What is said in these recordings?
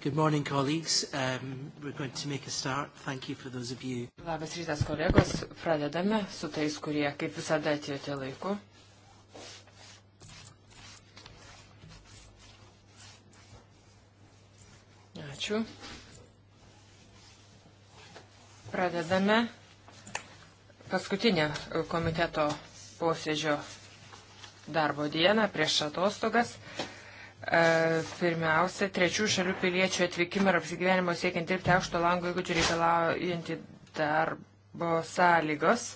Good morning, colleagues. Um, we're going to make a start. Thank you for those of you. Labas rytas, kolegos. Pradedame su tais, kurie kaip visada atėjote laiku. Ačiū. Pradedame paskutinę komiteto posėdžio darbo dieną prieš atostogas. Uh, Pirmiausia, trečių šalių piliečių atvykimą ir apsigyvenimo siekiant dirbti aukšto lango įgūdžių reikalaujantį darbo sąlygos.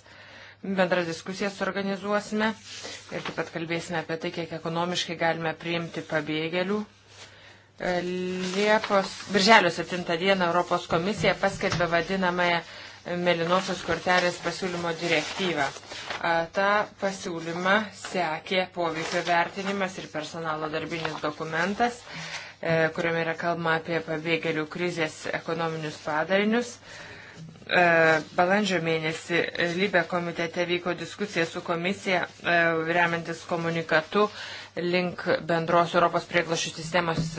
Bendras diskusijas organizuosime ir taip pat kalbėsime apie tai, kiek ekonomiškai galime priimti pabėgėlių. Liepos, birželio 7 dieną Europos komisija paskelbė vadinamąją Melinosios kortelės pasiūlymo direktyvą. Ta pasiūlyma sekė poveikio vertinimas ir personalo darbinis dokumentas, e, kuriame yra kalba apie pabėgėlių krizės ekonominius padarinius e, balandžio mėnesį Libė komitete vyko diskusija su komisija, e, remiantis komunikatu link bendros Europos prieglašų sistemos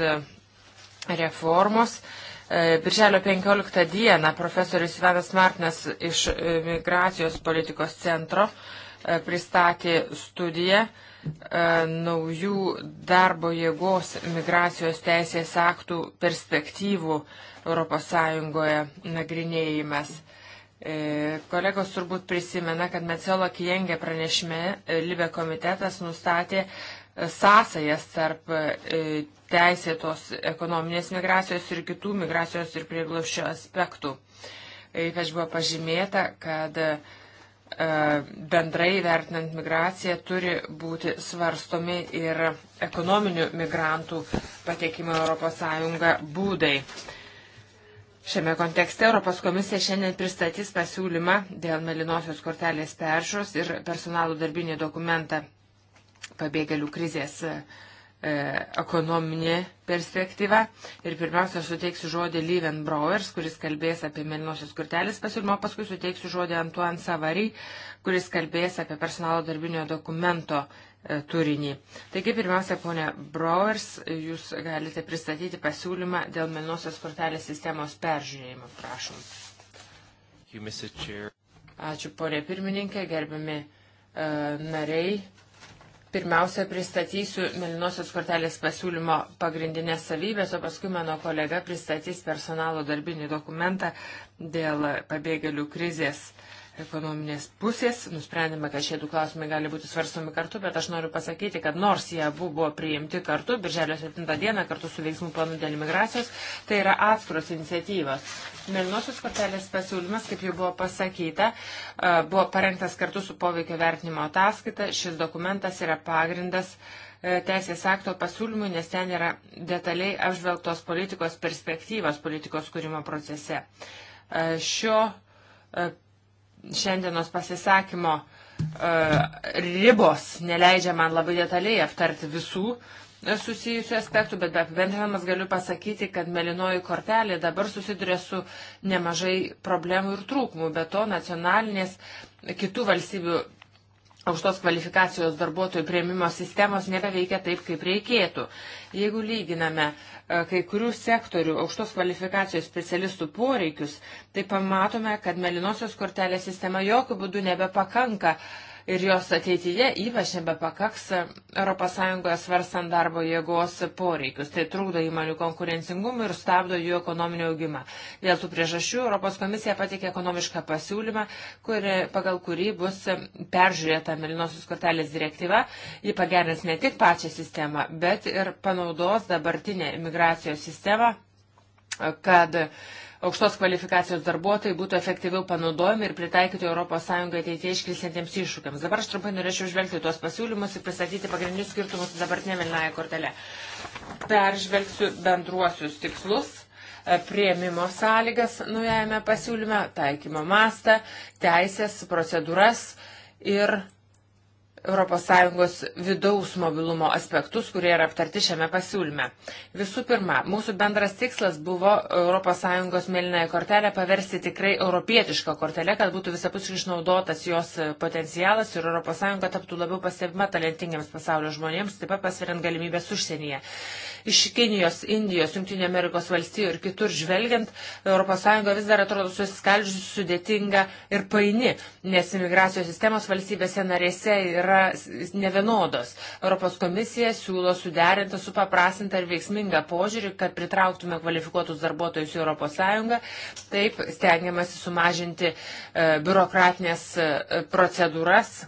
reformos. E, birželio 15 dieną profesorius Ivanas Martinas iš Migracijos politikos centro e, pristatė studiją e, naujų darbo jėgos migracijos teisės aktų perspektyvų ES nagrinėjimas. Kolegos turbūt prisimena, kad Mecelo Kijengė pranešime Libė komitetas nustatė sąsajas tarp teisėtos ekonominės migracijos ir kitų migracijos ir prieglaušio aspektų. Ypač buvo pažymėta, kad e, bendrai vertinant migraciją turi būti svarstomi ir ekonominių migrantų patekimo ES būdai. Šiame kontekste Europos komisija šiandien pristatys pasiūlymą dėl melinosios kortelės peržiūros ir personalų darbinį dokumentą pabėgėlių krizės uh, E, ekonominė perspektyva. Ir pirmiausia, aš suteiksiu žodį Lyven Browers, kuris kalbės apie mėlynosios kortelės pasiūlymą, paskui suteiksiu žodį Antuan Savary, kuris kalbės apie personalo darbinio dokumento e, turinį. Taigi, pirmiausia, ponė Browers, jūs galite pristatyti pasiūlymą dėl mėlynosios kortelės sistemos peržiūrėjimo, prašom. You, Ačiū, ponė pirmininkė, gerbiami e, nariai Pirmiausia, pristatysiu Melinosios kortelės pasiūlymo pagrindinės savybės, o paskui mano kolega pristatys personalo darbinį dokumentą dėl pabėgėlių krizės uh, ekonominės pusės. Nusprendėme, kad šie du klausimai gali būti svarstomi kartu, bet aš noriu pasakyti, kad nors jie abu buvo priimti kartu, birželio 7 dieną kartu su veiksmų planu dėl imigracijos, tai yra atskiros iniciatyvos. Mėlynosios kortelės pasiūlymas, kaip jau buvo pasakyta, buvo parengtas kartu su poveikio vertinimo ataskaita. Šis dokumentas yra pagrindas e, teisės akto pasiūlymų, nes ten yra detaliai apžvelgtos politikos perspektyvos politikos kūrimo procese. Šio šiandienos pasisakymo e, ribos neleidžia man labai detaliai aptarti visų e, susijusių aspektų, bet apibendrinamas galiu pasakyti, kad melinoji kortelė dabar susiduria su nemažai problemų ir trūkumų, bet to nacionalinės kitų valstybių aukštos kvalifikacijos darbuotojų prieimimo sistemos nebeveikia taip, kaip reikėtų. Jeigu lyginame uh, E, kai kurių sektorių aukštos kvalifikacijos specialistų poreikius, tai pamatome, kad melinosios kortelės sistema jokių būdų nebepakanka ir jos ateityje ypač nebepakaks ES svarstant darbo jėgos poreikius. Tai trukdo įmonių konkurencingumui ir stabdo jų ekonominį augimą. Dėl tų priežasčių Europos komisija patikė ekonomišką pasiūlymą, kuri, pagal kurį bus peržiūrėta Melinosios kortelės direktyva. Ji pagerins ne tik pačią sistemą, bet ir panaudos dabartinę imigracijos sistemą kad uh, aukštos kvalifikacijos darbuotojai būtų efektyviau panaudojami ir pritaikyti ES ateitie iškilsiantiems iššūkiams. Dabar aš trumpai norėčiau žvelgti tuos pasiūlymus ir pristatyti pagrindinius skirtumus su dabartinė Milnaja kortelė. Peržvelgsiu bendruosius tikslus e, prieimimo sąlygas naujajame pasiūlyme, taikymo mastą, teisės, procedūras ir ES vidaus mobilumo aspektus, kurie yra aptarti šiame pasiūlyme. Visų pirma, mūsų bendras tikslas buvo ES mėlynąją kortelę paversti tikrai europietišką kortelę, kad būtų visapusiškai išnaudotas jos potencialas ir ES taptų labiau pastebima talentingiams pasaulio žmonėms, taip pat pasveriant galimybės užsienyje iš Kinijos, Indijos, Junktinio Amerikos valstijų ir kitur žvelgiant, ES vis dar atrodo susiskaldžiusi sudėtinga ir paini, nes imigracijos sistemos valstybėse narėse yra nevienodos. Europos komisija siūlo suderinti, supaprastinti ir veiksmingą požiūrį, kad pritrauktume kvalifikuotus darbuotojus į ES. Taip stengiamasi sumažinti e, biurokratinės e, procedūras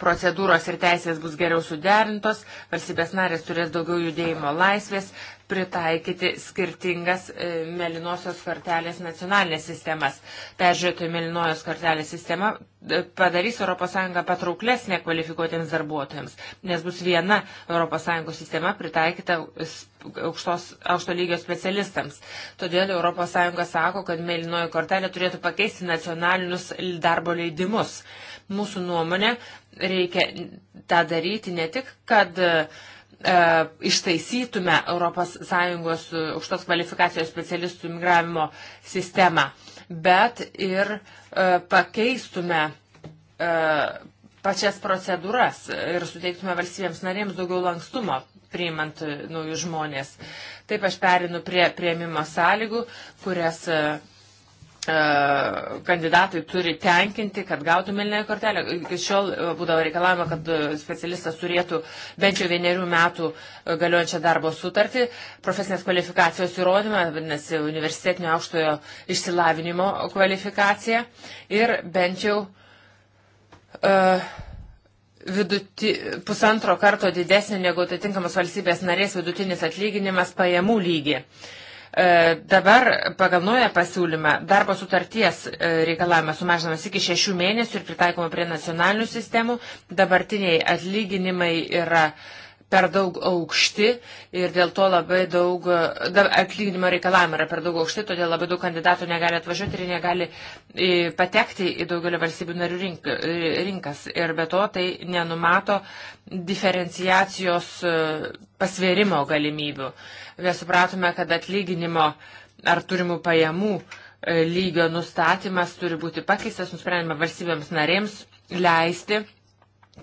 procedūros ir teisės bus geriau suderintos, valstybės narės turės daugiau judėjimo laisvės, pritaikyti skirtingas e, melinosios kortelės nacionalinės sistemas. Peržiūrėtojų melinojos kortelės sistema e, padarys ES patrauklesnė kvalifikuotiems darbuotojams, nes bus viena ES sistema pritaikyta aukštos, aukšto lygio specialistams. Todėl ES sako, kad melinoji kortelė turėtų pakeisti nacionalinius darbo leidimus. Mūsų nuomonė, reikia tą daryti ne tik, kad e, ištaisytume ES e, aukštos kvalifikacijos specialistų migravimo sistemą, bet ir e, pakeistume e, pačias procedūras ir suteiktume valstybėms narėms daugiau lankstumo priimant e, naujus žmonės. Taip aš perinu prie prieimimo sąlygų, kurias e, E, kandidatai turi tenkinti, kad gautų mėlynąją kortelę. Iki šiol e, būdavo reikalavimo, kad e, specialistas turėtų bent jau vienerių metų galiojančią darbo sutartį, profesinės kvalifikacijos įrodymą, vadinasi, universitetinio aukštojo išsilavinimo kvalifikaciją ir bent jau uh, viduti, pusantro karto didesnį negu atitinkamas valstybės narės vidutinis atlyginimas pajamų lygį. Uh, E, dabar pagal naują pasiūlymą darbo sutarties e, reikalavimas sumažinamas iki šešių mėnesių ir pritaikoma prie nacionalinių sistemų. Dabartiniai atlyginimai yra uh, per daug aukšti ir dėl to labai daug, atlyginimo reikalavimai yra per daug aukšti, todėl labai daug kandidatų negali atvažiuoti ir negali e, patekti į daugelį valstybių narių rink, e, rinkas. Ir be to tai nenumato diferenciacijos e, pasvėrimo galimybių. Mes supratome, kad atlyginimo ar turimų pajamų lygio nustatymas turi būti pakeistas, nusprendėme valstybėms narėms leisti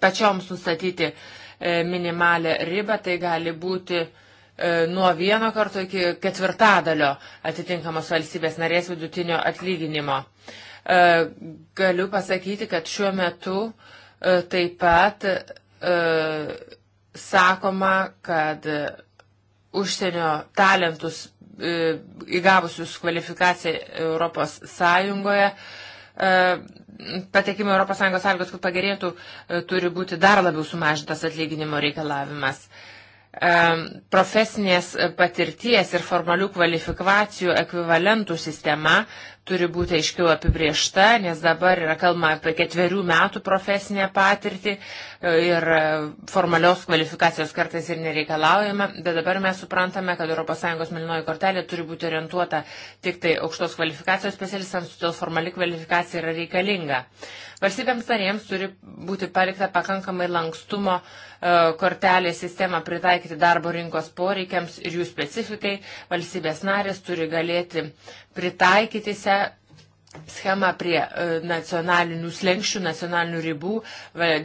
pačioms nustatyti uh, E, minimalę ribą, tai gali būti e, nuo vieno karto iki ketvirtadalio atitinkamos valstybės narės vidutinio atlyginimo. E, galiu pasakyti, kad šiuo metu taip pat sakoma, kad užsienio talentus įgavusius kvalifikaciją Europos Sąjungoje E, patekimo ES sąlygos, kad pagerėtų, e, turi būti dar labiau sumažintas atlyginimo reikalavimas. E, profesinės patirties ir formalių kvalifikacijų ekvivalentų sistema turi būti aiškiau apibriešta, nes dabar yra kalbama apie ketverių metų profesinę patirtį e, ir formalios kvalifikacijos kartais ir nereikalaujama, bet dabar mes suprantame, kad ES milinoji kortelė turi būti orientuota tik tai aukštos kvalifikacijos specialistams, todėl formali kvalifikacija yra reikalinga. Valstybėms narėms turi būti palikta pakankamai lankstumo e, kortelės sistemą pritaikyti darbo rinkos poreikiams ir jų specifikai. Valstybės narės turi galėti pritaikyti se schemą prie e, nacionalinių slengščių, nacionalinių ribų.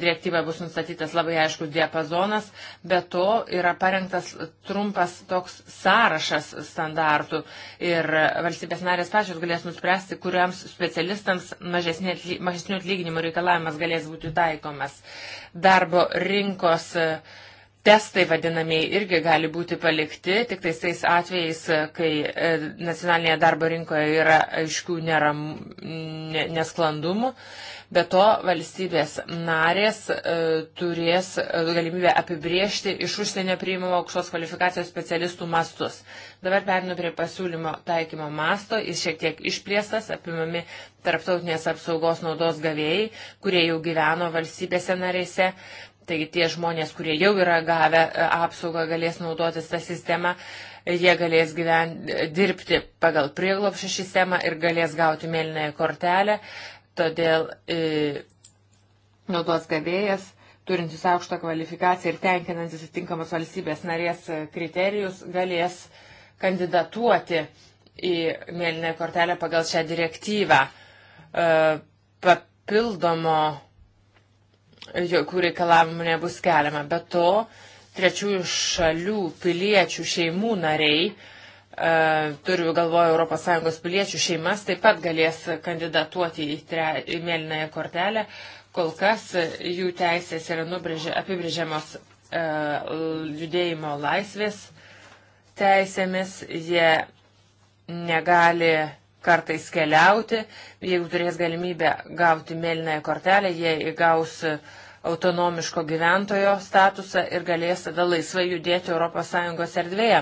Direktyva bus nustatytas labai aiškus diapazonas, bet to yra parengtas trumpas toks sąrašas standartų ir valstybės narės pačios galės nuspręsti, kuriams specialistams mažesnių atlyginimų reikalavimas galės būti taikomas. Darbo rinkos uh, testai vadinamiai irgi gali būti palikti, tik tais tais atvejais, kai e, nacionalinėje darbo rinkoje yra aiškių neram, nesklandumų. Be to, valstybės narės e, turės e, galimybę apibriežti iš užsienio priimamo aukštos kvalifikacijos specialistų mastus. Dabar perinu prie pasiūlymo taikymo masto, jis šiek tiek išplėstas, apimami tarptautinės apsaugos naudos gavėjai, kurie jau gyveno valstybėse narėse Taigi tie žmonės, kurie jau yra gavę e, apsaugą, galės naudotis tą sistemą, jie galės gyven, e, dirbti pagal prieglopšį sistemą ir galės gauti mėlynąją kortelę. Todėl e, naudos gavėjas, turintis aukštą kvalifikaciją ir tenkinantis atitinkamas valstybės narės e, kriterijus, galės kandidatuoti į mėlynąją kortelę pagal šią direktyvą. E, papildomo jokių reikalavimų nebus keliama. Be to, trečiųjų šalių piliečių šeimų nariai, e, turiu galvoje ES piliečių šeimas, taip pat galės kandidatuoti į, tre, į mėlynąją kortelę. Kol kas jų teisės yra nubrėžė, apibrėžiamos e, judėjimo laisvės teisėmis, jie negali kartais keliauti, jeigu turės galimybę gauti mėlynąją kortelę, jie įgaus uh, autonomiško gyventojo statusą ir galės tada laisvai judėti ES erdvėje.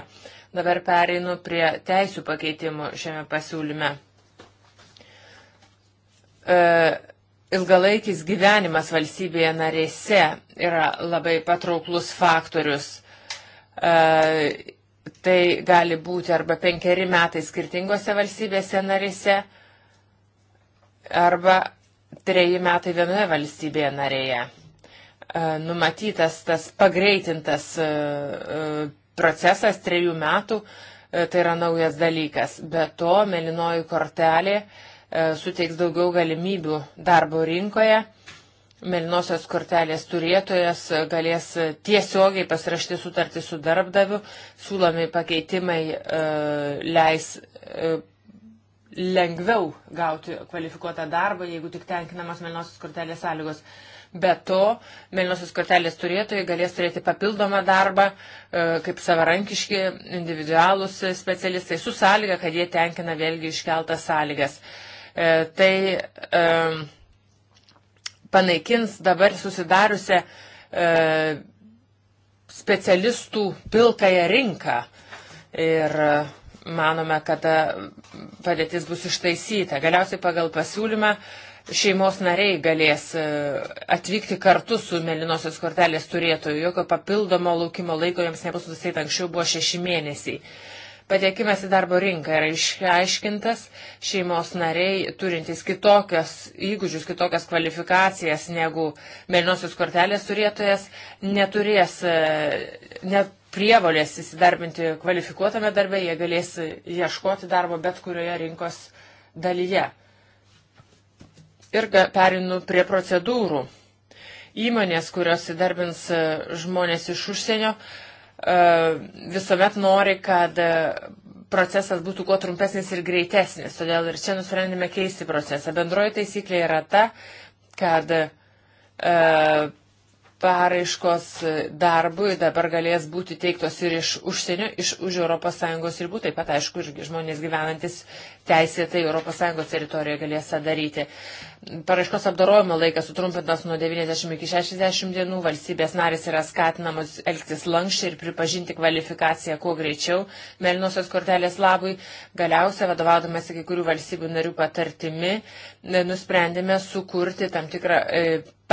Dabar pereinu prie teisų pakeitimų šiame pasiūlyme. E, ilgalaikis gyvenimas valstybėje narėse yra labai patrauklus faktorius. E, tai gali būti arba penkeri metai skirtingose valstybėse narėse, arba treji metai vienoje valstybėje narėje. E, numatytas tas pagreitintas e, e, procesas trejų metų, tai yra naujas dalykas. Be to, melinoji kortelė suteiks daugiau galimybių darbo rinkoje. Melinosios kortelės turėtojas galės tiesiogiai pasirašti sutartį su darbdaviu. Siūlomi pakeitimai leis lengviau gauti kvalifikuotą darbą, jeigu tik tenkinamos melinosios kortelės sąlygos. Be to, mėlynosios kortelės turėtojai galės turėti papildomą darbą e, kaip savarankiški individualūs specialistai su sąlyga, kad jie tenkina vėlgi iškeltas sąlygas. E, tai e, panaikins dabar susidariusią specialistų pilkąją rinką. Ir manome, kad ta padėtis bus ištaisyta. Galiausiai pagal pasiūlymą uh, šeimos nariai galės e, atvykti kartu su melinosios kortelės turėtoju. Jokio papildomo laukimo laiko jiems nebus nustatyta. Anksčiau buvo šeši mėnesiai. Patekimas į darbo rinką yra išaiškintas. Šeimos nariai turintys kitokias įgūdžius, kitokias kvalifikacijas negu melinosios kortelės turėtojas neturės. E, ne, prievalės įsidarbinti kvalifikuotame darbe, jie galės ieškoti darbo bet kurioje rinkos dalyje. Ir perinu prie procedūrų. Įmonės, kurios įdarbins e, žmonės iš užsienio, e, visuomet nori, kad e, procesas būtų kuo trumpesnis ir greitesnis. Todėl ir čia nusprendėme keisti procesą. Bendroji taisyklė yra ta, kad e, paraiškos darbui dabar galės būti teiktos ir iš užsienio, iš už ES ribų, taip pat aišku, ir žmonės gyvenantis teisėtai ES teritorijoje galės tą daryti. Paraiškos apdarojimo laikas sutrumpintas nuo 90 iki 60 dienų, valstybės narės yra skatinamos elgtis lankščiai ir pripažinti kvalifikaciją kuo greičiau, melnosios kortelės labui. Galiausia, vadovaudamas kai kurių valstybių narių patartimi, e, nusprendėme sukurti tam tikrą e,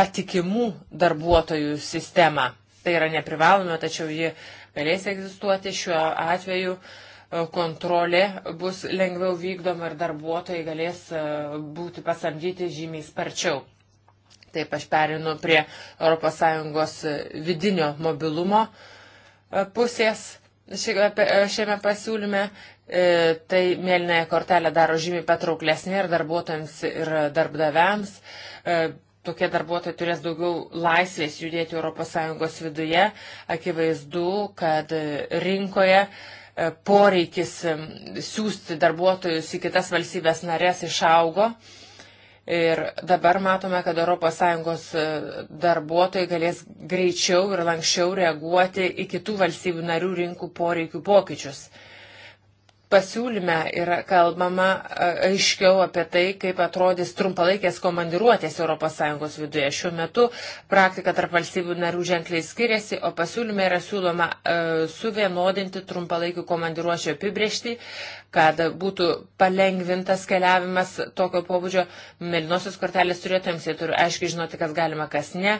patikimų darbuotojų sistemą. Tai yra neprivalome, tačiau ji galės egzistuoti šiuo atveju. E, kontrolė bus lengviau vykdoma ir darbuotojai galės e, būti pasamdyti žymiai sparčiau. Taip aš perinu prie ES e, vidinio mobilumo e, pusės šiame pasiūlyme. Tai mėlynąją kortelę daro žymiai patrauklesnė ir darbuotojams, ir darbdaviams tokie darbuotojai turės daugiau laisvės judėti ES viduje. Akivaizdu, kad rinkoje poreikis siūsti darbuotojus į kitas valstybės narės išaugo. Ir dabar matome, kad ES e, darbuotojai galės greičiau ir lankščiau reaguoti į kitų valstybių narių rinkų poreikių pokyčius pasiūlyme yra kalbama aiškiau apie tai, kaip atrodys trumpalaikės komandiruotės ES viduje. Šiuo metu praktika tarp valstybių narių ženkliai skiriasi, o pasiūlyme yra siūloma suvienodinti trumpalaikių komandiruočio apibriešti, kad būtų palengvintas keliavimas tokio pobūdžio. Melinosios kortelės turėtojams jie turi aiškiai žinoti, kas galima, kas ne.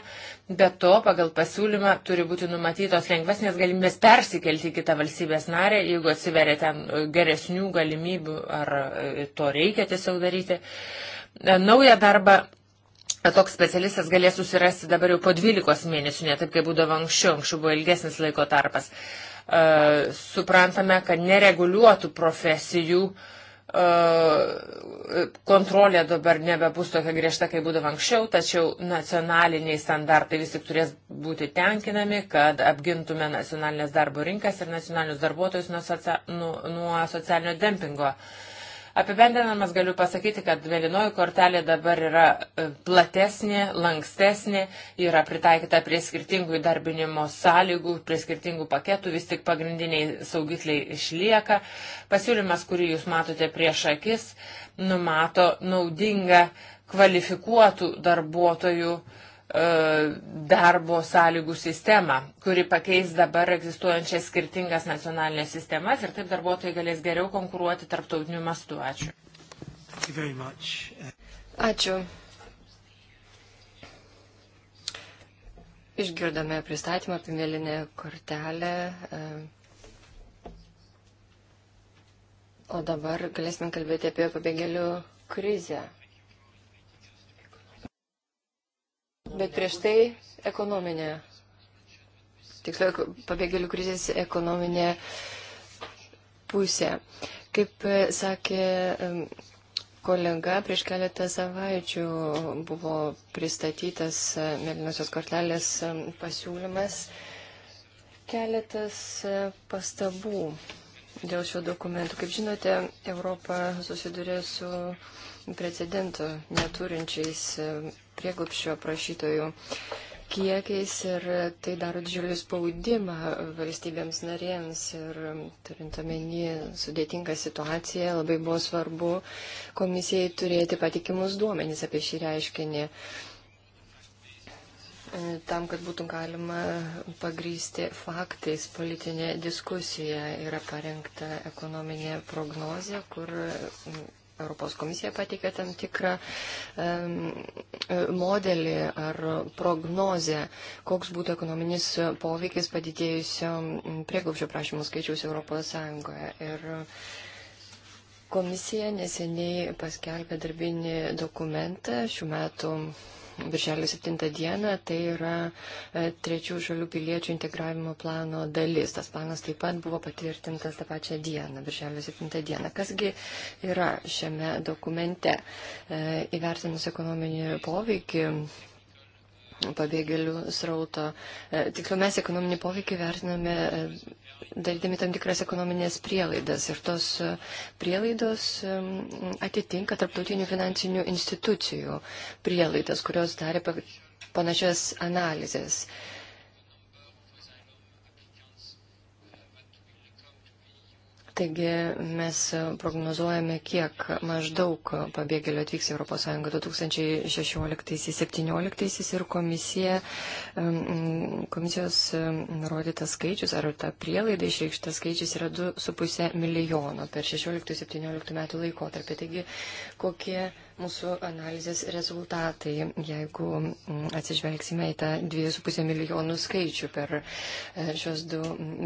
Be to, pagal pasiūlymą turi būti numatytos lengvesnės galimybės persikelti į kitą valstybės narę, jeigu atsiveria ten geresnių galimybių ar e, to reikia tiesiog daryti. E, naują darbą e, toks specialistas galės susirasti dabar jau po 12 mėnesių, ne taip kaip būdavo anksčiau, anksčiau buvo ilgesnis laiko tarpas. E, suprantame, kad nereguliuotų profesijų e, kontrolė dabar nebebus tokia griežta, kaip būdavo anksčiau, tačiau nacionaliniai standartai vis tik turės būti tenkinami, kad apgintume nacionalinės darbo rinkas ir nacionalinius darbuotojus nuo, socia nu, nuo socialinio dempingo. Uh, Apibendrinamas galiu pasakyti, kad mėlynoji kortelė dabar yra e, platesnė, lankstesnė, yra pritaikyta prie skirtingų įdarbinimo sąlygų, prie skirtingų paketų, vis tik pagrindiniai saugikliai išlieka. Pasiūlymas, kurį jūs matote prieš akis, numato naudingą kvalifikuotų darbuotojų uh, E, darbo sąlygų sistemą, kuri pakeis dabar egzistuojančias skirtingas nacionalinės sistemas ir taip darbuotojai galės geriau konkuruoti tarptautiniu mastu. Ačiū. Ačiū. Išgirdome pristatymą apie mėlynę kortelę. E. O dabar galėsime kalbėti apie pabėgėlių krizę. Bet prieš tai ekonominė, tiksliau pabėgėlių krizės ekonominė pusė. Kaip e, sakė e, kolega, prieš keletą savaičių buvo pristatytas e, Mėlynosios kortelės pasiūlymas. Keletas pastabų dėl šio dokumentų. Kaip žinote, Europa susiduria su precedentų neturinčiais prieglapščio prašytojų kiekiais ir tai daro didžiulį spaudimą valstybėms narėms ir turint omeny sudėtingą situaciją, labai buvo svarbu komisijai turėti patikimus duomenys apie šį reiškinį e, tam, kad būtų galima pagrysti faktais politinė diskusija, yra parengta ekonominė prognozija, kur Europos komisija pateikė tam tikrą um, modelį ar prognozę, koks būtų ekonominis poveikis padidėjusio prieglobšio prašymų skaičiaus Europos Sąjungoje. Ir komisija neseniai paskelbė darbinį dokumentą šių metų birželio 7 dieną. Tai yra e, trečių šalių piliečių integravimo plano dalis. Tas planas taip pat buvo patvirtintas tą pačią dieną, birželio 7 dieną. Kasgi yra šiame dokumente e, įvertinus ekonominį poveikį pabėgėlių srauto. E, tiksliau mes ekonominį poveikį vertiname darydami tam tikras ekonominės prielaidas. Ir tos e, prielaidos e, atitinka tarptautinių finansinių institucijų prielaidas, kurios darė panašias analizės. Uh, Taigi mes prognozuojame, kiek maždaug pabėgėlių atvyks į ES 2016-2017 ir komisija, komisijos nurodytas skaičius ar ta prielaida išreikštas skaičius yra 2,5 milijono per 16-17 metų laikotarpį. Taigi kokie mūsų analizės rezultatai, jeigu atsižvelgsime į tą 2,5 milijonų skaičių per e, šios du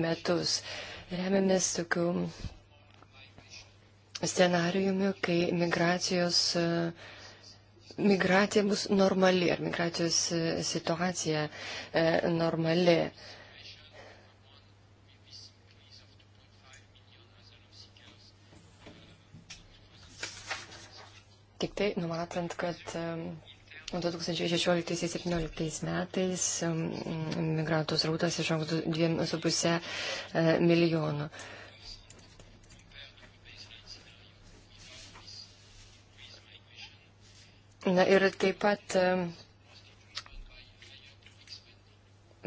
metus remiamės tokiu scenariumi, kai migracijos, e, migracija bus normali ir migracijos e, situacija e, normali. Tik tai numatant, kad 2016-2017 metais migrantų srautas išaugs 2,5 e, milijonų. Na ir taip pat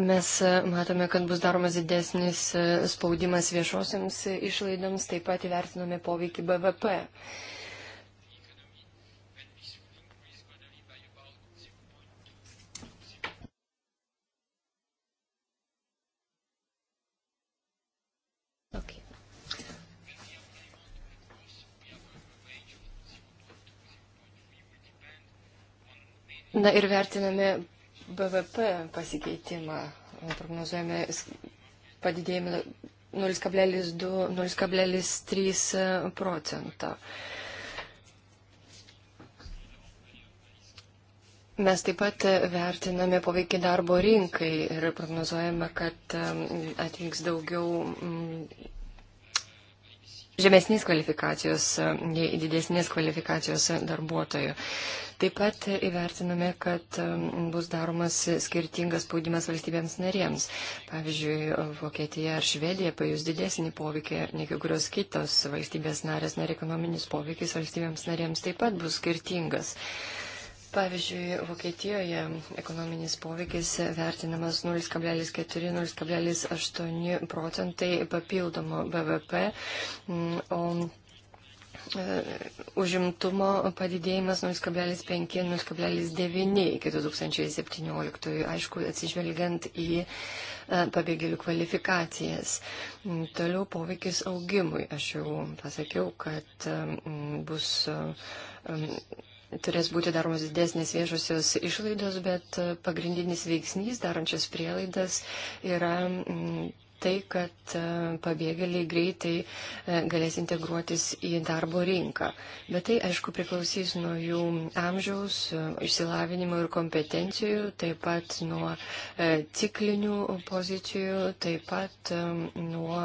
mes e, matome, kad bus daromas didesnis e, spaudimas viešosiams išlaidams, taip pat įvertinome poveikį BVP. Na ir vertiname BVP pasikeitimą. Prognozuojame padidėjimą 0,2-0,3 procento. Mes taip pat vertiname poveikį darbo rinkai ir prognozuojame, kad e, atvyks daugiau žemesnės kvalifikacijos, e, didesnės kvalifikacijos darbuotojų. Taip pat įvertiname, kad e, bus daromas skirtingas spaudimas valstybėms narėms. Pavyzdžiui, Vokietija ar Švedija pajus didesnį poveikį negu kurios kitos valstybės narės, na ir ekonominis poveikis valstybėms narėms taip pat bus skirtingas. Pavyzdžiui, Vokietijoje ekonominis poveikis vertinamas 0,4-0,8 procentai papildomo BVP, mm, o e, užimtumo padidėjimas 0,5-0,9 iki 2017, aišku, atsižvelgiant į e, pabėgėlių kvalifikacijas. Mm, toliau poveikis augimui. Aš jau pasakiau, kad e, bus turės būti daromos didesnės viešosios išlaidos, bet pagrindinis veiksnys darančios prielaidas yra mm, tai, kad e, pabėgėliai greitai e, galės integruotis į darbo rinką. Bet tai, aišku, priklausys nuo jų amžiaus, e, išsilavinimo ir kompetencijų, taip pat nuo ciklinių pozicijų, taip pat nuo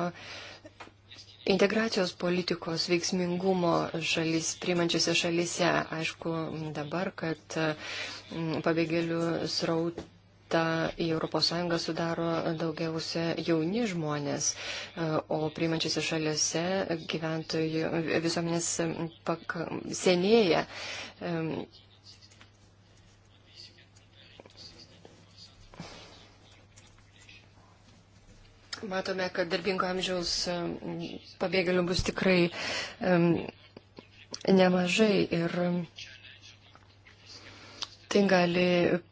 Integracijos politikos veiksmingumo šalis, primančiose šalise, aišku, dabar, kad mm, pabėgėlių sraut ta į ES sudaro daugiausia jauni žmonės, e, o priimančiose šaliuose gyventojų visuomenės mm, senėja. Matome, kad darbingo amžiaus pabėgėlių bus tikrai um, nemažai ir tai gali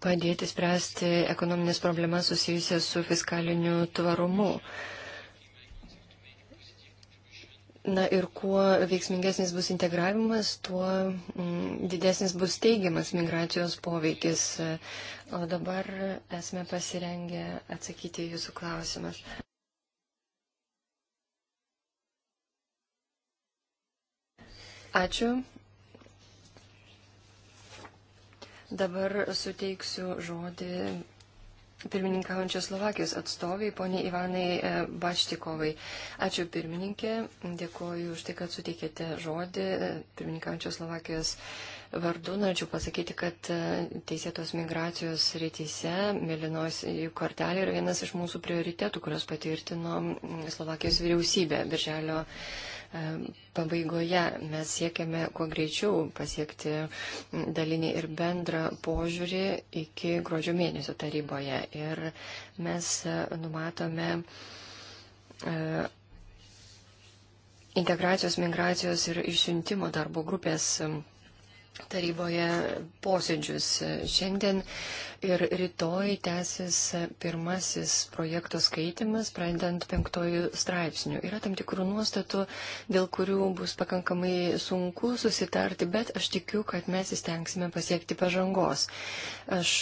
padėti spręsti ekonominės problemas susijusias su fiskaliniu tvarumu. Na ir kuo veiksmingesnis bus integravimas, tuo didesnis bus teigiamas migracijos poveikis. O dabar esame pasirengę atsakyti jūsų klausimas. Ačiū. Dabar suteiksiu žodį pirmininkaujančios Slovakijos atstoviai, poniai Ivanai e, Bačtikovai. Ačiū pirmininkė, dėkuoju už tai, kad suteikėte žodį e, pirmininkaujančios Slovakijos atstoviai vardu norėčiau pasakyti, kad e, teisėtos migracijos rytise Mėlynos e, kortelė yra vienas iš mūsų prioritetų, kurios patvirtino Slovakijos vyriausybė birželio e, pabaigoje mes siekiame kuo greičiau pasiekti dalinį ir bendrą požiūrį iki gruodžio mėnesio taryboje. Ir mes numatome integracijos, migracijos ir išsiuntimo darbo grupės taryboje posėdžius. Šiandien ir rytoj tęsis pirmasis projekto skaitimas, pradedant penktojų straipsnių. Yra tam tikrų nuostatų, dėl kurių bus pakankamai sunku susitarti, bet aš tikiu, kad mes įstengsime pasiekti pažangos. Aš,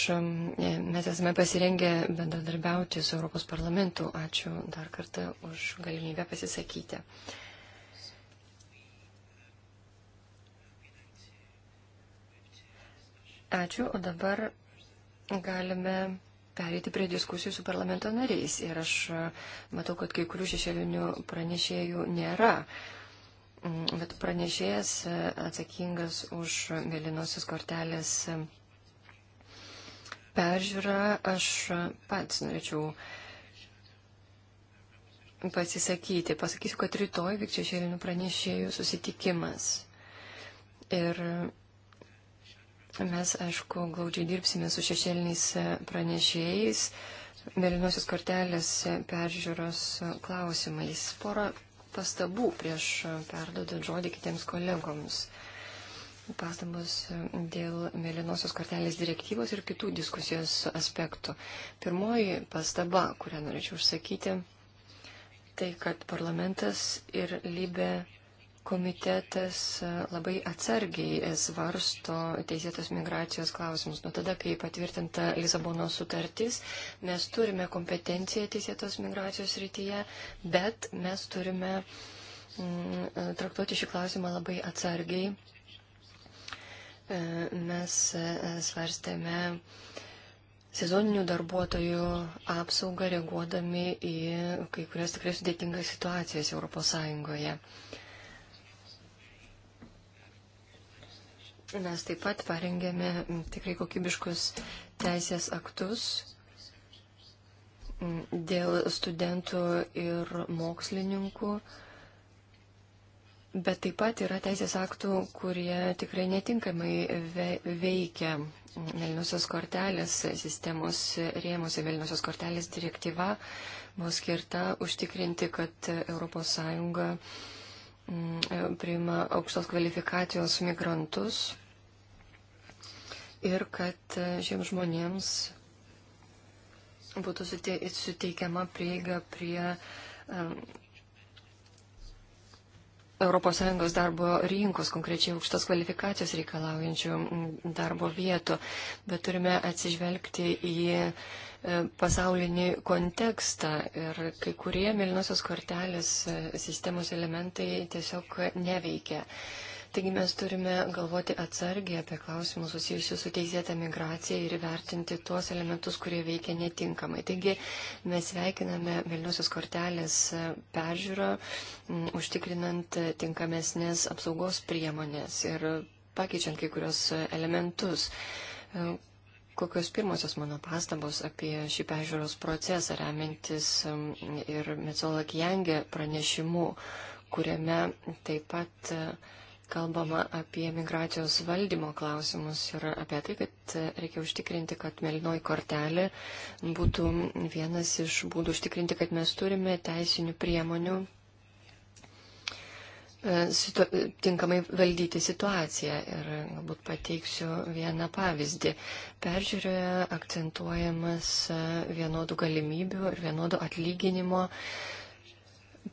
mes esame pasirengę bendradarbiauti su Europos parlamentu. Ačiū dar kartą už galimybę pasisakyti. Ačiū, o dabar galime pereiti prie diskusijų su parlamento nariais. Ir aš e, matau, kad kai kurių šešėlinių pranešėjų nėra. Mm, bet pranešėjas e, atsakingas už mėlynosios kortelės e, peržiūrą aš pats norėčiau pasisakyti. Pasakysiu, kad rytoj vyks šešėlinių pranešėjų susitikimas. Ir Mes, aišku, glaudžiai dirbsime su šešėliniais pranešėjais, mėlynosios kortelės peržiūros klausimais. Porą pastabų prieš perdodant žodį kitiems kolegoms. Pastabos dėl mėlynosios kortelės direktyvos ir kitų diskusijos aspektų. Pirmoji pastaba, kurią norėčiau užsakyti, tai kad parlamentas ir lybė komitetas labai atsargiai svarsto teisėtos migracijos klausimus. Nuo tada, kai patvirtinta Lisabono sutartis, mes turime kompetenciją teisėtos migracijos rytyje, bet mes turime mm, traktuoti šį klausimą labai atsargiai. E, mes e, svarstėme sezoninių darbuotojų apsaugą reaguodami į kai kurias tikrai sudėtingas situacijas ES. Mes taip pat parengėme tikrai kokybiškus teisės aktus dėl studentų ir mokslininkų, bet taip pat yra teisės aktų, kurie tikrai netinkamai veikia Mėlynosios kortelės sistemos rėmose. Mėlynosios kortelės direktyva buvo skirta užtikrinti, kad ES Mm, e, priima aukštos kvalifikacijos migrantus ir kad e, šiems žmonėms būtų suteikiama prieiga prie ES darbo rinkos, konkrečiai aukštos kvalifikacijos reikalaujančių darbo vietų, bet turime atsižvelgti į E, pasaulinį kontekstą ir kai kurie mėlynosios kortelės e, sistemos elementai tiesiog neveikia. Taigi mes turime galvoti atsargiai apie klausimus susijusius su teisėta migracija ir vertinti tuos elementus, kurie veikia netinkamai. Taigi mes veikiname Vilniusios kortelės e, peržiūrą, užtikrinant tinkamesnės apsaugos priemonės ir pakeičiant kai kurios elementus kokios pirmosios mano pastabos apie šį pežiūros procesą, remintis ir Metzola Kjangė pranešimu, kuriame taip pat e, kalbama apie migracijos valdymo klausimus ir apie tai, kad e, reikia užtikrinti, kad melinoji kortelė būtų vienas iš būdų užtikrinti, kad mes turime teisinių priemonių E, situ, tinkamai valdyti situaciją. Ir galbūt pateiksiu vieną pavyzdį. Peržiūrioje akcentuojamas e, vienodų galimybių ir vienodų atlyginimo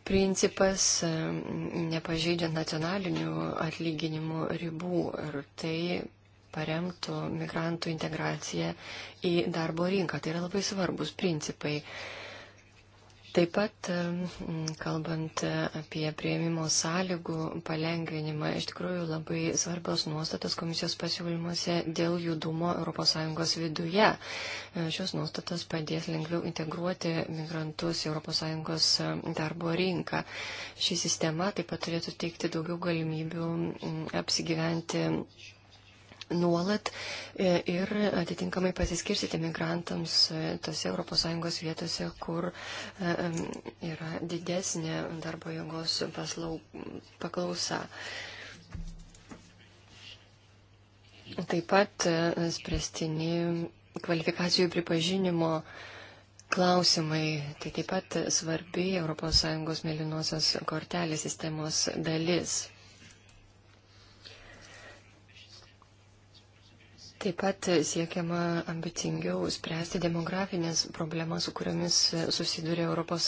principas, e, nepažeidžiant nacionalinių atlyginimų ribų. Ir tai paremtų migrantų integraciją į darbo rinką. Tai yra labai svarbus principai. Taip pat, kalbant apie prieimimo sąlygų palengvinimą, iš tikrųjų labai svarbios nuostatos komisijos pasiūlymuose dėl judumo ES viduje. E, šios nuostatos padės lengviau integruoti migrantus į ES darbo rinką. Ši sistema taip pat turėtų teikti daugiau galimybių apsigyventi nuolat e, ir atitinkamai pasiskirstyti migrantams e, tose ES vietose, kur e, yra didesnė darbo jėgos paslau, paklausa. Taip pat spręstini kvalifikacijų pripažinimo klausimai. Tai taip pat svarbi ES mėlynosios kortelės sistemos dalis. Taip pat siekiama ambicingiau spręsti demografinės problemas, su kuriomis susiduria ES.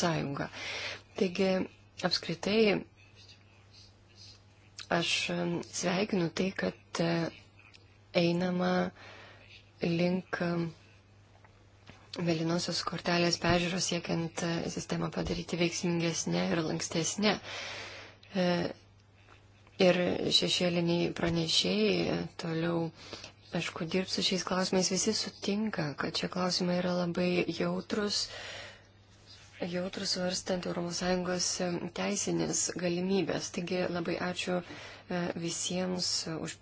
Taigi, apskritai, aš sveikinu tai, kad einama link Melinosios kortelės pežiūros siekiant sistemą padaryti veiksmingesnė ir lankstesnė. E, ir šešėliniai pranešėjai toliau aišku, dirbsiu šiais klausimais, visi sutinka, kad šie klausimai yra labai jautrus, jautrus varstant ES e, teisinės galimybės. Taigi labai ačiū e, visiems už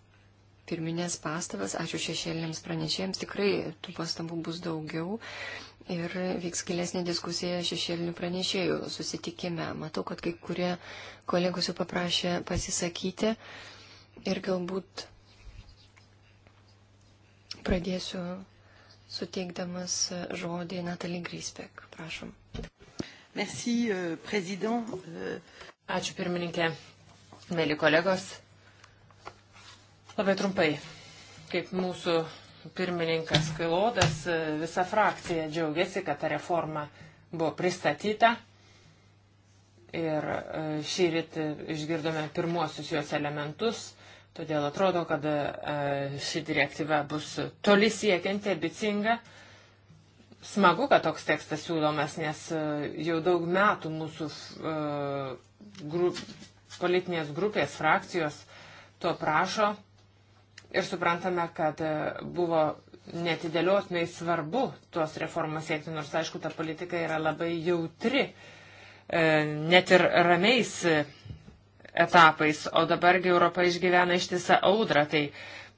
pirminės pastabas, ačiū šešėlėms pranešėjams, tikrai tų pastabų bus daugiau. Ir vyks gilesnė diskusija šešėlinių pranešėjų susitikime. Matau, kad kai kurie kolegos jau paprašė pasisakyti ir galbūt Pradėsiu suteikdamas žodį Natalį Grisbek. Prašom. Merci, euh, prezident. Euh, Ačiū pirmininkė. Mėly kolegos, labai trumpai, kaip mūsų pirmininkas Kailodas, e, visa frakcija džiaugiasi, kad ta reforma buvo pristatyta ir e, šį rytį išgirdome pirmuosius jos elementus Todėl atrodo, kad e, ši direktyva bus toli siekianti, ambicinga. Smagu, kad toks tekstas siūlomas, nes e, jau daug metų mūsų e, grup, politinės grupės, frakcijos to prašo ir suprantame, kad buvo netidėliotinai svarbu tuos reformas siekti, nors aišku, ta politika yra labai jautri. Net ir ramiais etapais, o dabargi Europa išgyvena ištisą audrą, tai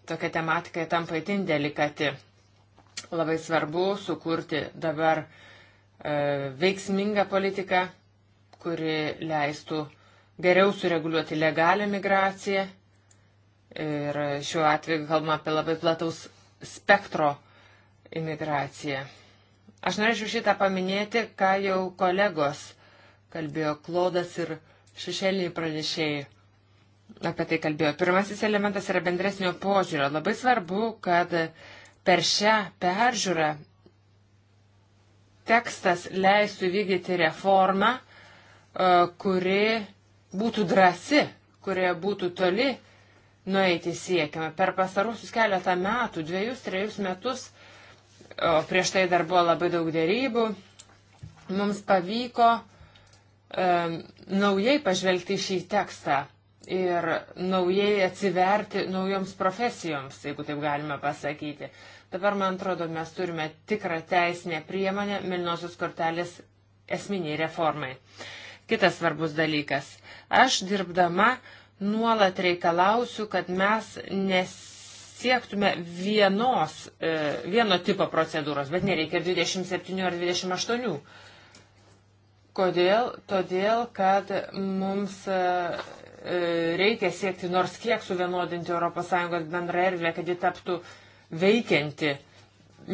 tokia tematika tampa itin delikati. Labai svarbu sukurti dabar e, veiksmingą politiką, kuri leistų geriau sureguliuoti legalią migraciją. Ir šiuo atveju kalbama apie labai plataus spektro imigraciją. Aš norėčiau šitą paminėti, ką jau kolegos kalbėjo Klodas ir Klodas Šešėliai pranešėjai apie tai kalbėjo. Pirmasis elementas yra bendresnio požiūrio. Labai svarbu, kad per šią peržiūrą tekstas leistų vykdyti reformą, e, kuri būtų drasi, kurie būtų toli nueiti siekiama. Per pastarusius keletą metų, dviejus, trejus metus, o prieš tai dar buvo labai daug dėrybų, mums pavyko um, naujai pažvelgti šį tekstą ir naujai atsiverti naujoms profesijoms, jeigu taip galime pasakyti. Dabar, man atrodo, mes turime tikrą teisinę priemonę Milnosios kortelės esminiai reformai. Kitas svarbus dalykas. Aš dirbdama nuolat reikalausiu, kad mes nesiektume vienos, e, vieno tipo procedūros, bet nereikia 27 ar 28 Kodėl? Todėl, kad mums e, e, reikia siekti nors kiek suvienodinti ES bendrą erdvę, kad ji taptų veikianti.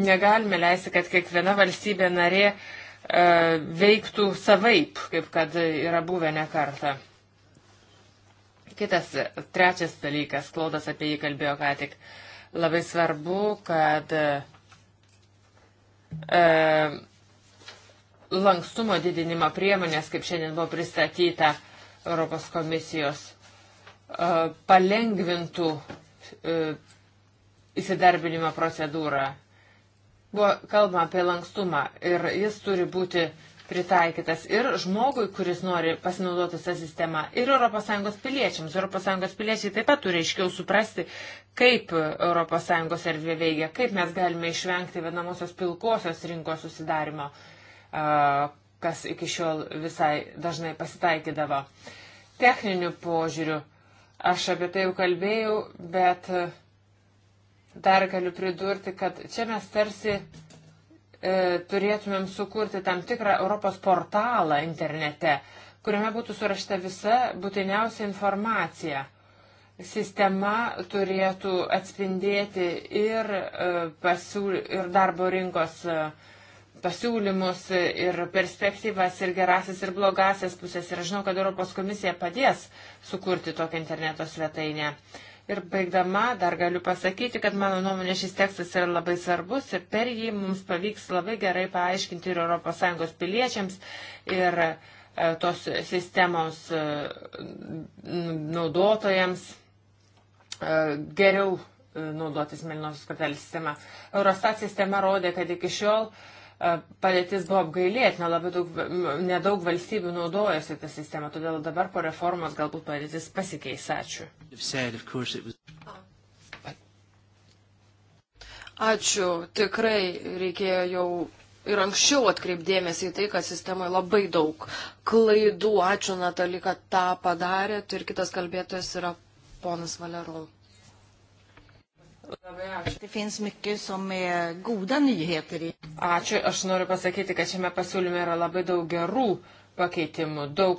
Negalime leisti, kad kiekviena valstybė narė e, veiktų savaip, kaip kad yra buvę ne kartą. Kitas, trečias dalykas, Klaudas apie jį kalbėjo ką tik. Labai svarbu, kad e, lankstumo didinimo priemonės, kaip šiandien buvo pristatyta Europos komisijos, e, palengvintų e, įsidarbinimo procedūrą. Buvo kalbama apie lankstumą ir jis turi būti pritaikytas ir žmogui, kuris nori pasinaudoti tą sistemą, ir ES piliečiams. ES piliečiai taip pat turi aiškiau suprasti, kaip ES erdvė veikia, kaip mes galime išvengti vienamosios pilkosios rinkos susidarimo. Uh, kas iki šiol visai dažnai pasitaikydavo. Techniniu požiūriu aš apie tai jau kalbėjau, bet dar galiu pridurti, kad čia mes tarsi e, turėtumėm sukurti tam tikrą Europos portalą internete, kuriame būtų surašta visa būtiniausia informacija. Sistema turėtų atspindėti ir, e, pasiūly, ir darbo rinkos e, pasiūlymus ir perspektyvas ir gerasias ir blogasias pusės. Ir aš žinau, kad Europos komisija padės sukurti tokią interneto svetainę. Ir baigdama dar galiu pasakyti, kad mano nuomonė šis tekstas yra labai svarbus ir per jį mums pavyks labai gerai paaiškinti ir ES piliečiams ir e, tos sistemos e, naudotojams e, geriau naudotis Melinos kortelės sistema. Eurostat sistema rodė, kad iki šiol uh, Padėtis buvo apgailėtina, labai daug, nedaug valstybių naudojasi tą sistemą, todėl dabar po reformos galbūt padėtis pasikeis. Ačiū. Ačiū. Tikrai reikėjo jau ir anksčiau atkreipdėmėsi į tai, kad sistemoje labai daug klaidų. Ačiū, Natalika, tą padarėt ir kitas kalbėtojas yra ponas Valerov. Ačiū, aš noriu pasakyti, kad šiame pasiūlyme yra labai daug gerų pakeitimų, daug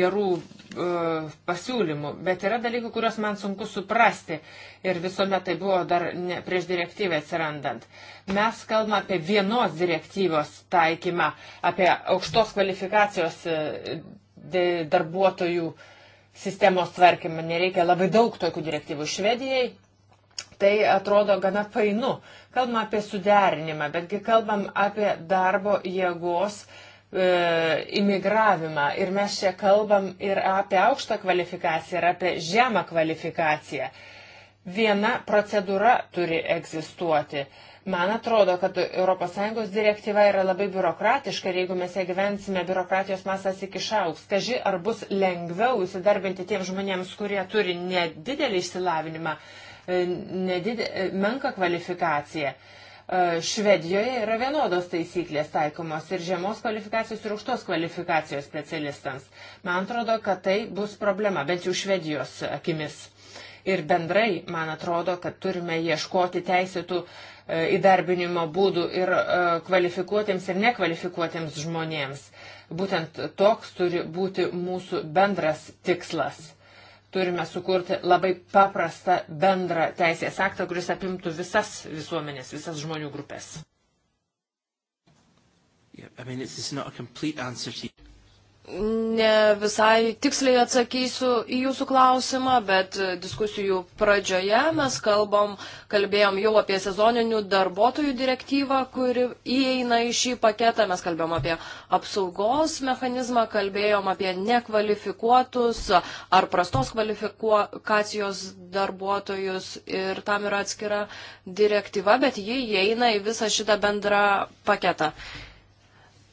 gerų uh, pasiūlymų, bet yra dalykų, kuriuos man sunku suprasti ir visuomet tai buvo dar ne, prieš direktyvę atsirandant. Mes kalbame apie vienos direktyvos taikymą, apie aukštos kvalifikacijos e, darbuotojų sistemos tvarkymą. Nereikia labai daug tokių direktyvų. Švedijai Tai atrodo gana painu. Kalbam apie suderinimą, betgi kalbam apie darbo jėgos e, imigravimą. Ir mes čia kalbam ir apie aukštą kvalifikaciją, ir apie žemą kvalifikaciją. Viena procedūra turi egzistuoti. Man atrodo, kad ES direktyva yra labai biurokratiška ir jeigu mes ją gyvensime, biurokratijos masas iki šauks. Kaži, ar bus lengviau įsidarbinti tiem žmonėms, kurie turi nedidelį išsilavinimą, E, nedidė, e, menka kvalifikacija. E, Švedijoje yra vienodos taisyklės taikomos ir žemos kvalifikacijos ir aukštos kvalifikacijos specialistams. Man atrodo, kad tai bus problema, bent jau Švedijos akimis. Ir bendrai, man atrodo, kad turime ieškoti teisėtų įdarbinimo būdų ir kvalifikuotiems ir nekvalifikuotiems žmonėms. Būtent toks turi būti mūsų bendras tikslas turime sukurti labai paprastą bendrą teisės aktą, kuris apimtų visas visuomenės, visas žmonių grupės. Yeah, I mean, ne visai tiksliai atsakysiu į jūsų klausimą, bet diskusijų pradžioje mes kalbam, kalbėjom jau apie sezoninių darbuotojų direktyvą, kuri įeina į šį paketą, mes kalbėjom apie apsaugos mechanizmą, kalbėjom apie nekvalifikuotus ar prastos kvalifikacijos darbuotojus ir tam yra atskira direktyva, bet ji įeina į visą šitą bendrą paketą.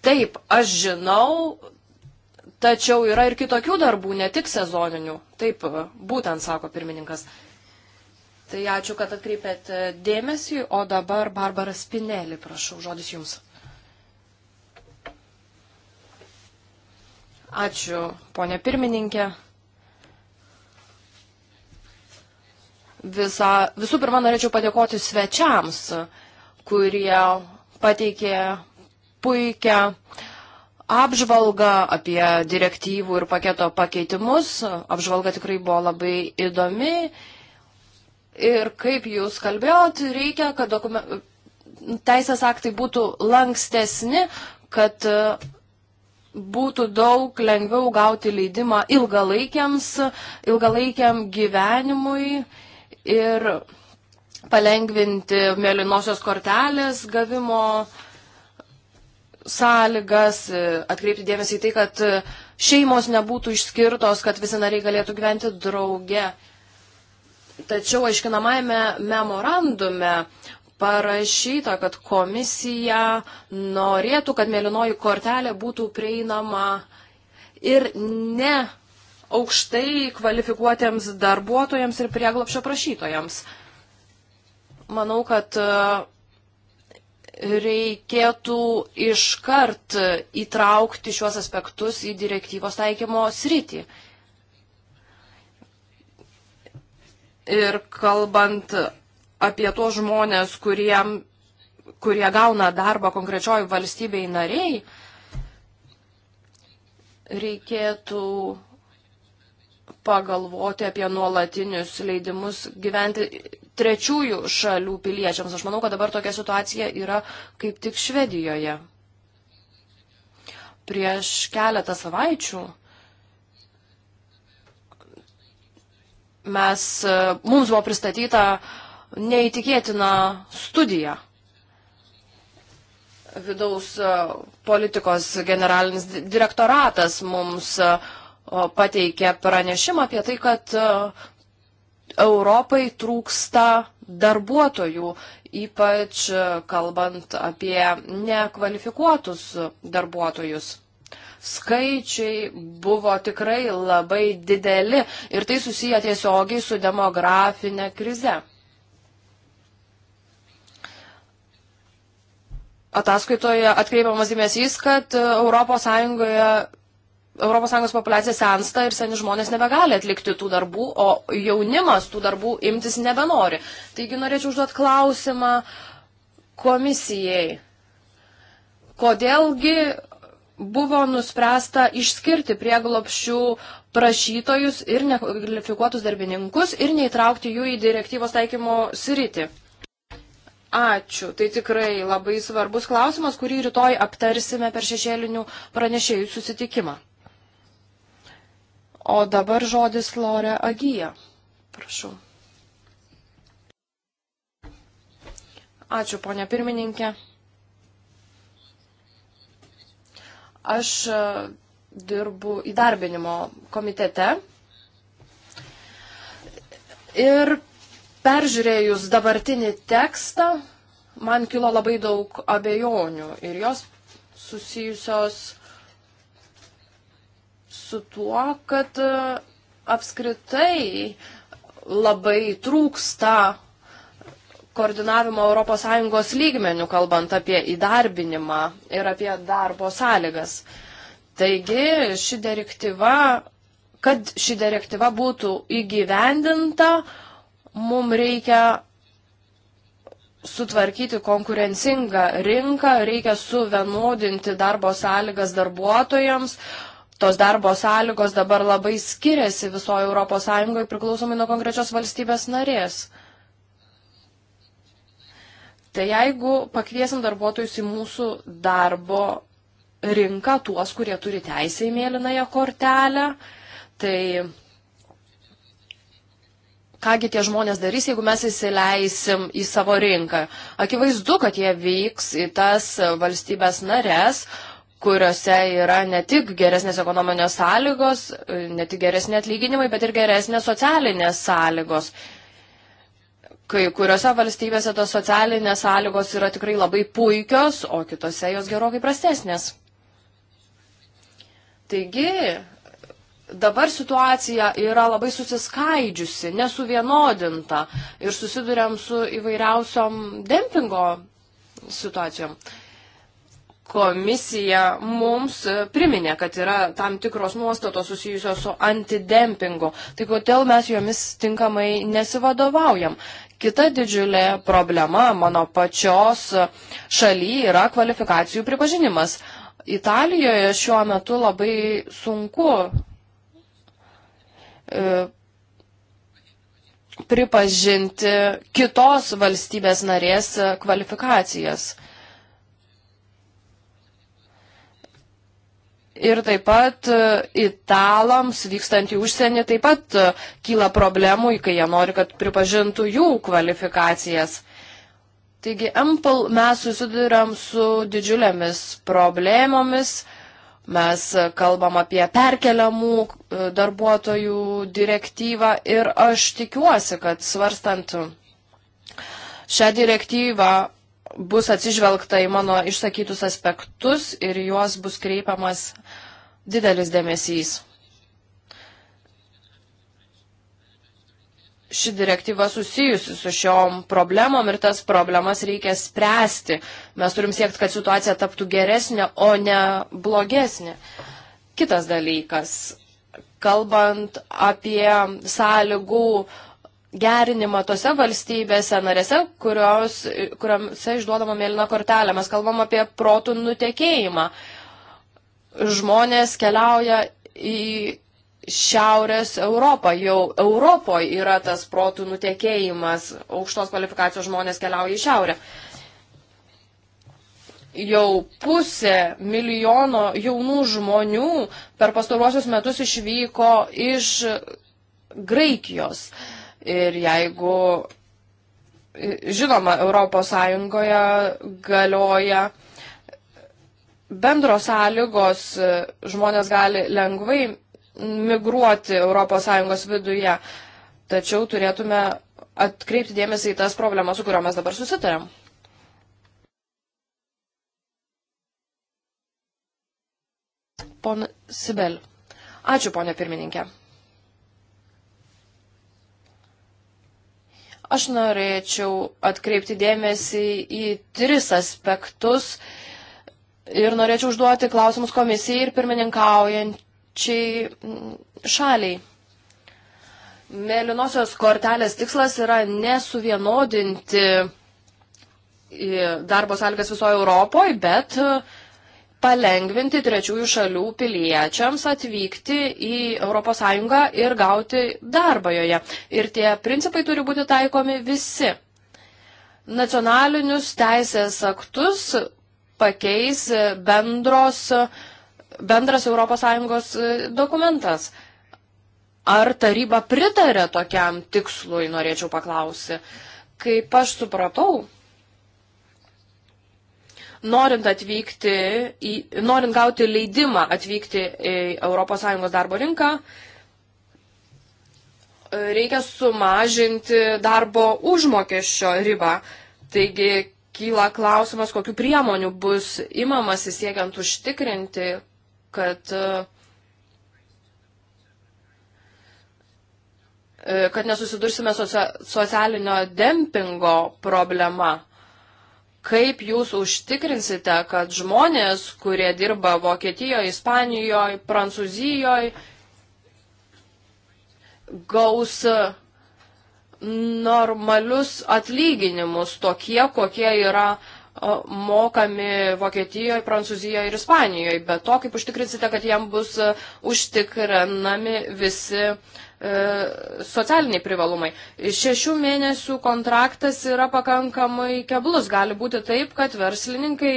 Taip, aš žinau, Tačiau yra ir kitokių darbų, ne tik sezoninių. Taip, būtent sako pirmininkas. Tai ačiū, kad atkreipėt e, dėmesį, o dabar Barbara Spinelį, prašau, žodis jums. Ačiū, ponė pirmininkė. Visa, visų pirma, norėčiau padėkoti svečiams, kurie pateikė puikią uh, apžvalgą apie direktyvų ir paketo pakeitimus. Apžvalga tikrai buvo labai įdomi. Ir kaip jūs kalbėjot, reikia, kad dokumen... teisės aktai būtų lankstesni, kad e, būtų daug lengviau gauti leidimą ilgalaikiam gyvenimui ir palengvinti mėlynosios kortelės gavimo uh, sąlygas, e, atkreipti dėmesį į tai, kad e, šeimos nebūtų išskirtos, kad visi nariai galėtų gyventi drauge. Tačiau aiškinamajame memorandume parašyta, kad komisija norėtų, kad mėlynoji kortelė būtų prieinama ir ne aukštai kvalifikuotiems darbuotojams ir prieglopšio prašytojams. Manau, kad e, reikėtų iškart įtraukti šiuos aspektus į direktyvos taikymo sritį. Ir kalbant apie tuos žmonės, kurie, kurie gauna darbą konkrečioj valstybei nariai, reikėtų pagalvoti apie nuolatinius leidimus gyventi trečiųjų šalių piliečiams. Aš manau, kad dabar tokia situacija yra kaip tik Švedijoje. Prieš keletą savaičių mes, e, mums buvo pristatyta neįtikėtina studija. Vidaus e, politikos generalinis direktoratas mums e, pateikė pranešimą apie tai, kad Europai trūksta darbuotojų, ypač kalbant apie nekvalifikuotus darbuotojus. Skaičiai buvo tikrai labai dideli ir tai susiję tiesiogiai su demografinė krize. Ataskaitoje atkreipiamas dėmesys, kad ES ES populiacija sensta ir seni žmonės nebegali atlikti tų darbų, o jaunimas tų darbų imtis nebenori. Taigi norėčiau užduoti klausimą komisijai. Kodėlgi buvo nuspręsta išskirti prieglopščių prašytojus ir nekvalifikuotus darbininkus ir neįtraukti jų į direktyvos taikymo sritį? Ačiū. Tai tikrai labai svarbus klausimas, kurį rytoj aptarsime per šešėlinių pranešėjų susitikimą. O dabar žodis Lore Agija. Prašau. Ačiū, ponia pirmininkė. Aš e, dirbu įdarbinimo komitete ir peržiūrėjus dabartinį tekstą, man kilo labai daug abejonių ir jos susijusios su tuo, kad e, apskritai labai trūksta koordinavimo ES lygmenių, kalbant apie įdarbinimą ir apie darbo sąlygas. Taigi ši direktyva, kad ši direktyva būtų įgyvendinta, mums reikia sutvarkyti konkurencingą rinką, reikia suvienodinti darbo sąlygas darbuotojams, uh, tos darbo sąlygos dabar labai skiriasi visoje ES priklausomai nuo konkrečios valstybės narės. Tai jeigu pakviesim darbuotojus į mūsų darbo rinką, tuos, kurie turi teisę į mėlynąją kortelę, tai kągi tie žmonės darys, jeigu mes įsileisim į savo rinką. Akivaizdu, kad jie vyks į tas valstybės nares, kuriuose yra ne tik geresnės ekonominės sąlygos, ne tik geresni atlyginimai, bet ir geresnės socialinės sąlygos. Kai kuriuose valstybėse tos socialinės sąlygos yra tikrai labai puikios, o kitose jos gerokai prastesnės. Taigi, dabar situacija yra labai susiskaidžiusi, nesuvienodinta ir susidurėm su įvairiausiom dempingo situacijom. Uh, komisija mums priminė, kad yra tam tikros nuostatos susijusios su antidempingu. Tai kodėl mes jomis tinkamai nesivadovaujam? Kita didžiulė problema mano pačios šaly yra kvalifikacijų pripažinimas. Italijoje šiuo metu labai sunku e, pripažinti kitos valstybės narės kvalifikacijas. Ir taip pat e, italams vykstant į užsienį taip pat e, kyla problemų, kai jie nori, kad pripažintų jų kvalifikacijas. Taigi, MPL mes susidurėm su didžiulėmis problemomis. Mes e, kalbam apie perkeliamų darbuotojų direktyvą ir aš tikiuosi, kad svarstant šią direktyvą bus atsižvelgta į mano išsakytus aspektus ir juos bus kreipiamas didelis dėmesys. Ši direktyva susijusi su šiom problemom ir tas problemas reikia spręsti. Mes turim siekti, kad situacija taptų geresnė, o ne blogesnė. Kitas dalykas, kalbant apie sąlygų gerinimą tose valstybėse narėse, kurios, kuriuose išduodama mėlyna kortelė, mes kalbam apie protų nutekėjimą. Uh, žmonės keliauja į Šiaurės Europą. Jau Europoje yra tas protų nutekėjimas. Aukštos kvalifikacijos žmonės keliauja į Šiaurę. Jau pusė milijono jaunų žmonių per pastaruosius metus išvyko iš Graikijos. Ir jeigu, žinoma, Europos Sąjungoje galioja bendros sąlygos e, žmonės gali lengvai migruoti ES viduje, tačiau turėtume atkreipti dėmesį į tas problemas, su kuriuo mes dabar susitarėm. Pon Sibel. Ačiū, ponė pirmininkė. Aš norėčiau atkreipti dėmesį į tris aspektus, uh, Ir norėčiau užduoti klausimus komisijai ir pirmininkaujančiai mm, šaliai. Mėlynosios kortelės tikslas yra nesuvienodinti e, darbo sąlygas visoje Europoje, bet e, palengvinti trečiųjų šalių piliečiams atvykti į ES ir gauti darbą joje. Ir tie principai turi būti taikomi visi. Nacionalinius teisės aktus pakeis bendros, bendras ES e, dokumentas. Ar taryba pritarė tokiam tikslui, norėčiau paklausti. Kaip aš supratau, norint atvykti, į, norint gauti leidimą atvykti į ES darbo rinką, reikia sumažinti darbo užmokesčio ribą. Taigi, kyla klausimas, kokiu priemoniu bus imamasi siekiant užtikrinti, kad, e, kad nesusidursime socialinio dempingo problema. Kaip jūs užtikrinsite, kad žmonės, kurie dirba Vokietijoje, Ispanijoje, Prancūzijoje, gaus normalius atlyginimus, tokie, kokie yra mokami Vokietijoje, Prancūzijoje ir Ispanijoje. Be to, kaip užtikrinsite, kad jam bus e, užtikrinami visi uh, E, socialiniai privalumai. Šešių mėnesių kontraktas yra pakankamai keblus. Gali būti taip, kad verslininkai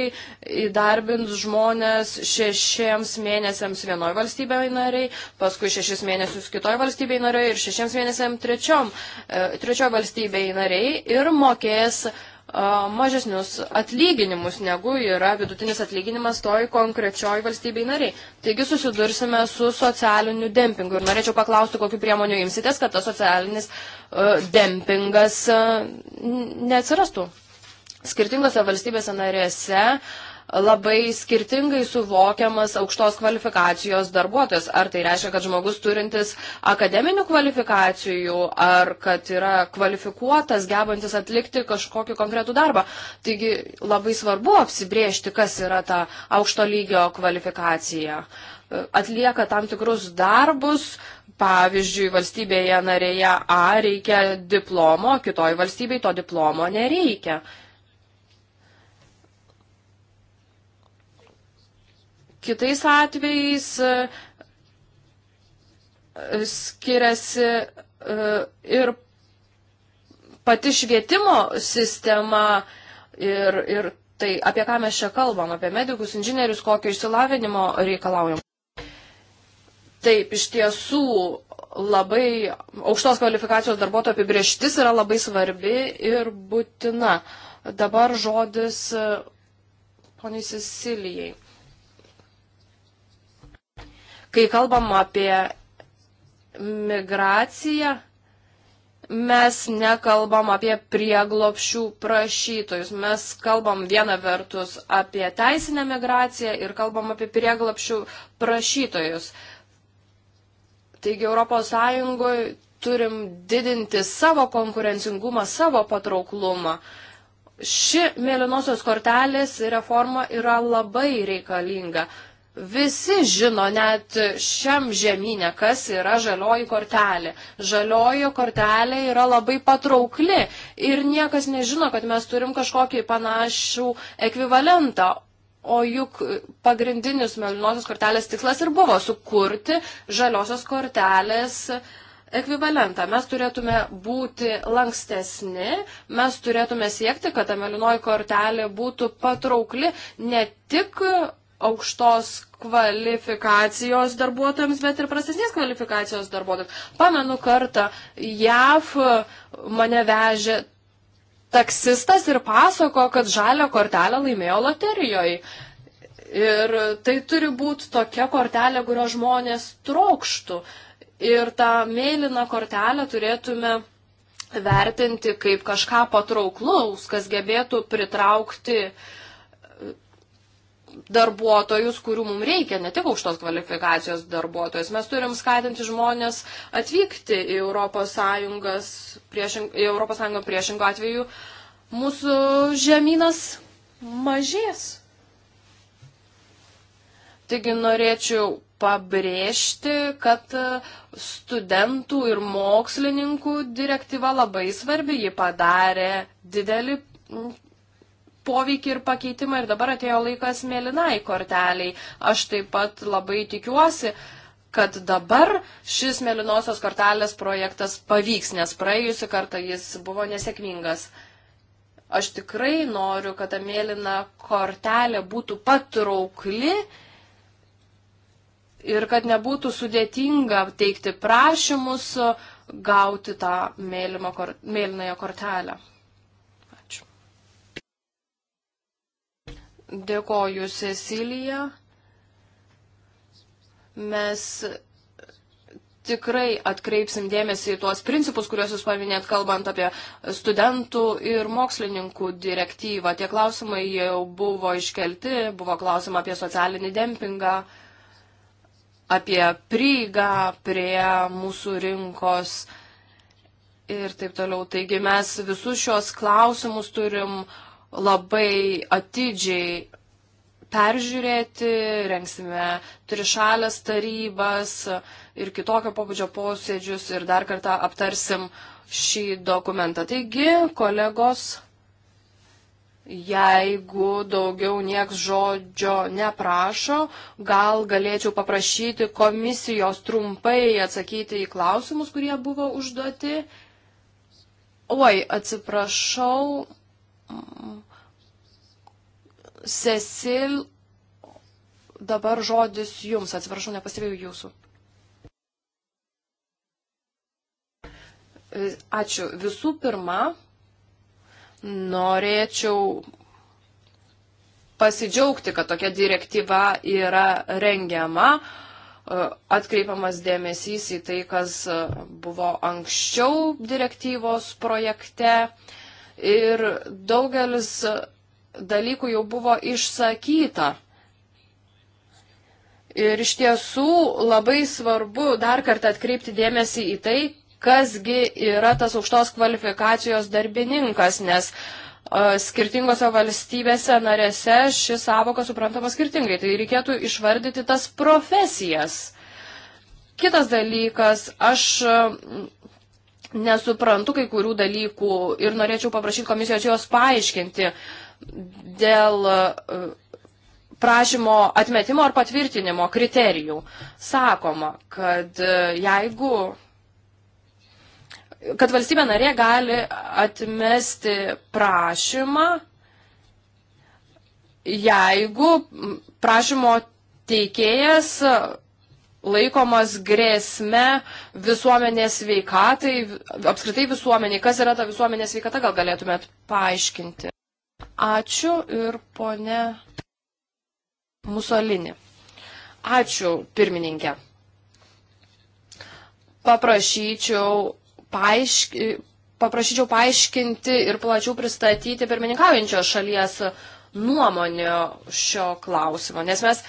įdarbins žmonės šešiems mėnesiams vienoj valstybėje nariai, paskui šešis mėnesius kitoj valstybėje nariai ir šešiems mėnesiams trečiom, e, trečioj valstybėje nariai ir mokės mažesnius atlyginimus, negu yra vidutinis atlyginimas toj konkrečioj valstybei nariai. Taigi susidursime su socialiniu dempingu ir norėčiau paklausti, kokiu priemoniu imsitės, kad tas socialinis dempingas neatsirastų. Skirtingose valstybėse narėse labai skirtingai suvokiamas aukštos kvalifikacijos darbuotojas. Ar tai reiškia, kad žmogus turintis akademinių kvalifikacijų, ar kad yra kvalifikuotas, gebantis atlikti kažkokį konkretų darbą. Taigi labai svarbu apsibriežti, kas yra ta aukšto lygio kvalifikacija. Atlieka tam tikrus darbus, pavyzdžiui, valstybėje narėje A reikia diplomo, kitoj valstybei to diplomo nereikia. Kitais atvejais e, skiriasi e, ir pati švietimo sistema ir, ir tai, apie ką mes čia kalbam, apie medikus, inžinierius, kokio išsilavinimo reikalaujam. Taip, iš tiesų labai aukštos kvalifikacijos darbuotojo apibrieštis yra labai svarbi ir būtina. Dabar žodis e, poniai Sisilijai. Kai kalbam apie migraciją, mes nekalbam apie prieglopšių prašytojus. Mes kalbam viena vertus apie teisinę migraciją ir kalbam apie prieglopšių prašytojus. Taigi ES turim didinti savo konkurencingumą, savo patrauklumą. Ši mėlynosios kortelės reforma yra labai reikalinga. Visi žino net šiam žemynė, kas yra žalioji kortelė. Žalioji kortelė yra labai patraukli ir niekas nežino, kad mes turim kažkokį panašų ekvivalentą. O juk pagrindinis mėlynosios kortelės tikslas ir buvo sukurti žaliosios kortelės ekvivalentą. Mes turėtume būti lankstesni, mes turėtume siekti, kad ta mėlynoji kortelė būtų patraukli ne tik aukštos kvalifikacijos darbuotojams, bet ir prastesnės kvalifikacijos darbuotojams. Pamenu kartą, JAV mane vežė taksistas ir pasako, kad žalio kortelę laimėjo loterijoje. Ir tai turi būti tokia kortelė, kurio žmonės trokštų. Ir tą mėlyną kortelę turėtume vertinti kaip kažką patrauklaus, kas gebėtų pritraukti uh, darbuotojus, kurių mums reikia, ne tik aukštos kvalifikacijos darbuotojus. Mes turim skatinti žmonės atvykti į Europos, priešing, į Europos Sąjungą priešingų atveju. Mūsų žemynas mažės. Taigi norėčiau pabrėžti, kad studentų ir mokslininkų direktyva labai svarbi, ji padarė didelį poveikį ir pakeitimą ir dabar atėjo laikas mėlynai korteliai. Aš taip pat labai tikiuosi, kad dabar šis mėlynosios kortelės projektas pavyks, nes praėjusi kartą jis buvo nesėkmingas. Aš tikrai noriu, kad ta mėlyna kortelė būtų patraukli ir kad nebūtų sudėtinga teikti prašymus gauti tą mėlynąją kortelę. Dėkoju, Cecilija. Mes tikrai atkreipsim dėmesį į tuos principus, kuriuos jūs paminėt, kalbant apie studentų ir mokslininkų direktyvą. Tie klausimai jau buvo iškelti, buvo klausima apie socialinį dempingą, apie prieigą prie mūsų rinkos ir taip toliau. Taigi mes visus šios klausimus turim uh, labai atidžiai peržiūrėti, rengsime trišalės tarybas ir kitokio pobūdžio posėdžius ir dar kartą aptarsim šį dokumentą. Taigi, kolegos, jeigu daugiau nieks žodžio neprašo, gal galėčiau paprašyti komisijos trumpai atsakyti į klausimus, kurie buvo užduoti. Oi, atsiprašau, Cecil, dabar žodis jums, atsiprašau, nepastebėjau jūsų. Ačiū. Visų pirma, norėčiau pasidžiaugti, kad tokia direktyva yra rengiama, atkreipiamas dėmesys į tai, kas buvo anksčiau direktyvos projekte ir daugelis dalykų jau buvo išsakyta. Ir iš tiesų labai svarbu dar kartą atkreipti dėmesį į tai, kasgi yra tas aukštos kvalifikacijos darbininkas, nes uh, skirtingose valstybėse narėse ši savoka suprantama skirtingai. Tai reikėtų išvardyti tas profesijas. Kitas dalykas, aš uh, nesuprantu kai kurių dalykų ir norėčiau paprašyti komisijos juos paaiškinti dėl e, prašymo atmetimo ar patvirtinimo kriterijų. Sakoma, kad e, jeigu kad valstybė narė gali atmesti prašymą, jeigu prašymo teikėjas laikomas grėsme visuomenės veikatai, apskritai visuomeniai. Kas yra ta visuomenės veikata, gal galėtumėt paaiškinti? Ačiū ir ponė Musolini. Ačiū, pirmininkė. Paprašyčiau, paaišk... Paprašyčiau paaiškinti ir plačiau pristatyti pirmininkaujančios šalies nuomonę šio klausimo, nes mes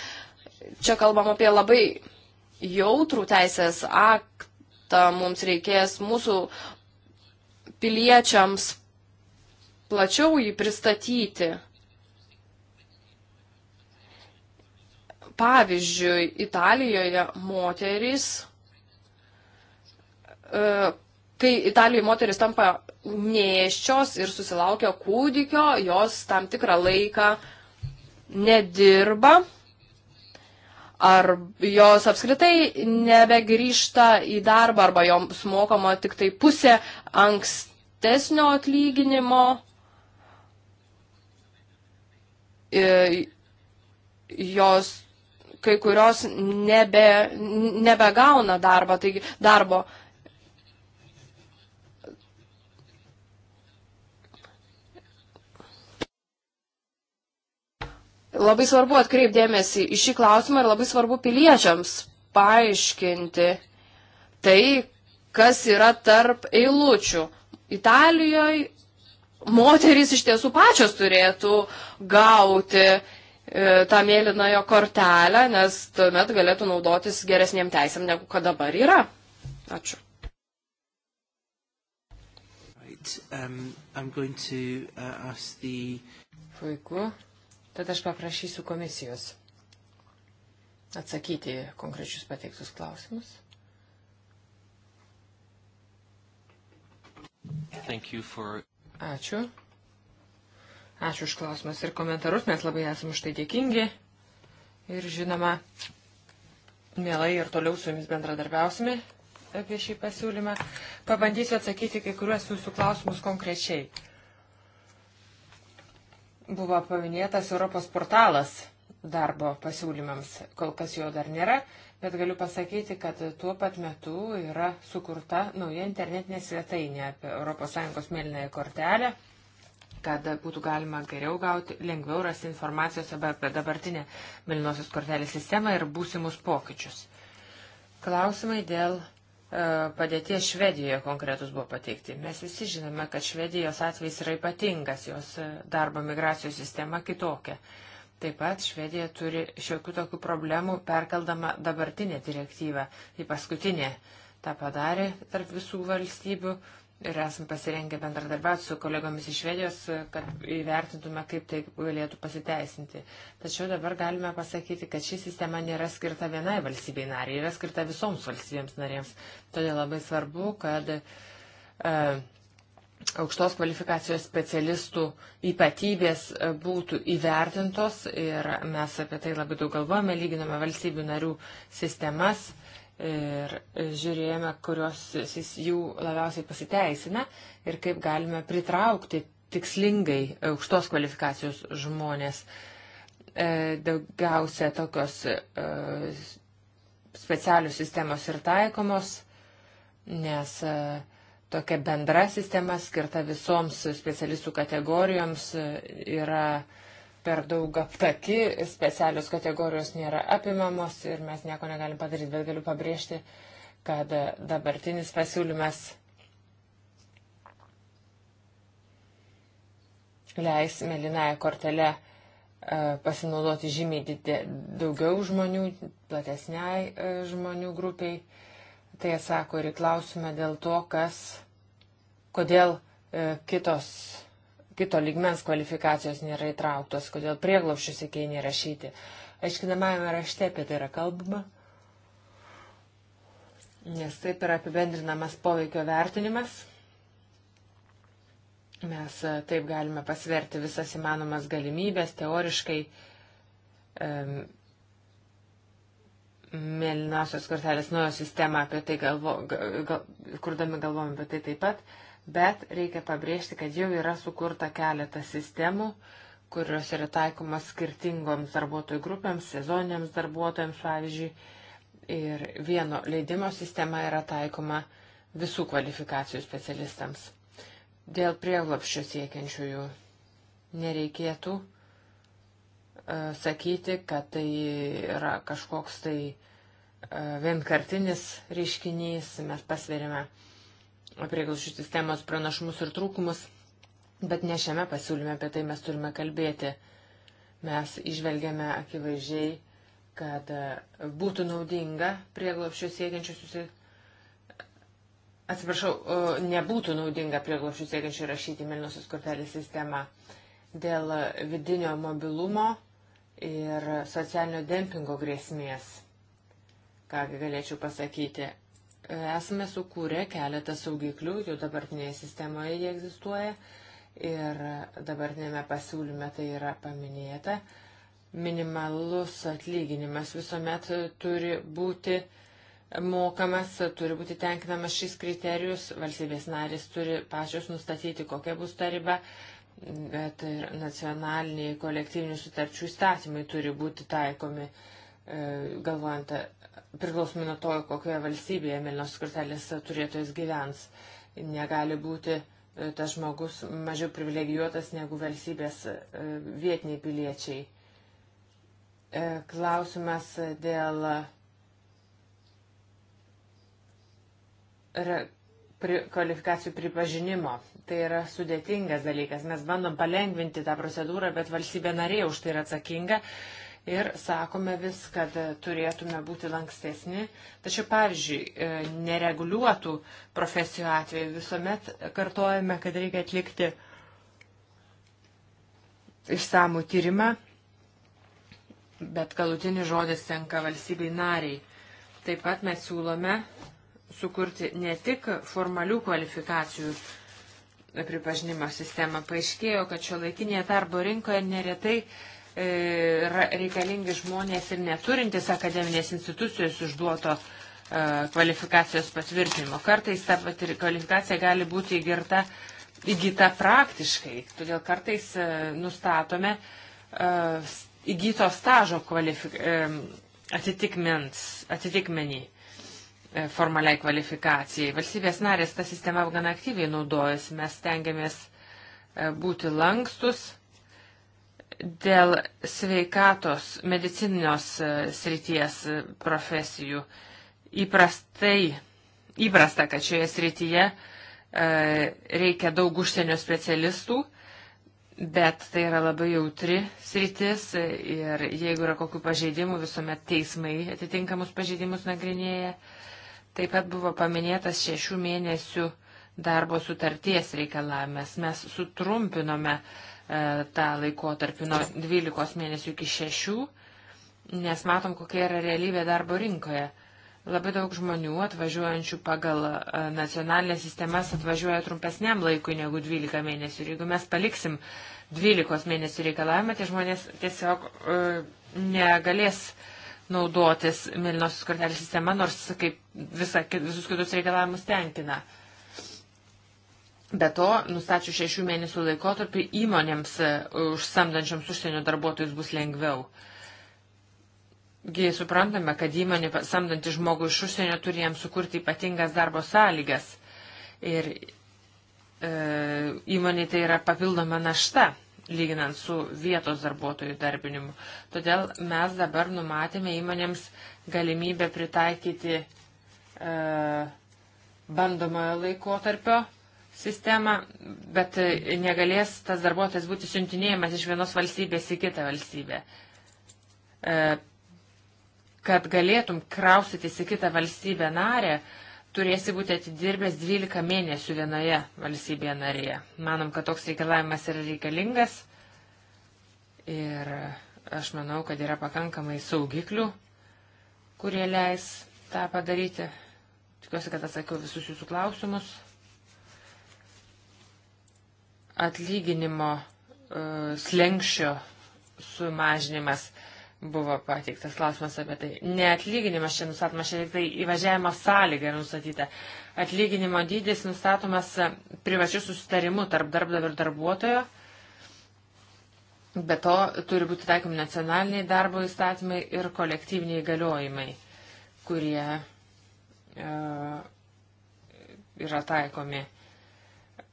čia kalbam apie labai jautrų teisės aktą mums reikės mūsų piliečiams plačiau jį pristatyti. Pavyzdžiui, Italijoje moterys, e, kai Italijoje moteris tampa nėščios ir susilaukia kūdikio, jos tam tikrą laiką nedirba ar jos apskritai nebegrįžta į darbą, arba joms mokama tik tai pusė ankstesnio atlyginimo. E, jos kai kurios nebe, nebegauna darbo, taigi, darbo, Labai svarbu atkreipdėmėsi į šį klausimą ir labai svarbu piliečiams paaiškinti tai, kas yra tarp eilučių. Italijoje moterys iš tiesų pačios turėtų gauti e, tą mėlynąją kortelę, nes tuomet galėtų naudotis geresniem teisėm, negu kad dabar yra. Ačiū. Right, um, uh, the... Puiku. Tad aš paprašysiu komisijos atsakyti konkrečius pateiktus klausimus. For... Ačiū. Ačiū už klausimus ir komentarus, mes labai esame už tai dėkingi. Ir žinoma, mielai ir toliau su jumis bendradarbiausime apie šį pasiūlymą. Pabandysiu atsakyti kai kuriuos jūsų klausimus konkrečiai. Buvo paminėtas Europos portalas darbo pasiūlymams. Kol kas jo dar nėra, bet galiu pasakyti, kad tuo pat metu yra sukurta nauja internetinė svetainė apie ES mėlynąją kortelę kad būtų galima geriau gauti, lengviau rasti informacijos apie dabartinę Melinosios kortelės sistemą ir būsimus pokyčius. Klausimai dėl E, padėties Švedijoje konkretus buvo pateikti. Mes visi žinome, kad Švedijos atvejs yra ypatingas, jos e, darbo migracijos sistema kitokia. Taip pat Švedija turi šiokių tokių problemų perkeldama dabartinę direktyvą į paskutinę. Ta padarė tarp visų valstybių ir esame pasirengę bendradarbiauti su kolegomis iš Švedijos, kad įvertintume, kaip tai galėtų pasiteisinti. Tačiau dabar galime pasakyti, kad ši sistema nėra skirta vienai valstybei nariai, yra skirta visoms valstybėms narėms. Todėl labai svarbu, kad e, aukštos kvalifikacijos specialistų ypatybės e, būtų įvertintos ir mes apie tai labai daug galvojame, lyginame valstybių narių sistemas. E, ir žiūrėjome, kurios jų labiausiai pasiteisina ir kaip galime pritraukti tikslingai aukštos kvalifikacijos žmonės. E, daugiausia tokios e, specialios sistemos ir taikomos, nes e, tokia bendra sistema skirta visoms specialistų kategorijoms yra per daug aptaki, specialios kategorijos nėra apimamos ir mes nieko negalim padaryti, bet galiu pabrėžti, kad dabartinis pasiūlymas leis melinąją kortelę e, pasinaudoti žymiai didė, daugiau žmonių, platesniai e, žmonių grupiai. Tai atsako ir į klausimą dėl to, kas, kodėl e, kitos kito lygmens kvalifikacijos nėra įtrauktos, kodėl prieglaušių sėkiai nėra rašyti. Aiškinamajame rašte apie tai yra kalbama, nes taip yra apibendrinamas poveikio vertinimas. Mes e, taip galime pasverti visas įmanomas galimybės, teoriškai um, mėlynosios kortelės naujo sistemą apie tai galvo, gal, kurdami galvom apie tai taip pat. Uh, bet reikia pabrėžti, kad jau yra sukurta keletą sistemų, kurios yra taikomas skirtingoms darbuotojų grupėms, sezoniniams darbuotojams, pavyzdžiui, ir vieno leidimo sistema yra taikoma visų kvalifikacijų specialistams. Dėl prieglopščio siekiančiųjų nereikėtų e, sakyti, kad tai yra kažkoks tai e, vienkartinis reiškinys, mes pasverime prieglaušių sistemos pranašumus ir trūkumus, bet ne šiame pasiūlyme apie tai mes turime kalbėti. Mes išvelgiame akivaizdžiai, kad e, būtų naudinga prieglaušių siekiančius Atsiprašau, e, nebūtų naudinga prieglaušių siekiančių rašyti Milnosios kortelės sistemą dėl vidinio mobilumo ir socialinio dempingo grėsmės. Kągi galėčiau pasakyti, Esame sukūrę keletą saugiklių, jų dabartinėje sistemoje jie egzistuoja ir dabartinėme pasiūlyme tai yra paminėta. Minimalus atlyginimas visuomet turi būti mokamas, turi būti tenkinamas šis kriterijus, valstybės narys turi pačios nustatyti, kokia bus ta riba, bet ir nacionaliniai kolektyvinių sutarčių įstatymai turi būti taikomi e, galvojant priklausomai nuo to, kokioje valstybėje Milnos kortelės turėtojas gyvens. Negali būti e, tas žmogus mažiau privilegijuotas negu valstybės e, vietiniai piliečiai. E, klausimas dėl kvalifikacijų pripažinimo. Tai yra sudėtingas dalykas. Mes bandom palengvinti tą procedūrą, bet valstybė narė už tai yra atsakinga ir sakome vis, kad e, turėtume būti lankstesni. Tačiau, pavyzdžiui, e, nereguliuotų profesijų atveju visuomet kartojame, kad reikia atlikti išsamų tyrimą, bet galutinis žodis tenka valstybei nariai. Taip pat mes siūlome sukurti ne tik formalių kvalifikacijų pripažinimo sistemą. Paaiškėjo, kad šio laikinėje darbo rinkoje neretai uh, E, reikalingi žmonės ir neturintis akademinės institucijos užduoto e, kvalifikacijos patvirtinimo. Kartais ta kvalifikacija gali būti įgirta, įgyta praktiškai, todėl kartais e, nustatome įgyto stažo kvalifik... atitikmenį formaliai kvalifikacijai. Valstybės narės tą sistemą gana aktyviai naudojasi, mes tengiamės būti lankstus dėl sveikatos medicinios e, srities e, profesijų. Įprastai, įprasta, kad šioje srityje e, reikia daug užsienio specialistų, bet tai yra labai jautri sritis ir jeigu yra kokių pažeidimų, visuomet teismai atitinkamus pažeidimus nagrinėja. Taip pat buvo paminėtas šešių mėnesių darbo sutarties reikalavimas. Mes sutrumpinome uh, E, tą laikotarpį nuo 12 mėnesių iki 6, nes matom, kokia yra realybė darbo rinkoje. Labai daug žmonių atvažiuojančių pagal e, nacionalinės sistemas atvažiuoja trumpesniam laikui negu 12 mėnesių. Ir jeigu mes paliksim 12 mėnesių reikalavimą, tai žmonės tiesiog e, negalės naudotis Milinosios kortelės sistema, nors kaip visa, visus kitus reikalavimus tenkina. E, Be to, nustačių šešių mėnesių laikotarpį įmonėms e, užsamdančiams užsienio darbuotojus bus lengviau. Gai suprantame, kad įmonė samdanti žmogų iš užsienio turi jam sukurti ypatingas darbo sąlygas. Ir e, įmonė tai yra papildoma našta, lyginant su vietos darbuotojų darbinimu. Todėl mes dabar numatėme įmonėms galimybę pritaikyti e, bandomojo laikotarpio sistemą, bet e, negalės tas darbuotojas būti siuntinėjimas iš vienos valstybės į kitą valstybę. E, kad galėtum kraustytis į kitą valstybę narę, turėsi būti atidirbęs 12 mėnesių vienoje valstybėje narėje. Manom, kad toks reikalavimas yra reikalingas ir e, aš manau, kad yra pakankamai saugiklių, kurie leis tą padaryti. Tikiuosi, kad atsakiau visus jūsų klausimus atlyginimo e, slengščio sumažinimas buvo pateiktas klausimas apie tai. Ne atlyginimas čia nustatomas, čia tik tai įvažiavimo sąlyga yra nustatyta. Atlyginimo dydis nustatomas privačiu susitarimu tarp darbdavio ir darbuotojo. Be to turi būti taikomi nacionaliniai darbo įstatymai ir kolektyviniai galiojimai, kurie e, yra taikomi.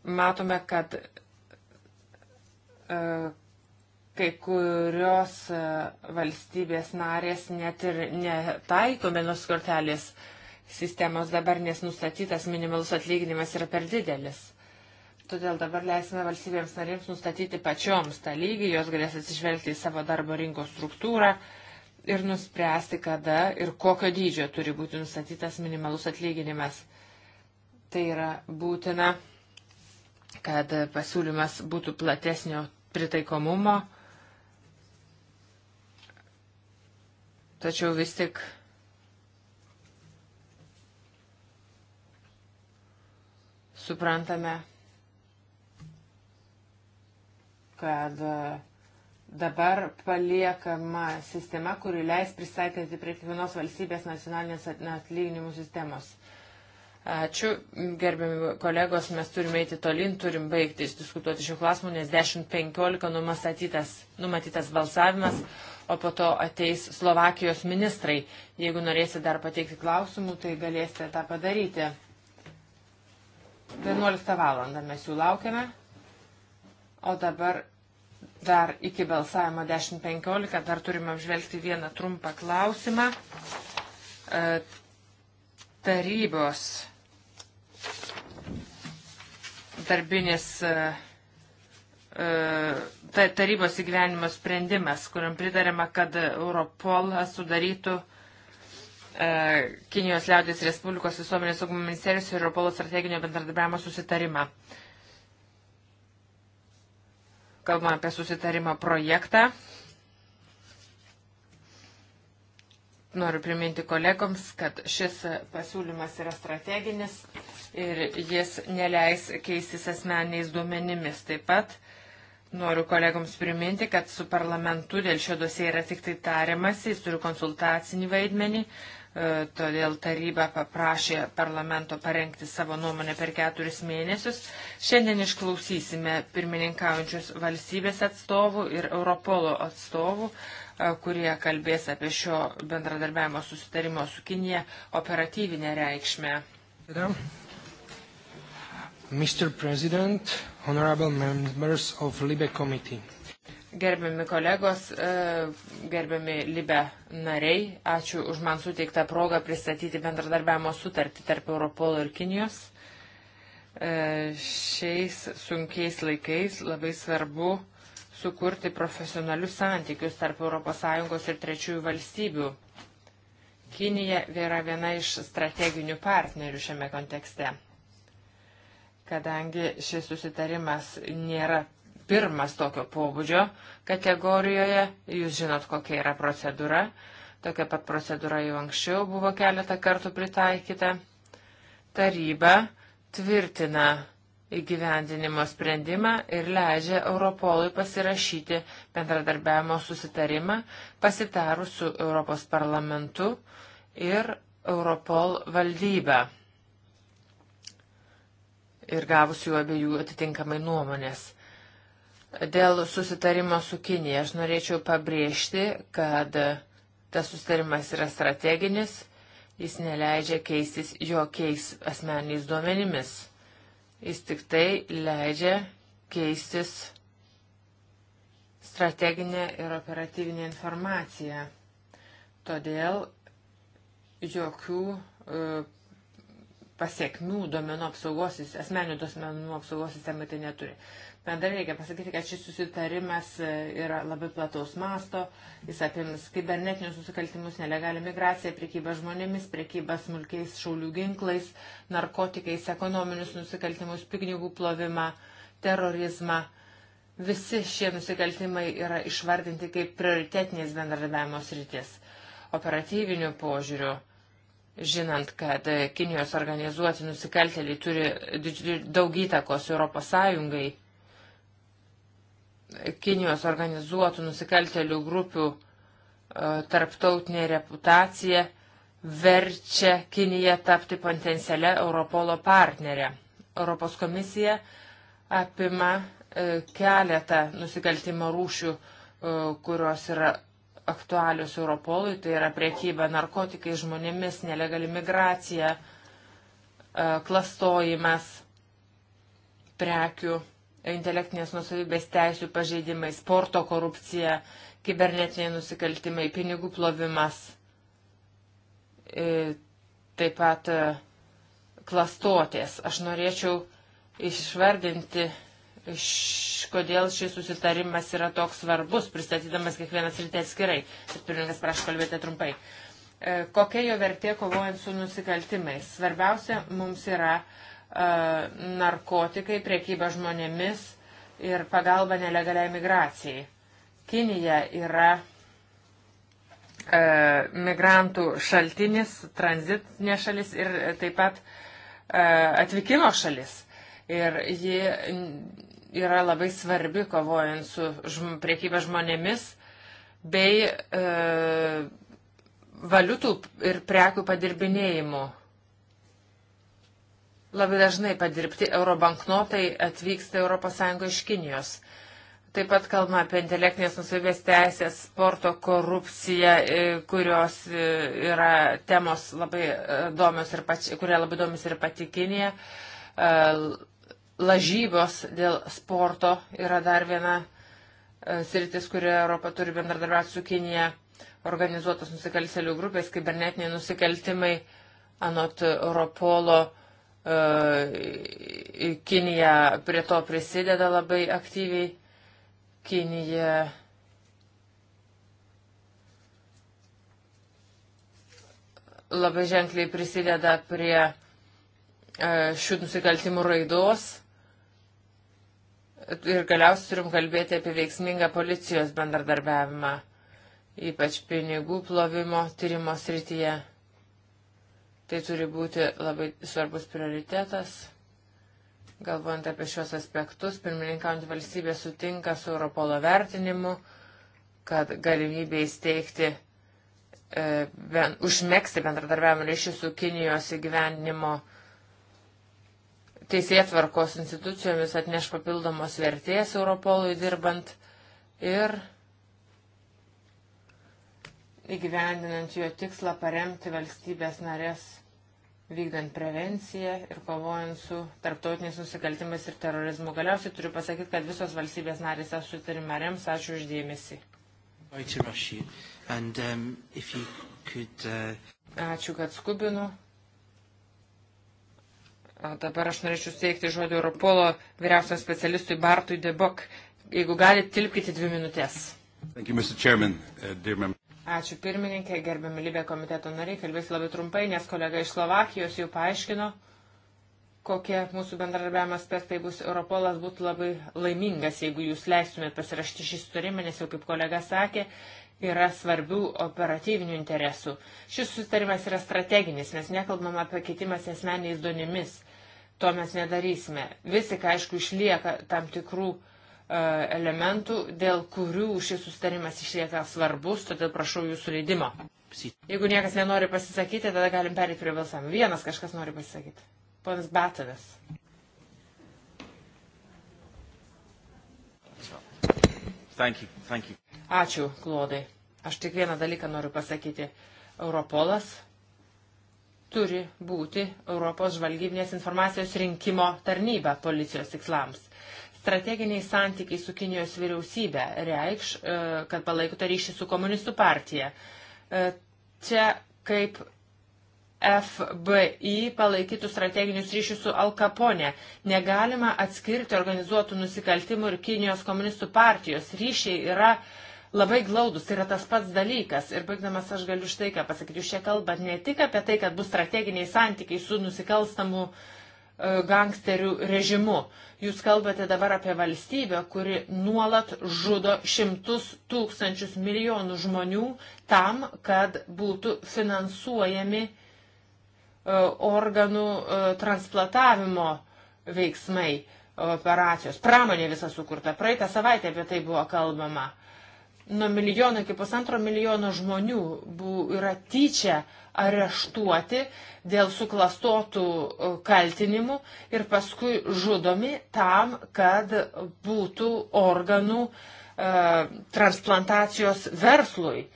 Matome, kad E, kai kurios e, valstybės narės net ir netaiko minus kortelės sistemos dabar, nes nustatytas minimalus atlyginimas yra per didelis. Todėl dabar leisime valstybėms narėms nustatyti pačioms tą lygį, jos galės atsižvelgti į savo darbo rinkos struktūrą ir nuspręsti, kada ir kokio dydžio turi būti nustatytas minimalus atlyginimas. Tai yra būtina, kad pasiūlymas būtų platesnio pritaikomumo. Tačiau vis tik suprantame, kad e, dabar paliekama sistema, kuri leis pristatyti prie kiekvienos valstybės nacionalinės atlyginimų sistemos. Ačiū, gerbiami kolegos, mes turime eiti tolin, turim baigti išdiskutuoti šių klausimų, nes 10.15 numatytas, numatytas balsavimas, o po to ateis Slovakijos ministrai. Jeigu norėsite dar pateikti klausimų, tai galėsite tą padaryti. 11 valandą mes jų laukiame, o dabar dar iki balsavimo 10.15 dar turime apžvelgti vieną trumpą klausimą. E, tarybos darbinis e, e, tarybos įgyvenimo sprendimas, kuriam pritarėma, kad Europolas sudarytų e, Kinijos liaudės Respublikos visuomenės saugumo ministerijos ir Europolo strateginio bendradarbiavimo susitarimą. Kalbame apie susitarimą projektą, Noriu priminti kolegoms, kad šis pasiūlymas yra strateginis ir jis neleis keistis asmeniais duomenimis. Taip pat noriu kolegoms priminti, kad su parlamentu dėl šio dosie yra tik tai tariamas, jis turi konsultacinį vaidmenį, e, todėl taryba paprašė parlamento parengti savo nuomonę per keturis mėnesius. Šiandien išklausysime pirmininkaujančius valstybės atstovų ir Europolo atstovų kurie kalbės apie šio bendradarbiavimo susitarimo su Kinija operatyvinę reikšmę. Mr. President, honorable members of Libe Committee. Gerbiami kolegos, e, gerbiami Libe nariai, ačiū už man suteiktą progą pristatyti bendradarbiavimo sutartį tarp Europolo ir Kinijos. E, šiais sunkiais laikais labai svarbu sukurti profesionalius santykius tarp ES ir trečiųjų valstybių. Kinija yra viena iš strateginių partnerių šiame kontekste, kadangi šis susitarimas nėra pirmas tokio pobūdžio kategorijoje, jūs žinot, kokia yra procedūra, tokia pat procedūra jau anksčiau buvo keletą kartų pritaikyta. Taryba tvirtina įgyvendinimo sprendimą ir leidžia Europolui pasirašyti bendradarbiavimo susitarimą pasitarus su Europos parlamentu ir Europol valdyba ir gavus jų abiejų atitinkamai nuomonės. Dėl susitarimo su Kinija aš norėčiau pabrėžti, kad tas susitarimas yra strateginis, jis neleidžia keistis jokiais asmeniais duomenimis. Jis tik tai leidžia keistis strateginė ir operatyvinė informacija. Todėl jokių e, pasiekmių duomenų apsaugos, asmenių duomenų apsaugos sistemai tai neturi. Bendrai reikia pasakyti, kad šis susitarimas e, yra labai plataus masto, jis apims kibernetinius nusikaltimus, nelegalią migraciją, priekybą žmonėmis, priekybą smulkiais šaulių ginklais, narkotikais, ekonominius nusikaltimus, pinigų plovimą, terorizmą. Visi šie nusikaltimai yra išvardinti kaip prioritetinės bendradarbiavimo sritis. Operatyviniu požiūriu žinant, kad Kinijos organizuoti nusikaltėliai turi daug įtakos Europos Sąjungai, Kinijos organizuotų nusikaltelių grupių e, tarptautinė reputacija verčia Kiniją tapti potencialia Europolo partnerė. Europos komisija apima e, keletą nusikaltimo rūšių, e, kurios yra aktualius Europolui, tai yra priekyba narkotikai žmonėmis, nelegali migracija, klastojimas prekių intelektinės nusavybės teisų pažeidimai, sporto korupcija, kibernetiniai nusikaltimai, pinigų plovimas, e, taip pat e, klastotės. Aš norėčiau išvardinti, iš, kodėl šis susitarimas yra toks svarbus, pristatydamas kiekvienas rytė atskirai. Pirmininkas prašo kalbėti trumpai. E, kokia jo vertė kovojant su nusikaltimais? Svarbiausia mums yra uh, E, narkotikai, priekyba žmonėmis ir pagalba nelegaliai migracijai. Kinija yra e, migrantų šaltinis, tranzitinė šalis ir taip pat e, atvykimo šalis. Ir ji yra labai svarbi kovojant su žm priekyba žmonėmis bei e, valiutų ir prekių padirbinėjimu Labai dažnai padirbti eurobanknotai atvyksta ES iš Kinijos. Taip pat kalbama apie intelektinės nusavybės teisės, sporto korupciją, e, kurios e, yra temos labai e, domios ir pači, kurie labai domios ir pati Kinija. Lažybos dėl sporto yra dar viena sritis, kurioje Europa turi bendradarbiauti su Kinija. Organizuotos nusikalselių grupės, kibernetiniai nusikaltimai, anot Europolo E, Kinija prie to prisideda labai aktyviai. Kinija labai ženkliai prisideda prie e, šių nusikaltimų raidos. Ir galiausiai turim kalbėti apie veiksmingą policijos bendradarbiavimą, ypač pinigų plovimo tyrimo srityje. Tai turi būti labai svarbus prioritetas. Galvojant apie šios aspektus, pirmininkant valstybė sutinka su Europolo vertinimu, kad galimybė įsteigti, e, ben, užmėgsti bendradarbiavimo ryšį su Kinijos įgyvendinimo teisėtvarkos institucijomis atneš papildomos vertės Europolui dirbant ir įgyvendinant jo tikslą paremti valstybės narės vykdant prevenciją ir kovojant su tarptautiniais nusikaltimais ir terorizmu. Galiausiai turiu pasakyti, kad visos valstybės narės aš sutarimą rems. Ačiū uždėmesi. Ačiū, um, uh, kad skubinu. O dabar aš norėčiau steigti žodį Europolo vyriausiam specialistui Bartui Debok. Jeigu galite, tilpkite dvi minutės. You, Chairman, uh, Ačiū pirmininkė, gerbiami Libė komiteto nariai, kalbėsiu labai trumpai, nes kolega iš Slovakijos jau paaiškino, kokie mūsų bendradarbiavimo aspektai bus. Europolas būtų labai laimingas, jeigu jūs leistumėt pasirašyti šį sutarimą, nes jau kaip kolega sakė, yra svarbių operatyvinių interesų. Šis sutarimas yra strateginis, mes nekalbam apie keitimas esmeniais duonimis. To mes nedarysime. Visi, aišku, išlieka tam tikrų uh, E, elementų, dėl kurių šis sustarimas išlieka svarbus, todėl prašau jūsų leidimo. Jeigu niekas nenori pasisakyti, tada galim perėti prie balsavimo. Vienas kažkas nori pasisakyti. Ponas Batavės. Thank you, thank you. Ačiū, Klodai. Aš tik vieną dalyką noriu pasakyti. Europolas turi būti Europos žvalgybinės informacijos rinkimo tarnyba policijos tikslams strateginiai santykiai su Kinijos vyriausybė reikš, e, kad palaikote ryšį su komunistų partija. E, čia kaip FBI palaikytų strateginius ryšius su Alkaponė. Negalima atskirti organizuotų nusikaltimų ir Kinijos komunistų partijos. Ryšiai yra labai glaudus, tai yra tas pats dalykas. Ir baigdamas aš galiu štai ką pasakyti, jūs čia kalbat ne tik apie tai, kad bus strateginiai santykiai su nusikalstamu uh, E, gangsterių režimu. Jūs kalbate dabar apie valstybę, kuri nuolat žudo šimtus tūkstančius milijonų žmonių tam, kad būtų finansuojami e, organų e, transplantavimo veiksmai, operacijos. Pramonė visa sukurta. Praeitą savaitę apie tai buvo kalbama nuo milijono iki pusantro milijono žmonių bu, yra tyčia areštuoti dėl suklastotų e, kaltinimų ir paskui žudomi tam, kad būtų organų e, transplantacijos verslui.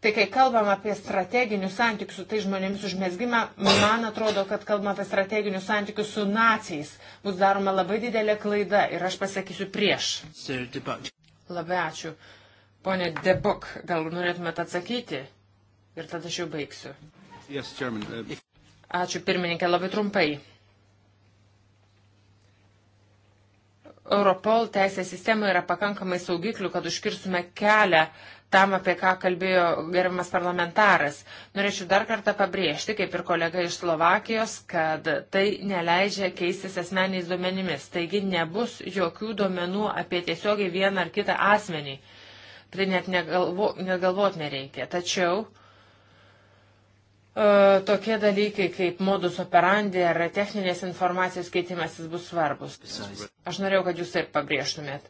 Tai kai kalbam apie strateginius santykius su tai žmonėmis užmėsgimą, man atrodo, kad kalbam apie strateginius santykius su nacijais, bus daroma labai didelė klaida ir aš pasakysiu prieš. Labai ačiū. Pone Debok, gal norėtumėte atsakyti? Ir tada aš jau baigsiu. Yes, German, uh... Ačiū pirmininkė, labai trumpai. Europol teisės sistemoje yra pakankamai saugiklių, kad užkirstume kelią tam, apie ką kalbėjo gerbiamas parlamentaras. Norėčiau dar kartą pabrėžti, kaip ir kolega iš Slovakijos, kad tai neleidžia keistis asmeniais duomenimis. Taigi nebus jokių duomenų apie tiesiogiai vieną ar kitą asmenį tai net negalvo, negalvot nereikia. Tačiau e, tokie dalykai kaip modus operandi ar techninės informacijos keitimasis bus svarbus. Aš norėjau, kad jūs taip pabrėžtumėt.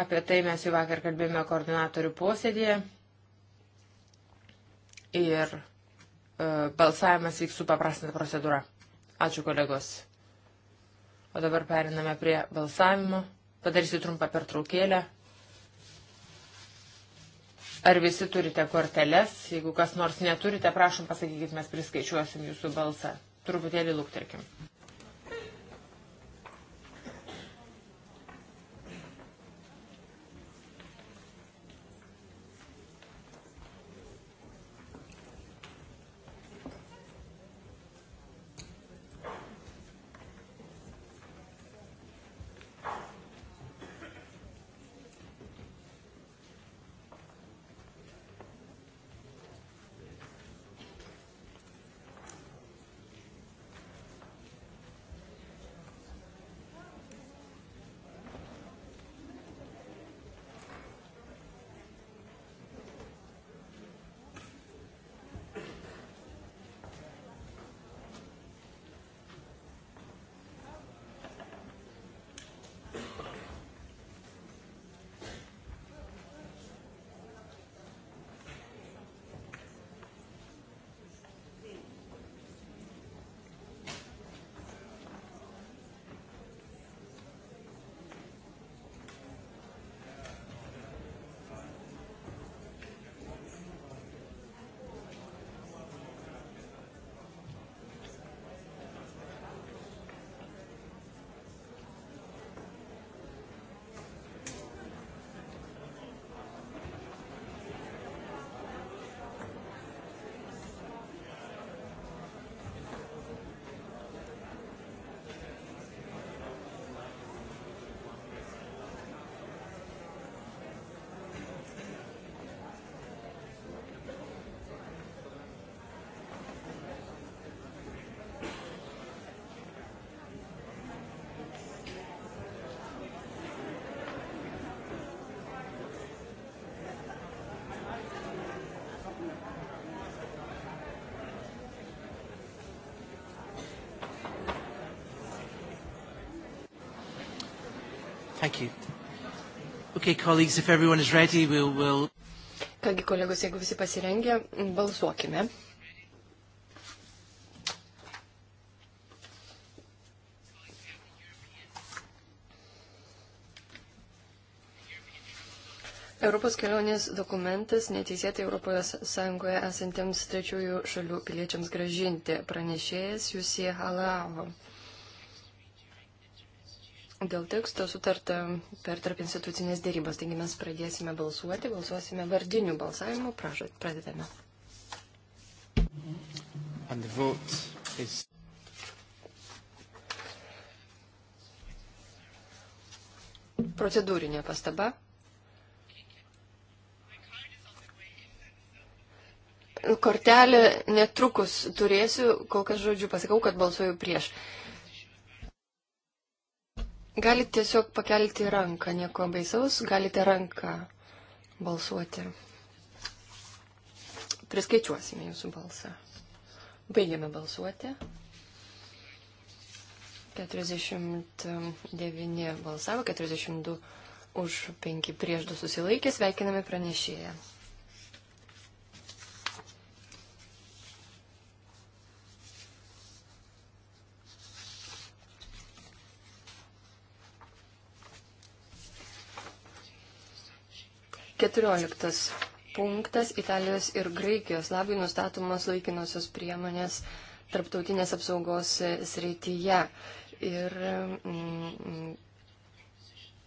Apie tai mes jau vakar kalbėjome koordinatorių posėdėje ir e, balsavimas vyks su paprastinta procedūra. Ačiū kolegos. O dabar periname prie balsavimo. Padarysiu trumpą pertraukėlę. Ar visi turite korteles? Jeigu kas nors neturite, prašom pasakykit, mes priskaičiuosim jūsų balsą. Truputėlį lūkterkim. Thank you. Okay, colleagues, if everyone is ready, we'll, we'll... Kągi kolegos, jeigu visi pasirengę, balsuokime. Europos kelionės dokumentas neteisėtai Europos Sąjungoje esantiems trečiųjų šalių piliečiams gražinti pranešėjas Jusie Halavo. Dėl teksto sutarta per tarp institucinės dėrybas, taigi mes pradėsime balsuoti, balsuosime vardiniu balsavimu, prašot, pradedame. Is... Procedūrinė pastaba. Kortelę netrukus turėsiu, kol kas žodžiu pasakau, kad balsuoju prieš. Uh, Galite tiesiog pakelti ranką, nieko baisaus, galite ranką balsuoti. Priskaičiuosime jūsų balsą. Baigiame balsuoti. 49 balsavo, 42 už 5 prieš 2 susilaikė, sveikiname pranešėją. Keturioliktas punktas Italijos ir Graikijos labai nustatomos laikinosios priemonės tarptautinės apsaugos e, srityje. Ir mm, mm,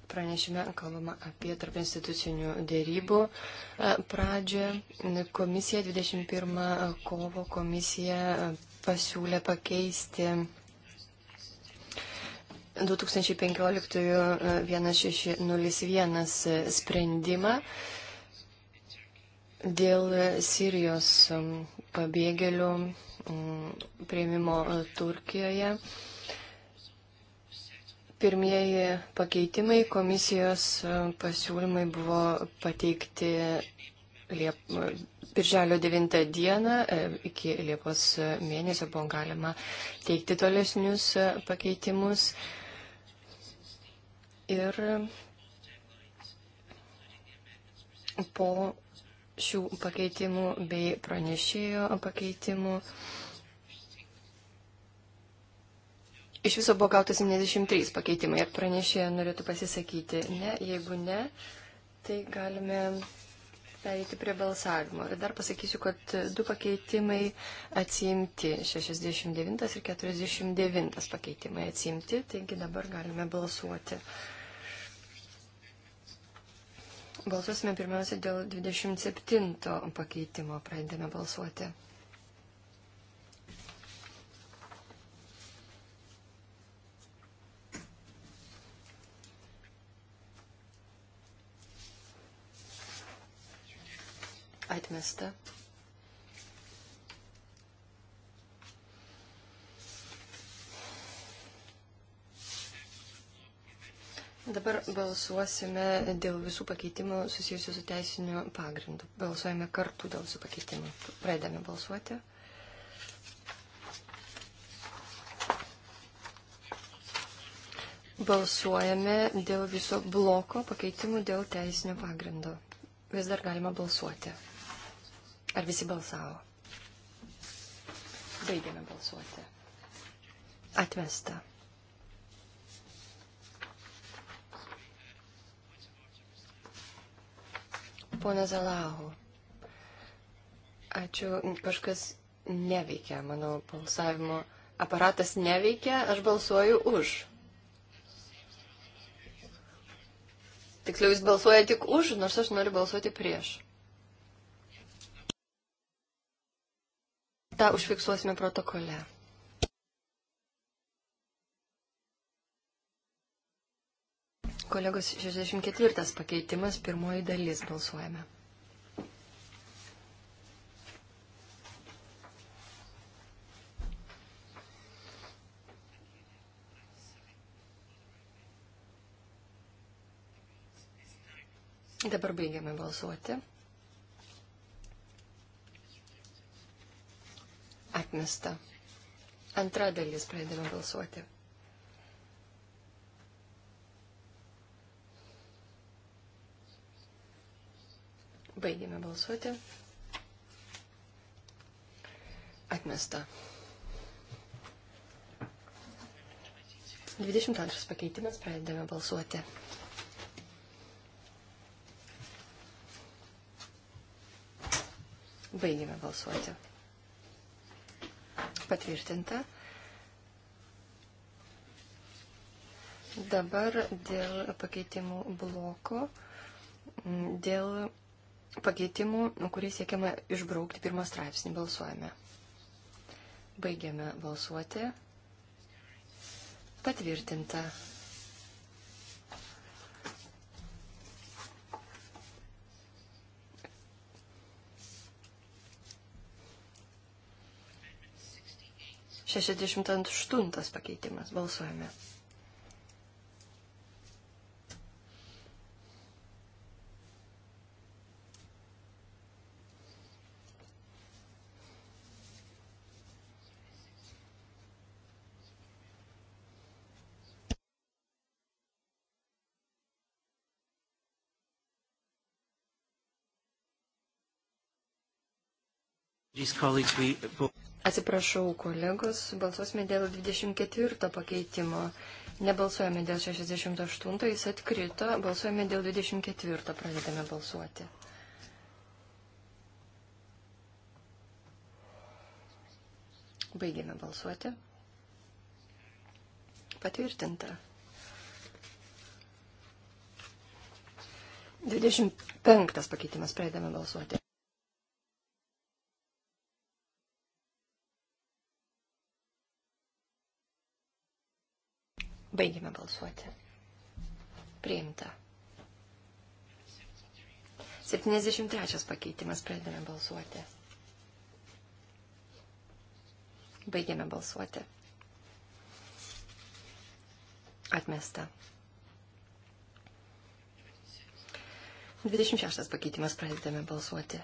pranešime kalbama apie tarp institucinių dėrybų e, pradžią. Komisija 21 kovo komisija e, pasiūlė pakeisti 2015-1601 sprendimą dėl Sirijos um, pabėgėlių um, prieimimo uh, Turkijoje. Pirmieji pakeitimai komisijos uh, pasiūlymai buvo pateikti Liep... Birželio 9 dieną uh, iki Liepos mėnesio buvo galima teikti tolesnius pakeitimus. Ir po šių pakeitimų bei pranešėjo pakeitimų iš viso buvo gauta 73 pakeitimai. Ar pranešėja norėtų pasisakyti? Ne, jeigu ne, tai galime pereiti prie balsavimo. Ir dar pasakysiu, kad du pakeitimai atsiimti, 69 ir 49 pakeitimai atsiimti, taigi dabar galime balsuoti. Balsuosime pirmiausia dėl 27 pakeitimo. Pradedame balsuoti. Atmesta. Dabar balsuosime dėl visų pakeitimų susijusių su teisiniu pagrindu. Balsuojame kartu dėl visų pakeitimų. Pradedame balsuoti. Balsuojame dėl viso bloko pakeitimų dėl teisinio pagrindo. Vis dar galima balsuoti. Ar visi balsavo? Baigiame balsuoti. Atvesta. Pone Zalahu, ačiū, kažkas neveikia, mano balsavimo aparatas neveikia, aš balsuoju už. Tiksliau, jis balsuoja tik už, nors aš noriu balsuoti prieš. Ta užfiksuosime protokole. Kolegos 64 pakeitimas, pirmoji dalis balsuojame. Dabar baigiame balsuoti. Atmesta. Antra dalis pradedame balsuoti. Baigėme balsuoti. Atmesta. 22 pakeitimas pradedame balsuoti. Baigėme balsuoti. Patvirtinta. Dabar dėl pakeitimų bloko, dėl pakeitimų, kuriais siekiama išbraukti pirmą straipsnį. Balsuojame. Baigiame balsuoti. Patvirtinta. Šešiasdešimt aštuntas pakeitimas. Balsuojame. Atsiprašau, kolegos, balsuosime dėl 24 pakeitimo. Nebalsuojame dėl 68, jis atkrito, balsuojame dėl 24, pradedame balsuoti. Baigėme balsuoti. Patvirtinta. 25 pakeitimas, pradedame balsuoti. Baigime balsuoti. Priimta. 73 pakeitimas pradedame balsuoti. Baigėme balsuoti. Atmesta. 26 pakeitimas pradedame balsuoti.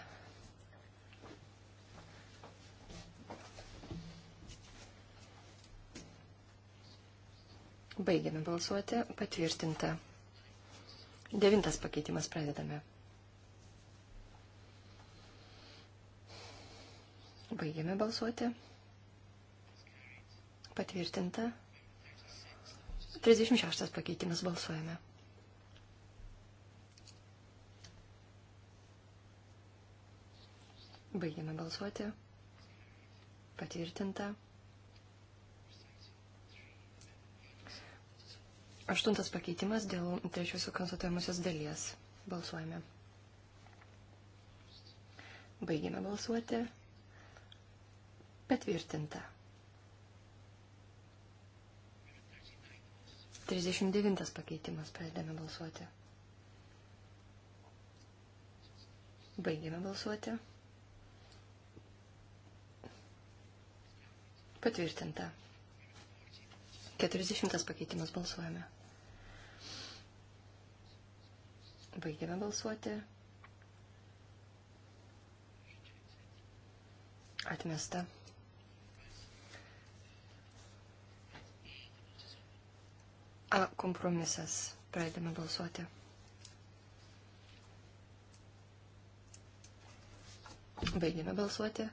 Baigiame balsuoti. Patvirtinta. Devintas pakeitimas pradedame. Baigiame balsuoti. Patvirtinta. 36 pakeitimas balsuojame. Baigiame balsuoti. Patvirtinta. Aštuntas pakeitimas dėl trečiosios konsultuojamosios dalies. Balsuojame. Baigime balsuoti. Patvirtinta. 39 pakeitimas. Pradedame balsuoti. Baigėme balsuoti. Patvirtinta. 40 pakeitimas balsuojame. Baigėme balsuoti. Atmesta. A kompromisas. Pradedame balsuoti. Baigėme balsuoti.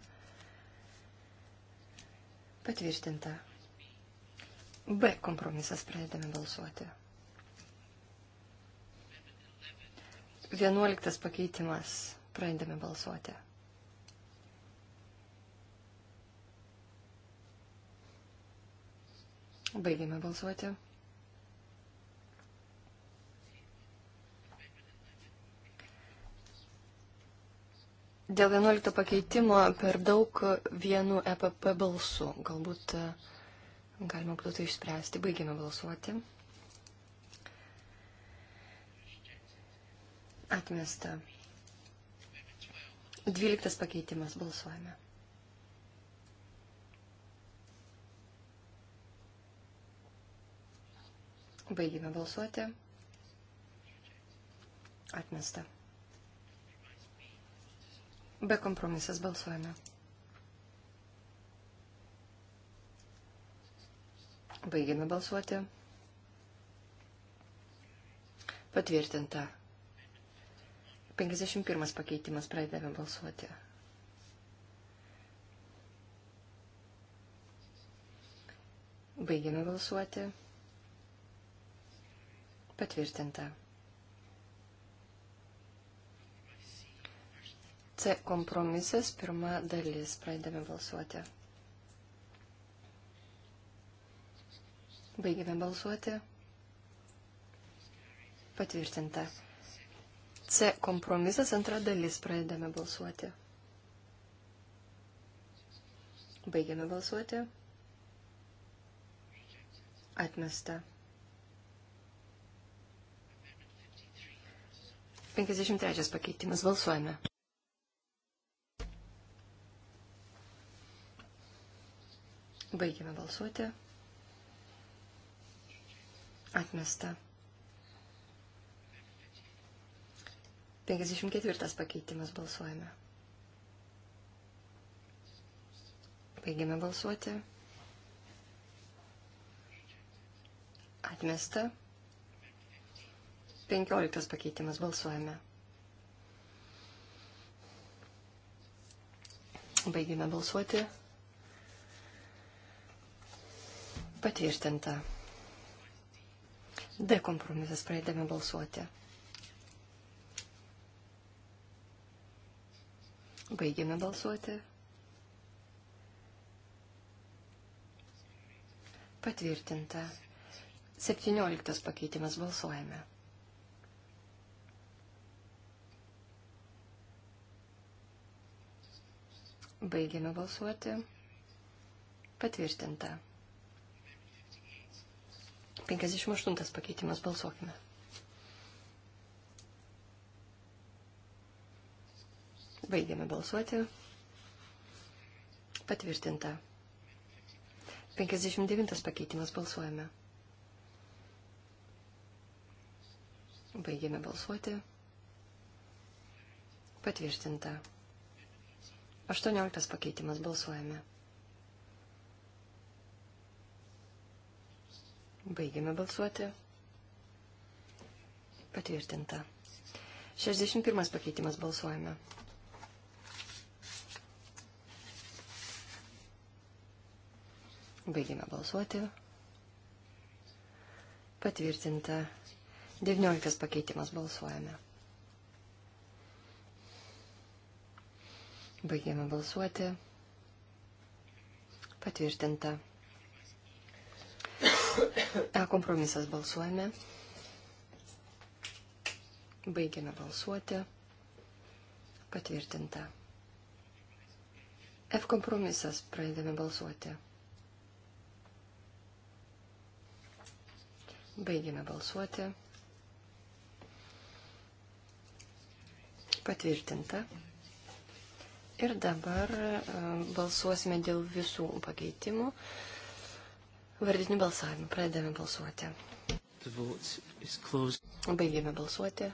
Patvirtinta. B kompromisas pradedame balsuoti. Vienuoliktas pakeitimas. Pradedame balsuoti. Baigėme balsuoti. Dėl 11 pakeitimo per daug vienu EPP balsu. Galbūt e, galima būtų tai išspręsti. Baigėme balsuoti. Atmesta. Dvyliktas pakeitimas. Balsuojame. Baigime balsuoti. Atmesta. Be kompromisas balsuojame. Baigėme balsuoti. Patvirtinta. 51 pakeitimas pradedame balsuoti. Baigiame balsuoti. Patvirtinta. C kompromisas, pirma dalis, pradedame balsuoti. Baigiame balsuoti. Patvirtinta. C kompromisas antra dalis pradedame balsuoti. Baigiame balsuoti. Atmesta. 53 pakeitimas. Balsuojame. Baigiame balsuoti. Atmesta. 54 pakeitimas balsuojame. Baigiame balsuoti. Atmesta. 15 pakeitimas balsuojame. Baigime balsuoti. Patvirtinta. D kompromisas praeidame balsuoti. Baigėme balsuoti. Patvirtinta. 17 pakeitimas balsuojame. Baigėme balsuoti. Patvirtinta. 58 pakeitimas balsuokime. Baigiame balsuoti. Patvirtinta. 59 pakeitimas balsuojame. Baigiame balsuoti. Patvirtinta. 18 pakeitimas balsuojame. Baigiame balsuoti. Patvirtinta. 61 pakeitimas balsuojame. Baigėme balsuoti. Patvirtinta. 19 pakeitimas balsuojame. Baigėme balsuoti. Patvirtinta. E kompromisas balsuojame. Baigėme balsuoti. Patvirtinta. F kompromisas pradedame balsuoti. Baigėme balsuoti. Patvirtinta. Ir dabar e, balsuosime dėl visų pakeitimų. Vardinių balsavimų. Pradedame balsuoti. Baigėme balsuoti.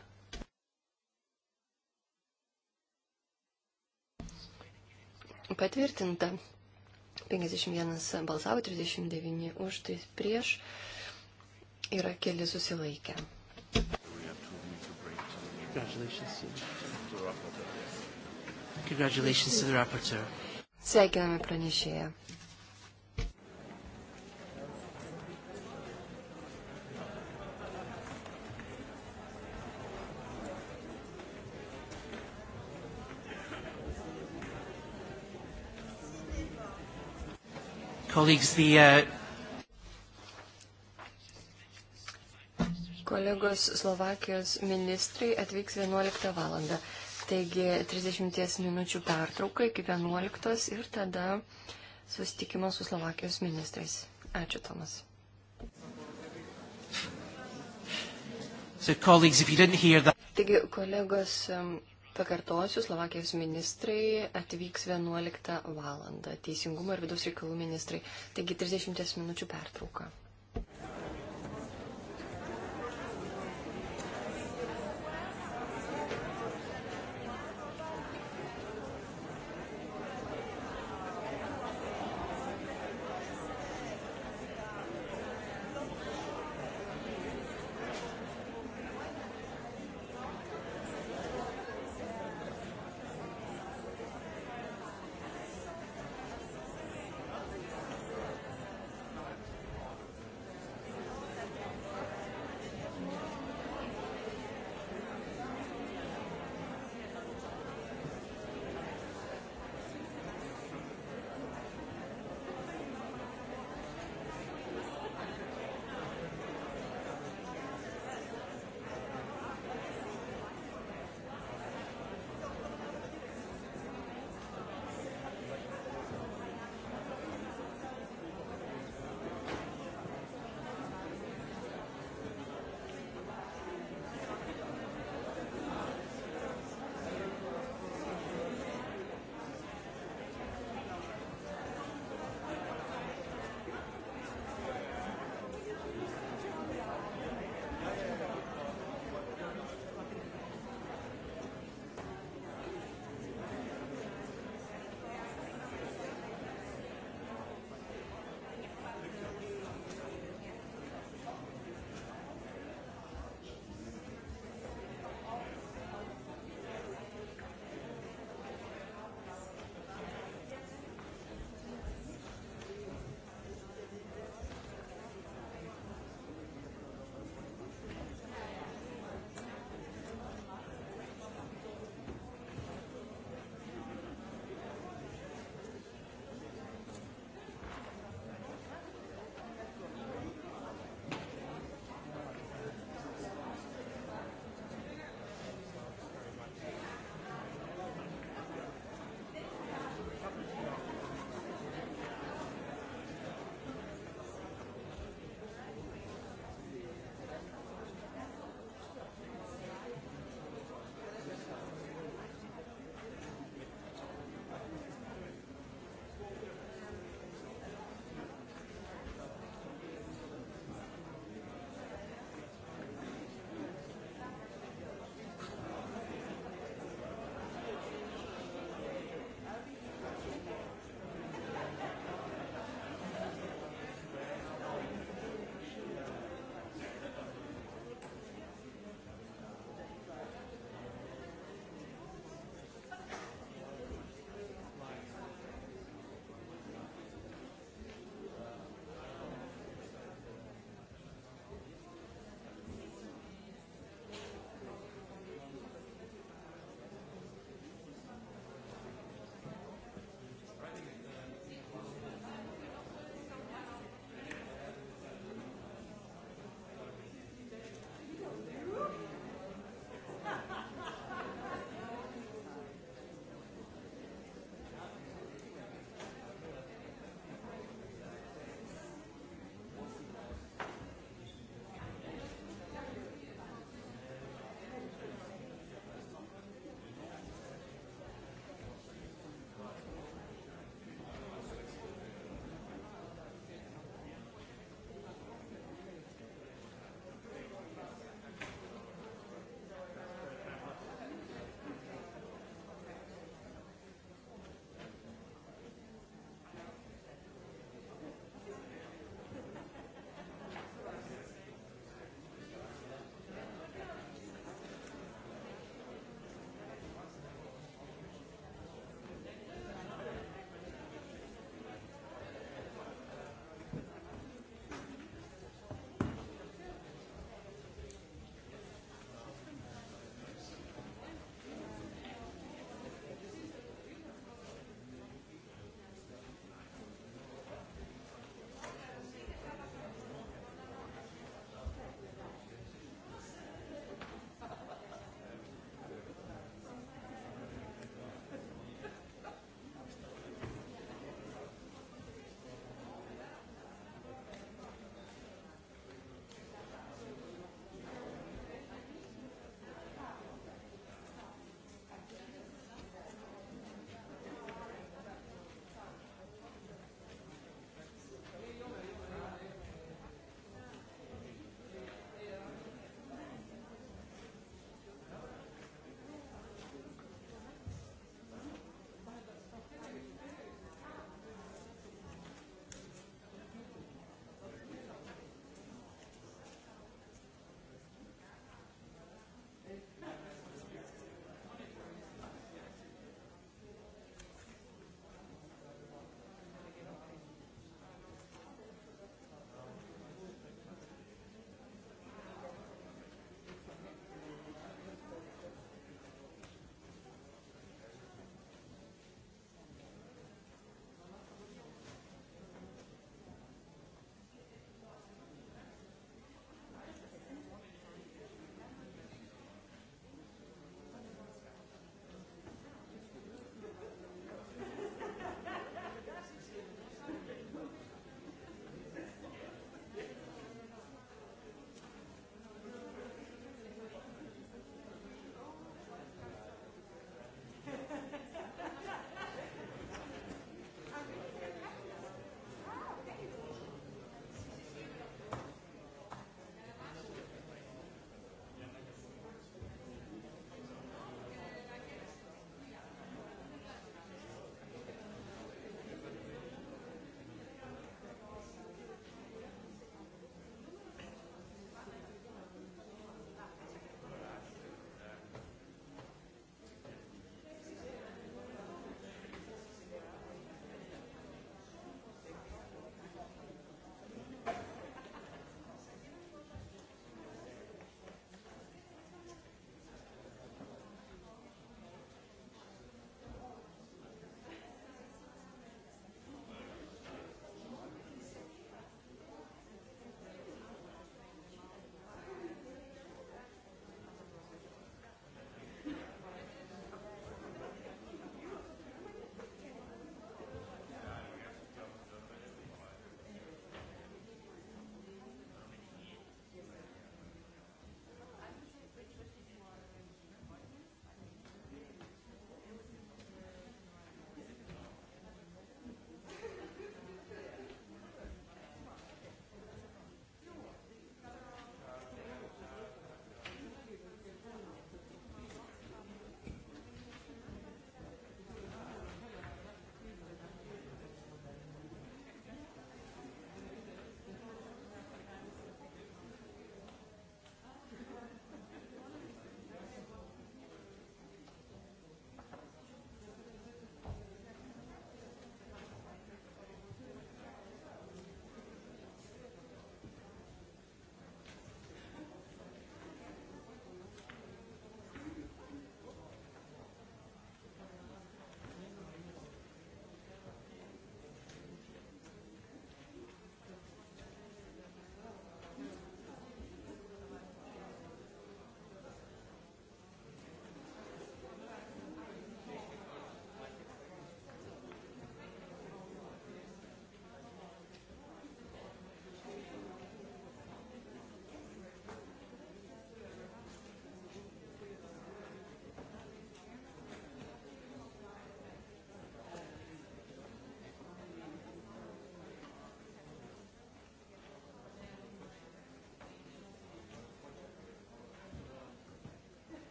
Patvirtinta. 51 balsavo, 39 už, tai prieš yra keli susilaikę. Sveikiname pranešėją. Colleagues, the uh, Kolegos Slovakijos ministrai atvyks 11 val. Taigi 30 minučių pertrauka iki 11 ir tada susitikimas su Slovakijos ministrais. Ačiū, Tomas. So, that... Taigi, kolegos, pakartosiu, Slovakijos ministrai atvyks 11 val. Teisingumo ir vidaus reikalų ministrai. Taigi 30 minučių pertrauka.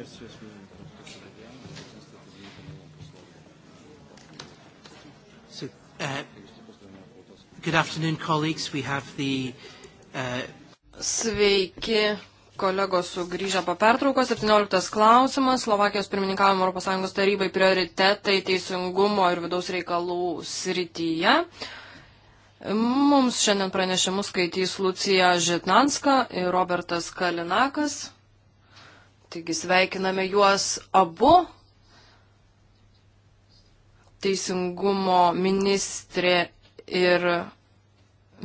Merci à ce So, uh, good afternoon, colleagues. We have the. Uh... Sveiki, kolegos sugrįžę po pertraukos. 17 klausimas. Slovakijos pirmininkavimo ES tarybai prioritetai teisingumo ir vidaus reikalų srityje. Mums šiandien pranešimus skaitys Lucija Žitnanska ir Robertas Kalinakas. Taigi sveikiname juos abu. Teisingumo ministrė ir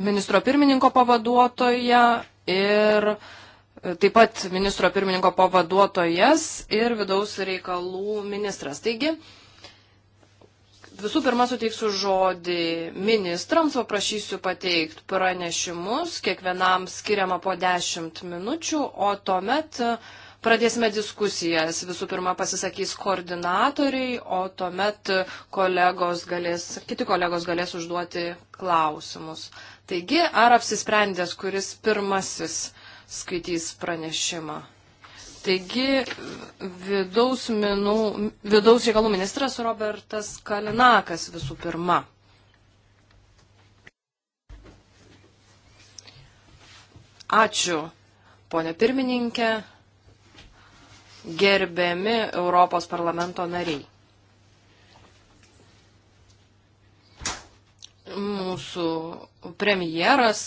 ministro pirmininko pavaduotoja ir taip pat ministro pirmininko pavaduotojas ir vidaus reikalų ministras. Taigi, visų pirma suteiksiu žodį ministrams, paprašysiu pateikti pranešimus, kiekvienam skiriama po 10 minučių, o tuomet Pradėsime diskusijas. Visų pirma pasisakys koordinatoriai, o tuomet kolegos galės, kiti kolegos galės užduoti klausimus. Taigi, ar apsisprendęs, kuris pirmasis skaitys pranešimą? Taigi, vidaus, minų, vidaus reikalų ministras Robertas Kalinakas visų pirma. Ačiū, ponė pirmininkė gerbiami Europos parlamento nariai. Mūsų premjeras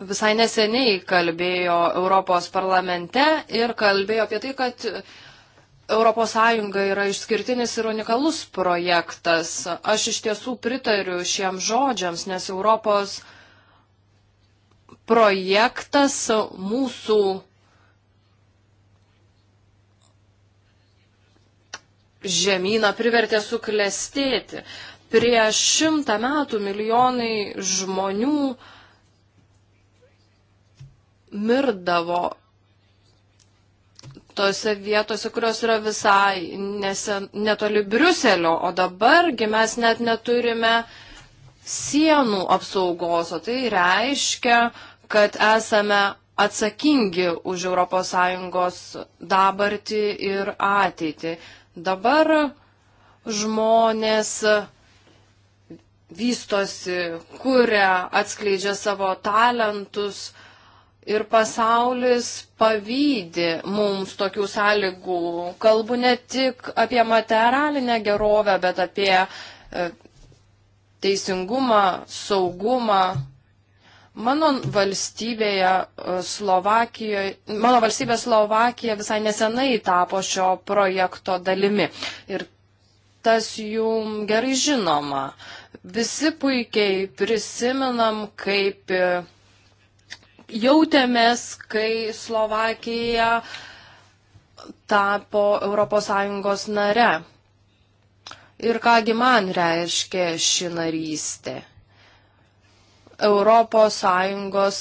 visai neseniai kalbėjo Europos parlamente ir kalbėjo apie tai, kad ES yra išskirtinis ir unikalus projektas. Aš iš tiesų pritariu šiems žodžiams, nes Europos projektas mūsų žemyną privertė suklestėti. Prieš šimtą metų milijonai žmonių mirdavo tose vietose, kurios yra visai nesen, netoli Briuselio, o dabargi mes net neturime sienų apsaugos, o tai reiškia, kad esame atsakingi už ES dabartį ir ateitį. Dabar žmonės vystosi, kuria, atskleidžia savo talentus ir pasaulis pavydi mums tokių sąlygų. Kalbu ne tik apie materialinę gerovę, bet apie e, teisingumą, saugumą, Mano valstybėje e, Slovakijoje, mano valstybė Slovakija visai nesenai tapo šio projekto dalimi. Ir tas jum gerai žinoma. Visi puikiai prisimenam, kaip e, jautėmės, kai Slovakija tapo ES nare. Ir kągi man reiškia ši narystė. ES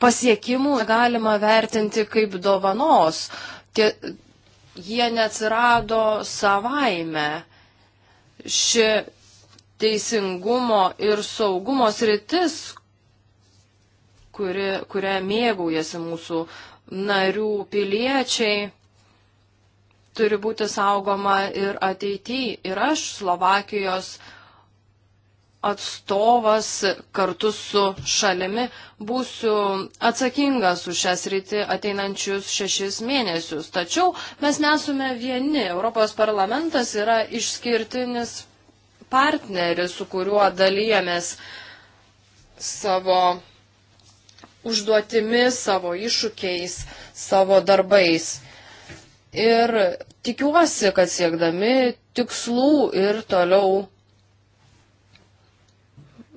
pasiekimų galima vertinti kaip dovanos. Tie, jie neatsirado savaime. Ši teisingumo ir saugumo sritis, kuri, kuria mėgaujasi mūsų narių piliečiai, turi būti saugoma ir ateityje. Ir aš Slovakijos atstovas kartu su šalimi būsiu atsakingas už šią sritį ateinančius šešis mėnesius. Tačiau mes nesame vieni. Europos parlamentas yra išskirtinis partneris, su kuriuo dalyjamės savo užduotimi, savo iššūkiais, savo darbais. Ir tikiuosi, kad siekdami tikslų ir toliau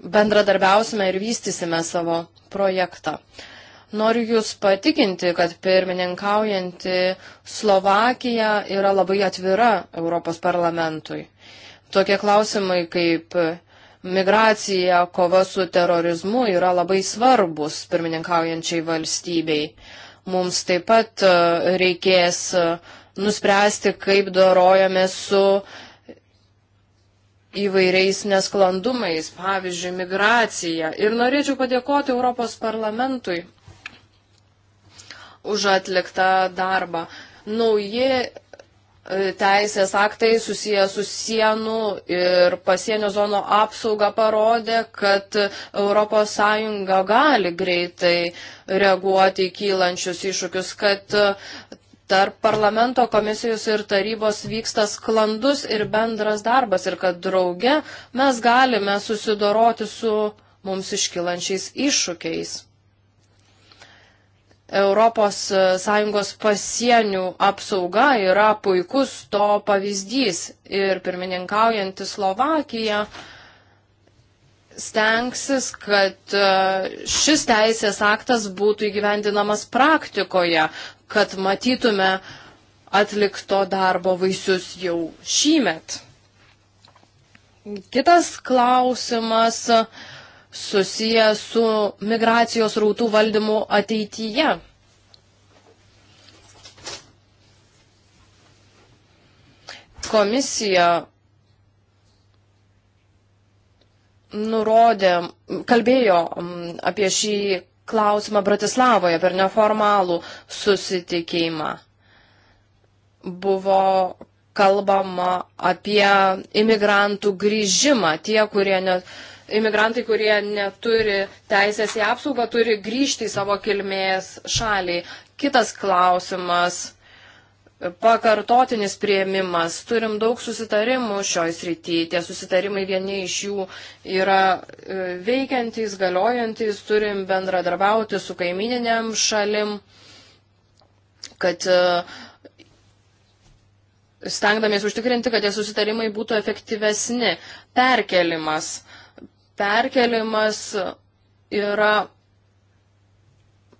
bendradarbiausime ir vystysime savo projektą. Noriu Jūs patikinti, kad pirmininkaujanti Slovakija yra labai atvira Europos parlamentui. Tokie klausimai kaip migracija, kova su terorizmu yra labai svarbus pirmininkaujančiai valstybei. Mums taip pat e, reikės e, nuspręsti, kaip dorojame su uh, įvairiais nesklandumais, pavyzdžiui, migracija. Ir norėčiau padėkoti Europos parlamentui už atliktą darbą. Nauji e, teisės aktai susiję su sienų ir pasienio zono apsauga parodė, kad ES gali greitai reaguoti į kylančius iššūkius, kad tarp parlamento komisijos ir tarybos vyksta sklandus ir bendras darbas ir kad drauge mes galime susidoroti su mums iškilančiais iššūkiais. ES pasienių apsauga yra puikus to pavyzdys ir pirmininkaujantį Slovakiją stengsis, kad šis teisės aktas būtų įgyvendinamas praktikoje kad matytume atlikto darbo vaisius jau šymet. Kitas klausimas susijęs su migracijos rautų valdymu ateityje. Komisija nurodė, kalbėjo mm, apie šį klausimą Bratislavoje per neformalų susitikimą. Buvo kalbama apie imigrantų grįžimą. Tie, kurie net, imigrantai, kurie neturi teisės į apsaugą, turi grįžti į savo kilmės šalį. Kitas klausimas pakartotinis prieimimas. Turim daug susitarimų šioj srity. Tie susitarimai vieni iš jų yra e, veikiantys, galiojantis, turim bendradarbiauti su kaimininiam šalim, kad e, stengdamės užtikrinti, kad tie susitarimai būtų efektyvesni. Perkelimas. Perkelimas yra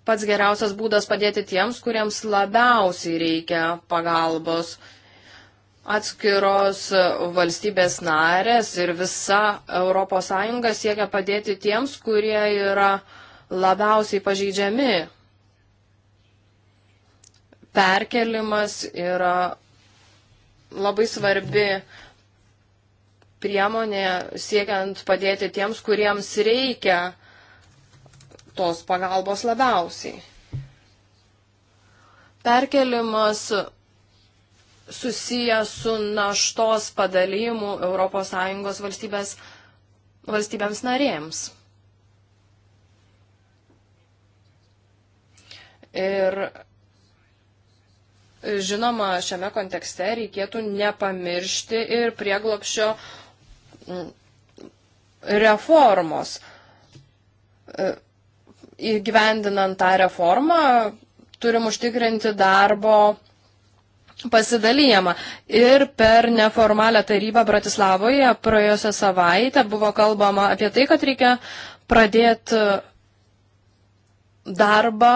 pats geriausias būdas padėti tiems, kuriems labiausiai reikia pagalbos. Atskiros valstybės narės ir visa ES siekia padėti tiems, kurie yra labiausiai pažeidžiami. Perkelimas yra labai svarbi priemonė siekiant padėti tiems, kuriems reikia tos pagalbos labiausiai. Perkelimas susijęs su naštos padalymu ES valstybės, valstybėms narėms. Ir žinoma, šiame kontekste reikėtų nepamiršti ir prieglopšio mm, reformos. E, įgyvendinant tą reformą turim užtikrinti darbo pasidalyjama. Ir per neformalią tarybą Bratislavoje praėjusią savaitę buvo kalbama apie tai, kad reikia pradėti darbą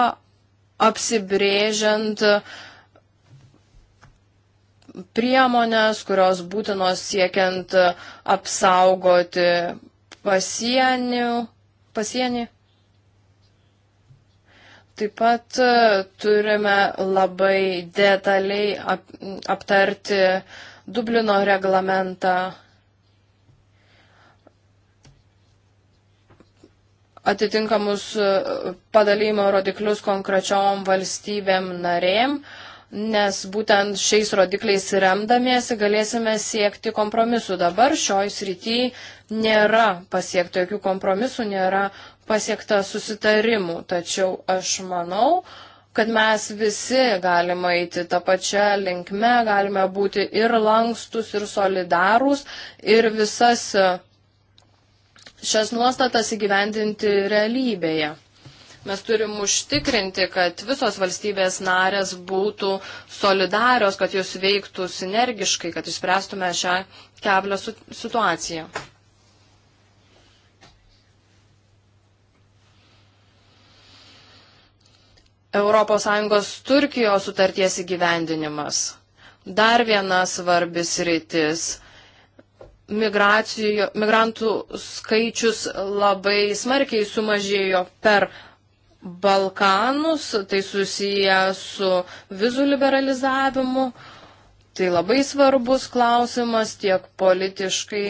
apsibrėžiant priemonės, kurios būtinos siekiant apsaugoti pasienių, pasienį. pasienį Taip pat e, turime labai detaliai ap, aptarti Dublino reglamentą. atitinkamus e, padalymo rodiklius konkrečiom valstybėm narėm, nes būtent šiais rodikliais remdamiesi galėsime siekti kompromisų. Dabar šioj srity nėra pasiekti jokių kompromisų, nėra pasiekta susitarimų, tačiau aš manau, kad mes visi galime eiti tą pačią linkmę, galime būti ir lankstus, ir solidarūs, ir visas e, šias nuostatas įgyvendinti realybėje. Mes turim užtikrinti, kad visos valstybės narės būtų solidarios, kad jos veiktų sinergiškai, kad išspręstume šią keblę situaciją. ES Turkijos sutarties įgyvendinimas. Dar viena svarbis rytis. Migracijų, migrantų skaičius labai smarkiai sumažėjo per Balkanus, tai susiję su vizų liberalizavimu. Tai labai svarbus klausimas tiek politiškai,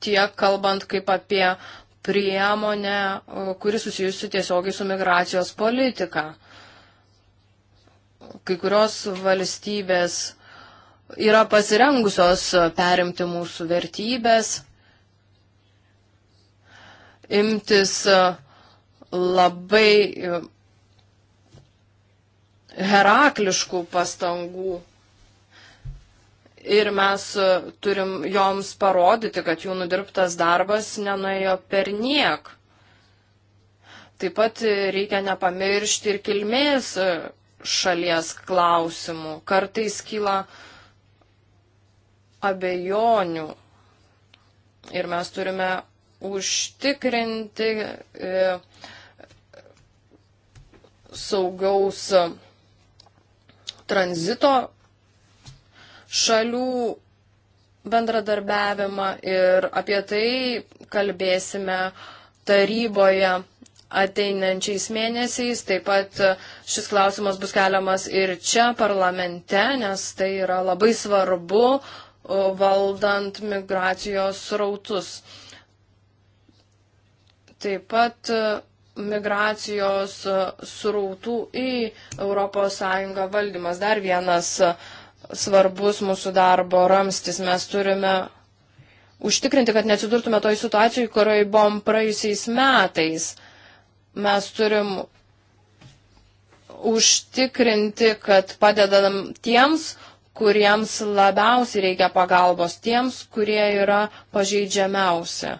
tiek kalbant kaip apie uh, priemonę, kuri susijusi tiesiogiai su migracijos politika. Kai kurios valstybės yra pasirengusios perimti mūsų vertybės, imtis e, labai e, herakliškų pastangų Ir mes e, turim joms parodyti, kad jų nudirbtas darbas nenuėjo per niek. Taip pat e, reikia nepamiršti ir kilmės e, šalies klausimų. Kartais kyla abejonių. Ir mes turime užtikrinti e, saugaus tranzito šalių bendradarbiavimą ir apie tai kalbėsime taryboje ateinančiais mėnesiais. Taip pat šis klausimas bus keliamas ir čia parlamente, nes tai yra labai svarbu valdant migracijos rautus. Taip pat e, migracijos e, srautų į ES valdymas. Dar vienas uh, svarbus mūsų darbo ramstis. Mes turime užtikrinti, kad neatsidurtume toj situacijai, kurioje buvom praėjusiais metais. Mes turim užtikrinti, kad padedam tiems, kuriems labiausiai reikia pagalbos, tiems, kurie yra pažeidžiamiausi.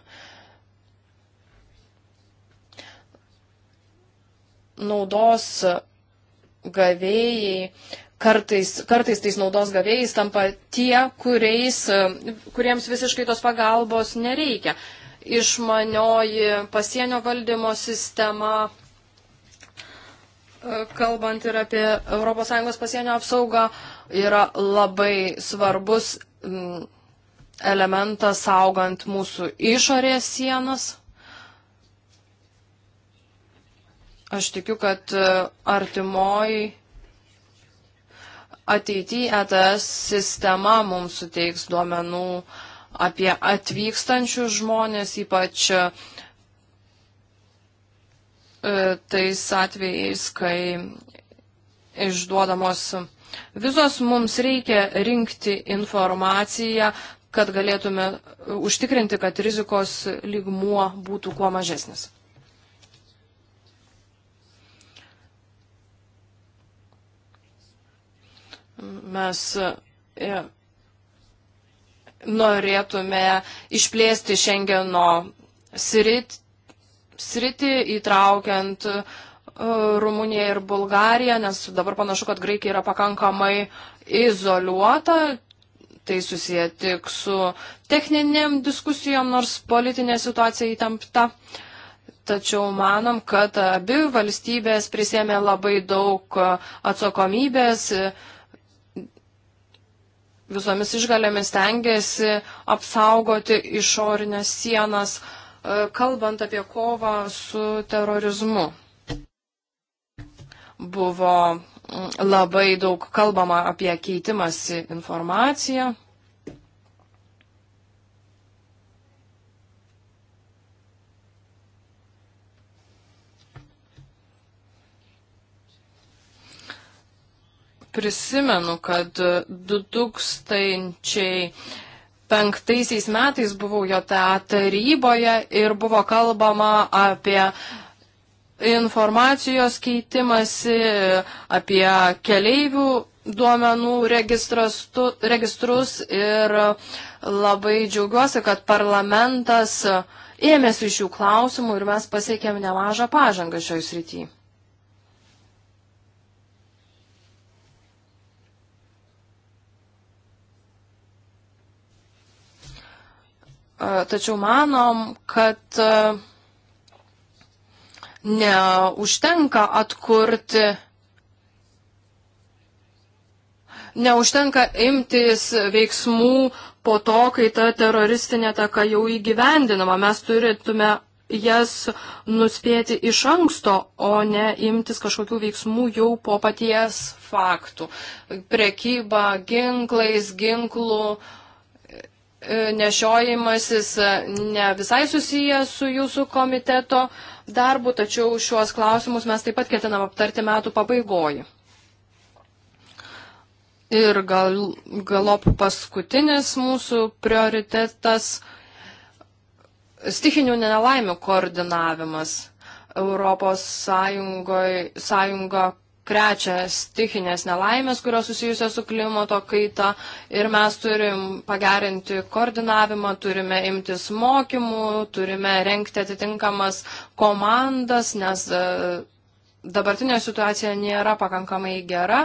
Naudos gavėjai Kartais, kartais tais naudos gavėjais tampa tie, kuriais, e, kuriems visiškai tos pagalbos nereikia. Išmanioji pasienio valdymo sistema, e, kalbant ir apie ES pasienio apsaugą, yra labai svarbus elementas saugant mūsų išorės sienas. Aš tikiu, kad e, artimoji ateityje ETS sistema mums suteiks duomenų apie atvykstančius žmonės, ypač e, tais atvejais, kai išduodamos vizos mums reikia rinkti informaciją, kad galėtume užtikrinti, kad rizikos lygmuo būtų kuo mažesnis. Mes e, norėtume išplėsti Šengeno sritį, sritį įtraukiant e, Rumuniją ir Bulgariją, nes dabar panašu, kad Graikija yra pakankamai izoliuota, tai susiję tik su techninėm diskusijom, nors politinė situacija įtempta. Tačiau manom, kad abi valstybės prisėmė labai daug atsakomybės visomis išgalėmis tengiasi apsaugoti išorinės sienas, e, kalbant apie kovą su terorizmu. Buvo mm, labai daug kalbama apie keitimąsi informaciją. prisimenu, kad 2005 metais buvau jo taryboje ir buvo kalbama apie informacijos keitimasi, apie keleivių duomenų registrus ir labai džiaugiuosi, kad parlamentas ėmėsi šių klausimų ir mes pasiekėm nemažą pažangą šioj srityje. Tačiau manom, kad neužtenka atkurti, neužtenka imtis veiksmų po to, kai ta teroristinė taka jau įgyvendinama. Mes turėtume jas nuspėti iš anksto, o ne imtis kažkokių veiksmų jau po paties faktų. Prekyba ginklais, ginklų E, nešiojimasis e, ne visai susijęs su jūsų komiteto darbu, tačiau šiuos klausimus mes taip pat ketinam aptarti metų pabaigoji. Ir gal, galop paskutinis mūsų prioritetas - stichinių nelaimių koordinavimas. Europos Sąjungoje, Sąjunga krečia stichinės nelaimės, kurios susijusios su klimato kaita ir mes turim pagerinti koordinavimą, turime imtis mokymų, turime renkti atitinkamas komandas, nes e, dabartinė situacija nėra pakankamai gera,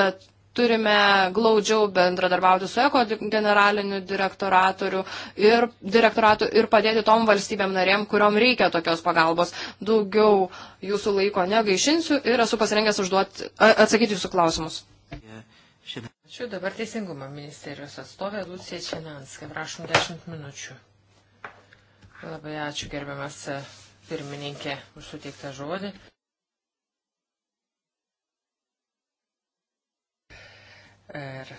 tad turime glaudžiau bendradarbiauti su eko generaliniu direktoratoriu ir, direktoratu ir padėti tom valstybėm narėm, kuriom reikia tokios pagalbos. Daugiau jūsų laiko negaišinsiu ir esu pasirengęs užduoti, atsakyti jūsų klausimus. Ačiū dabar Teisingumo ministerijos atstovė Lucija Čenanska. Prašom 10 minučių. Labai ačiū gerbiamas e, pirmininkė už suteiktą žodį. Ir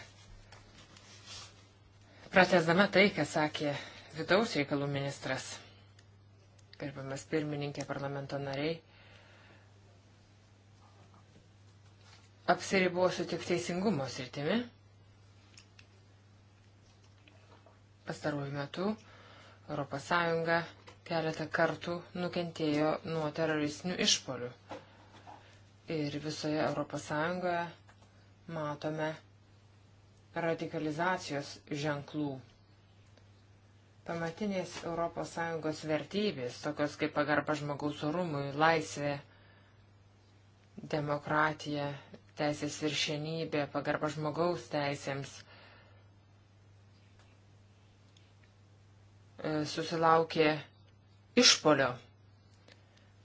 pratesdama tai, ką sakė vidaus reikalų ministras, gerbiamas pirmininkė parlamento nariai, apsiribuosiu tik teisingumo sritimi. Pastaruoju metu ES keletą kartų nukentėjo nuo teroristinių išpolių. Ir visoje ES matome radikalizacijos ženklų. Pamatinės ES vertybės, tokios kaip pagarba žmogaus orumui, laisvė, demokratija, teisės viršenybė, pagarba žmogaus teisėms, e, susilaukė išpolio.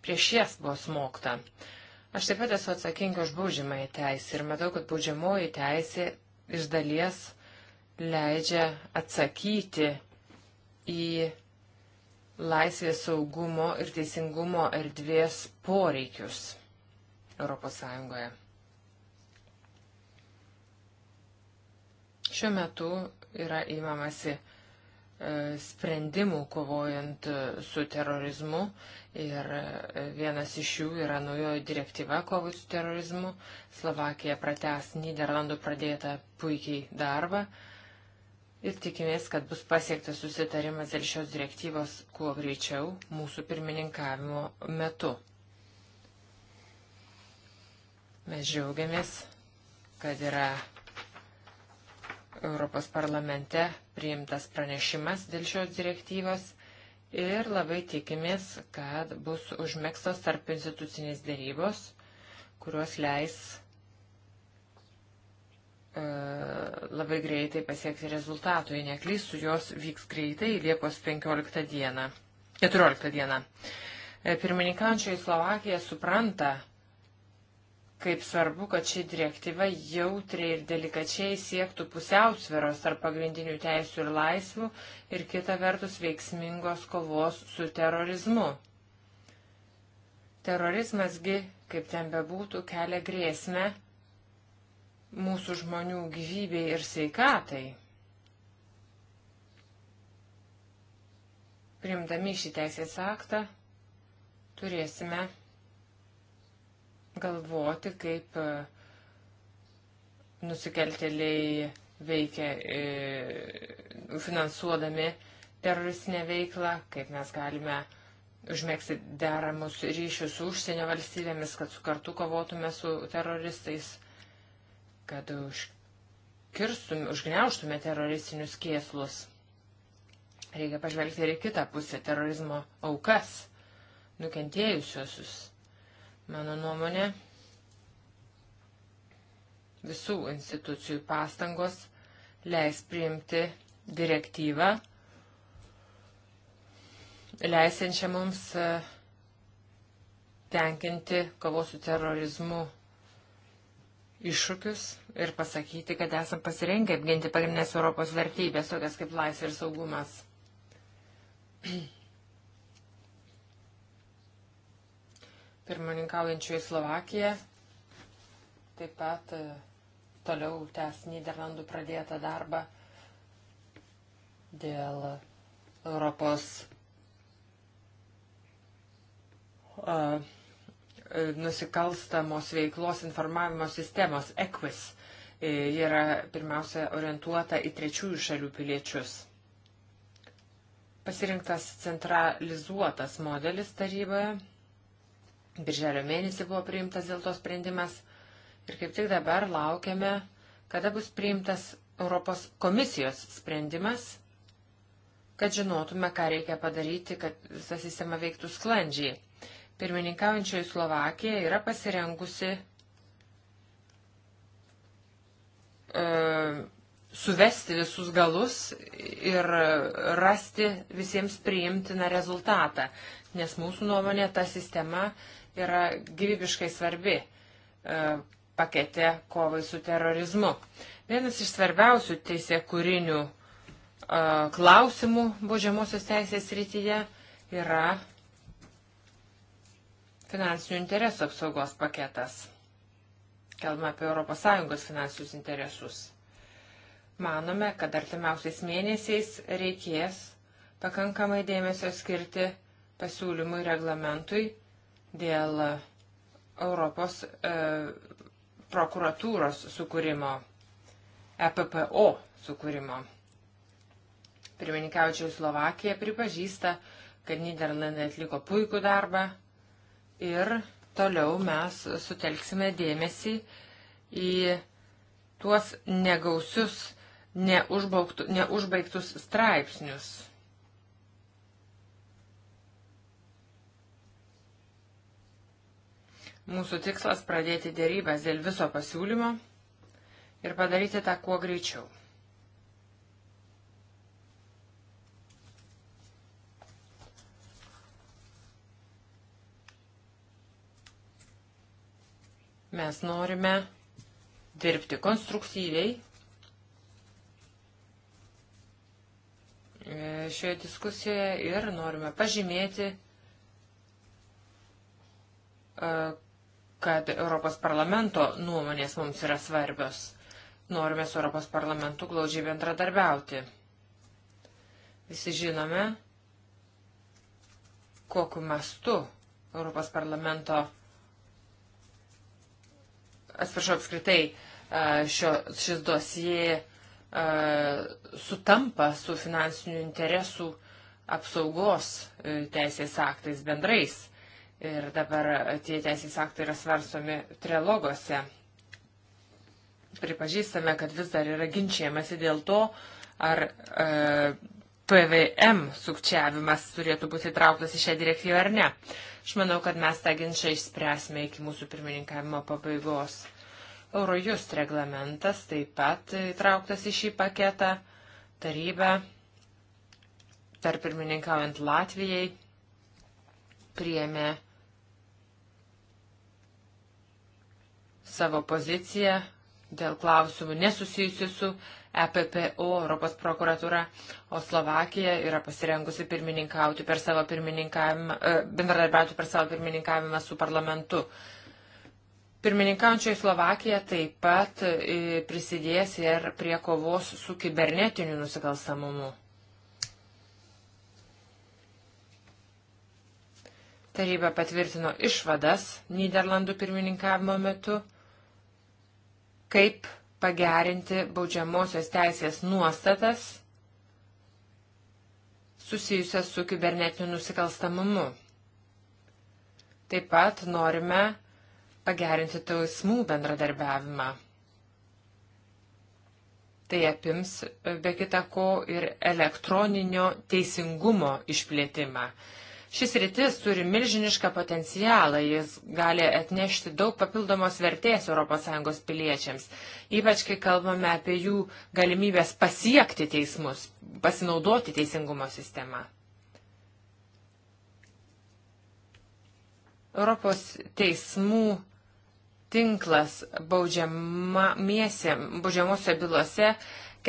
Prieš jas buvo smokta. Aš taip pat esu atsakinga už baudžiamąją teisę ir matau, kad baudžiamoji teisė iš dalies leidžia atsakyti į laisvės saugumo ir teisingumo erdvės poreikius ES. Šiuo metu yra įmamasi sprendimų kovojant su terorizmu ir e, vienas iš jų yra naujoji direktyva kovai su terorizmu. Slovakija pratęs Niderlandų pradėtą puikiai darbą ir tikimės, kad bus pasiektas susitarimas dėl šios direktyvos kuo greičiau mūsų pirmininkavimo metu. Mes džiaugiamės, kad yra Europos parlamente priimtas pranešimas dėl šios direktyvos ir labai tikimės, kad bus užmėgstos tarp institucinės dėrybos, kurios leis e, labai greitai pasiekti rezultatų. Jei neklystų, jos vyks greitai Liepos 15 dieną. 14 dieną. E, Pirmininkaujančioji Slovakija supranta, kaip svarbu, kad ši direktyva jautriai ir delikačiai siektų pusiausviros tarp pagrindinių teisų ir laisvų ir kita vertus veiksmingos kovos su terorizmu. Terorizmasgi, kaip ten bebūtų, kelia grėsmę mūsų žmonių gyvybei ir sveikatai. Primdami šį teisės aktą turėsime galvoti, kaip e, nusikaltėliai veikia e, finansuodami teroristinę veiklą, kaip mes galime užmėgsti deramus ryšius su užsienio valstybėmis, kad kartu kovotume su teroristais, kad užkirstume, užgneuštume teroristinius kėslus. Reikia pažvelgti ir į kitą pusę - terorizmo aukas, nukentėjusiosius. Mano nuomonė, visų institucijų pastangos leis priimti direktyvą, leisiančią mums e, tenkinti kovos su terorizmu iššūkius ir pasakyti, kad esam pasirengę apginti pagrindinės Europos vertybės, tokias kaip laisvė ir saugumas. pirmininkaujančioji Slovakija taip pat e, toliau tęs Niderlandų pradėtą darbą dėl Europos uh, nusikalstamos veiklos informavimo sistemos EQUIS. Ji yra pirmiausia orientuota į trečiųjų šalių piliečius. Pasirinktas centralizuotas modelis taryboje Birželio mėnesį buvo priimtas dėl to sprendimas ir kaip tik dabar laukiame, kada bus priimtas Europos komisijos sprendimas, kad žinotume, ką reikia padaryti, kad visa sistema veiktų sklandžiai. Pirmininkaujančioji Slovakija yra pasirengusi e, suvesti visus galus ir rasti visiems priimtiną rezultatą, nes mūsų nuomonė ta sistema yra gyvybiškai svarbi e, pakete kovai su terorizmu. Vienas iš svarbiausių teisė kūrinių e, klausimų baudžiamosios teisės rytyje yra finansinių interesų apsaugos paketas. Kalbame apie ES finansinius interesus. Manome, kad artimiausiais mėnesiais reikės pakankamai dėmesio skirti pasiūlymui reglamentui dėl Europos e, prokuratūros sukūrimo, EPPO sukūrimo. Pirmininkaučiai Slovakija pripažįsta, kad Niderlandai atliko puikų darbą ir toliau mes sutelksime dėmesį į tuos negausius, neužbaigtus straipsnius Mūsų tikslas pradėti dėrybęs dėl viso pasiūlymo ir padaryti tą kuo greičiau. Mes norime dirbti konstruktyviai e, šioje diskusijoje ir norime pažymėti, e, kad Europos parlamento nuomonės mums yra svarbios. Norime su Europos parlamentu glaudžiai bendradarbiauti. Visi žinome, kokiu mastu Europos parlamento, atsiprašau apskritai, šio, šis dosijai sutampa su finansinių interesų apsaugos e, teisės aktais bendrais. Ir dabar tie teisės aktai yra svarstomi trilogose. Pripažįstame, kad vis dar yra ginčiamasi dėl to, ar e, PVM sukčiavimas turėtų būti trauktas į šią direktyvą ar ne. Aš manau, kad mes tą ginčą išspręsime iki mūsų pirmininkavimo pabaigos. Eurojust reglamentas taip pat įtrauktas į šį paketą. Taryba, tarp pirmininkaujant Latvijai, priėmė savo poziciją dėl klausimų nesusijusių su EPPO, Europos prokuratūra, o Slovakija yra pasirengusi pirmininkauti per savo pirmininkavimą, e, bendradarbiauti per savo pirmininkavimą su parlamentu. Pirmininkaujančioji Slovakija taip pat e, prisidės ir prie kovos su kibernetiniu nusikalstamumu. Taryba patvirtino išvadas Niderlandų pirmininkavimo metu kaip pagerinti baudžiamosios teisės nuostatas susijusias su kibernetiniu nusikalstamumu. Taip pat norime pagerinti tausmų bendradarbiavimą. Tai apims be kita ko ir elektroninio teisingumo išplėtimą. Šis rytis turi milžinišką potencialą, jis gali atnešti daug papildomos vertės ES piliečiams, ypač kai kalbame apie jų galimybės pasiekti teismus, pasinaudoti teisingumo sistemą. Europos teismų tinklas baudžiamosiose bylose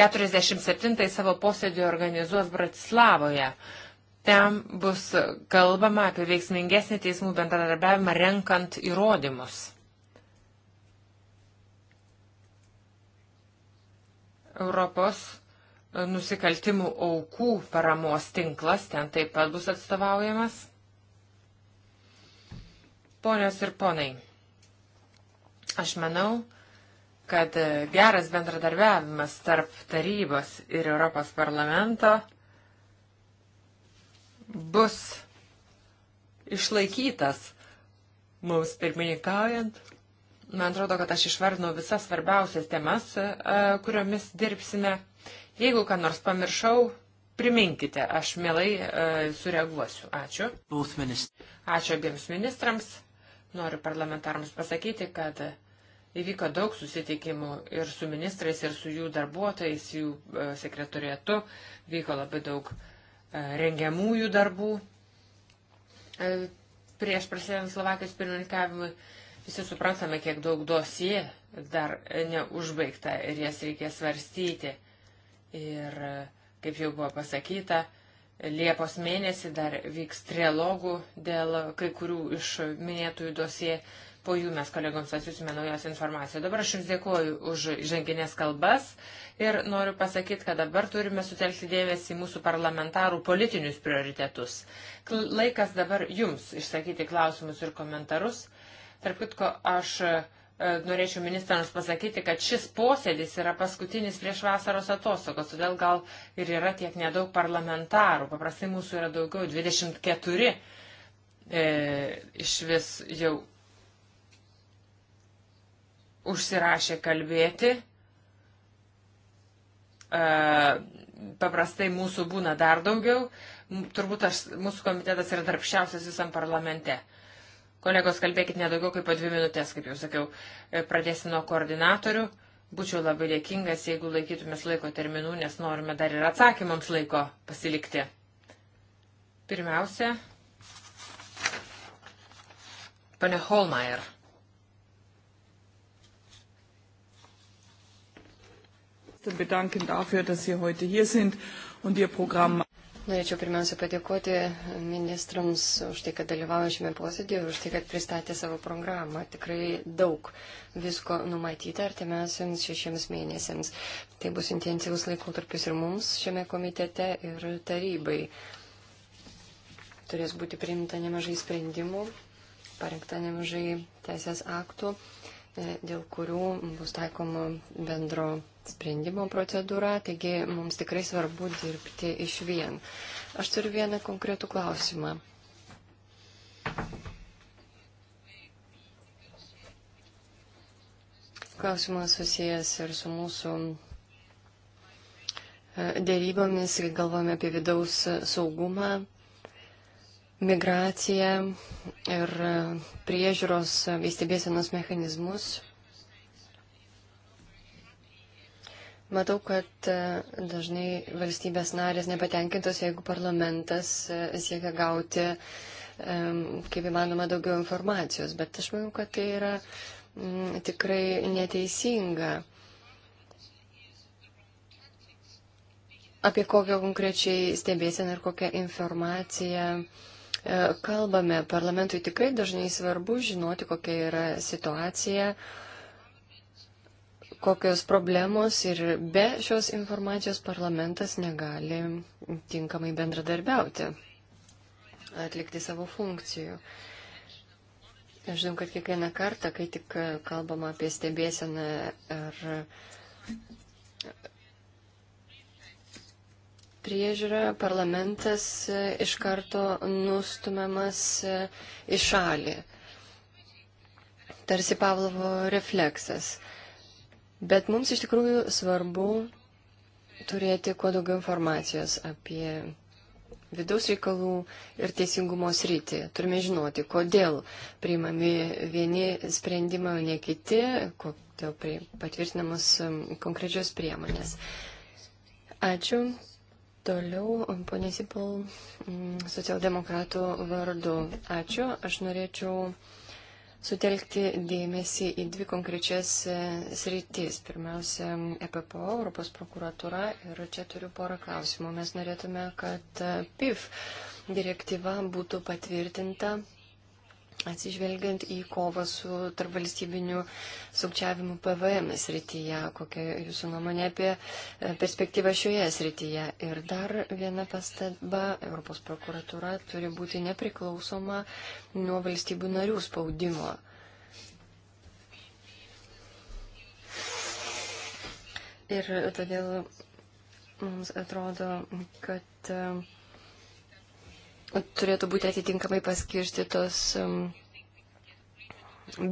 47 savo posėdį organizuos Bratislavoje. Ten bus kalbama apie veiksmingesnį teismų bendradarbiavimą renkant įrodymus. Europos e, nusikaltimų aukų paramos tinklas ten taip pat bus atstovaujamas. Ponios ir ponai, aš manau, kad e, geras bendradarbiavimas tarp tarybos ir Europos parlamento bus išlaikytas mums pirmininkaujant. Man atrodo, kad aš išvardinau visas svarbiausias temas, e, kuriomis dirbsime. Jeigu ką nors pamiršau, priminkite, aš mielai e, sureaguosiu. Ačiū. Ačiū abiems ministrams. Noriu parlamentarams pasakyti, kad įvyko daug susitikimų ir su ministrais, ir su jų darbuotojais, jų e, sekretorietu. Vyko labai daug uh, rengiamųjų darbų e, prieš prasidedant Slovakijos pirmininkavimui. Visi suprantame, kiek daug dosie dar neužbaigta ir jas reikės svarstyti. Ir e, kaip jau buvo pasakyta, Liepos mėnesį dar vyks trilogų dėl kai kurių iš minėtųjų dosie Po jų mes kolegoms atsiusime naujos informacijos. Dabar aš Jums dėkuoju už ženginės kalbas ir noriu pasakyti, kad dabar turime sutelkti dėmesį į mūsų parlamentarų politinius prioritetus. Laikas dabar Jums išsakyti klausimus ir komentarus. Tarp kitko, aš e, norėčiau ministrams pasakyti, kad šis posėdis yra paskutinis prieš vasaros atostogas, todėl gal ir yra tiek nedaug parlamentarų. Paprastai mūsų yra daugiau, 24 e, iš vis jau užsirašė kalbėti. E, paprastai mūsų būna dar daugiau. Turbūt aš, mūsų komitetas yra darbščiausias visam parlamente. Kolegos, kalbėkit nedaugiau kaip po dvi minutės, kaip jau sakiau. E, Pradėsim nuo koordinatorių. Būčiau labai dėkingas, jeigu laikytumės laiko terminų, nes norime dar ir atsakymams laiko pasilikti. Pirmiausia, pane Holmeier. Vorsitzenden bedanken dafür, dass Sie heute hier sind und Ihr Programm. Norėčiau pirmiausia padėkoti ministrams už tai, kad dalyvavo šiame posėdėje ir už tai, kad pristatė savo programą. Tikrai daug visko numatyta artimiausiams šešiems mėnesiams. Tai bus intensyvus laikotarpis ir mums šiame komitete ir tarybai. Turės būti priimta nemažai sprendimų, parengta nemažai teisės aktų, e, dėl kurių bus taikoma bendro sprendimo procedūra, taigi mums tikrai svarbu dirbti iš vien. Aš turiu vieną konkretų klausimą. Klausimas susijęs ir su mūsų e, dėrybomis, kai galvome apie vidaus saugumą, migraciją ir e, priežiūros bei stebėsenos mechanizmus Matau, kad e, dažnai valstybės narės nepatenkintos, jeigu parlamentas e, siekia gauti kaip įmanoma daugiau informacijos, bet aš manau, kad tai yra tikrai neteisinga. Apie kokią konkrečiai stebėseną ir kokią informaciją e, kalbame. Parlamentui tikrai dažnai svarbu žinoti, kokia yra situacija kokios problemos ir be šios informacijos parlamentas negali tinkamai bendradarbiauti, atlikti savo funkcijų. Aš žinau, kad kiekvieną kartą, kai tik kalbama apie stebėseną ar priežiūrą, parlamentas iš karto nustumiamas į šalį. Tarsi Pavlovo refleksas. Bet mums iš tikrųjų svarbu turėti kuo daugiau informacijos apie vidaus reikalų ir teisingumo sritį. Turime žinoti, kodėl priimami vieni sprendimai, o ne kiti, kodėl patvirtinamos um, konkrečios priemonės. Ačiū. Toliau, um, ponė Sipal, um, socialdemokratų vardu. Ačiū. Aš norėčiau sutelkti dėmesį į dvi konkrečias e, sritis. Pirmiausia, EPPO, Europos prokuratura ir čia turiu porą klausimų. Mes norėtume, kad e, PIF direktyva būtų patvirtinta atsižvelgiant į kovą su tarpvalstybiniu sukčiavimu PVM srityje, kokia jūsų nuomonė apie e, perspektyvą šioje srityje. Ir dar viena pastaba, Europos prokuratura turi būti nepriklausoma nuo valstybių narių spaudimo. Ir todėl mums atrodo, kad uh, turėtų būti atitinkamai paskirstytos um,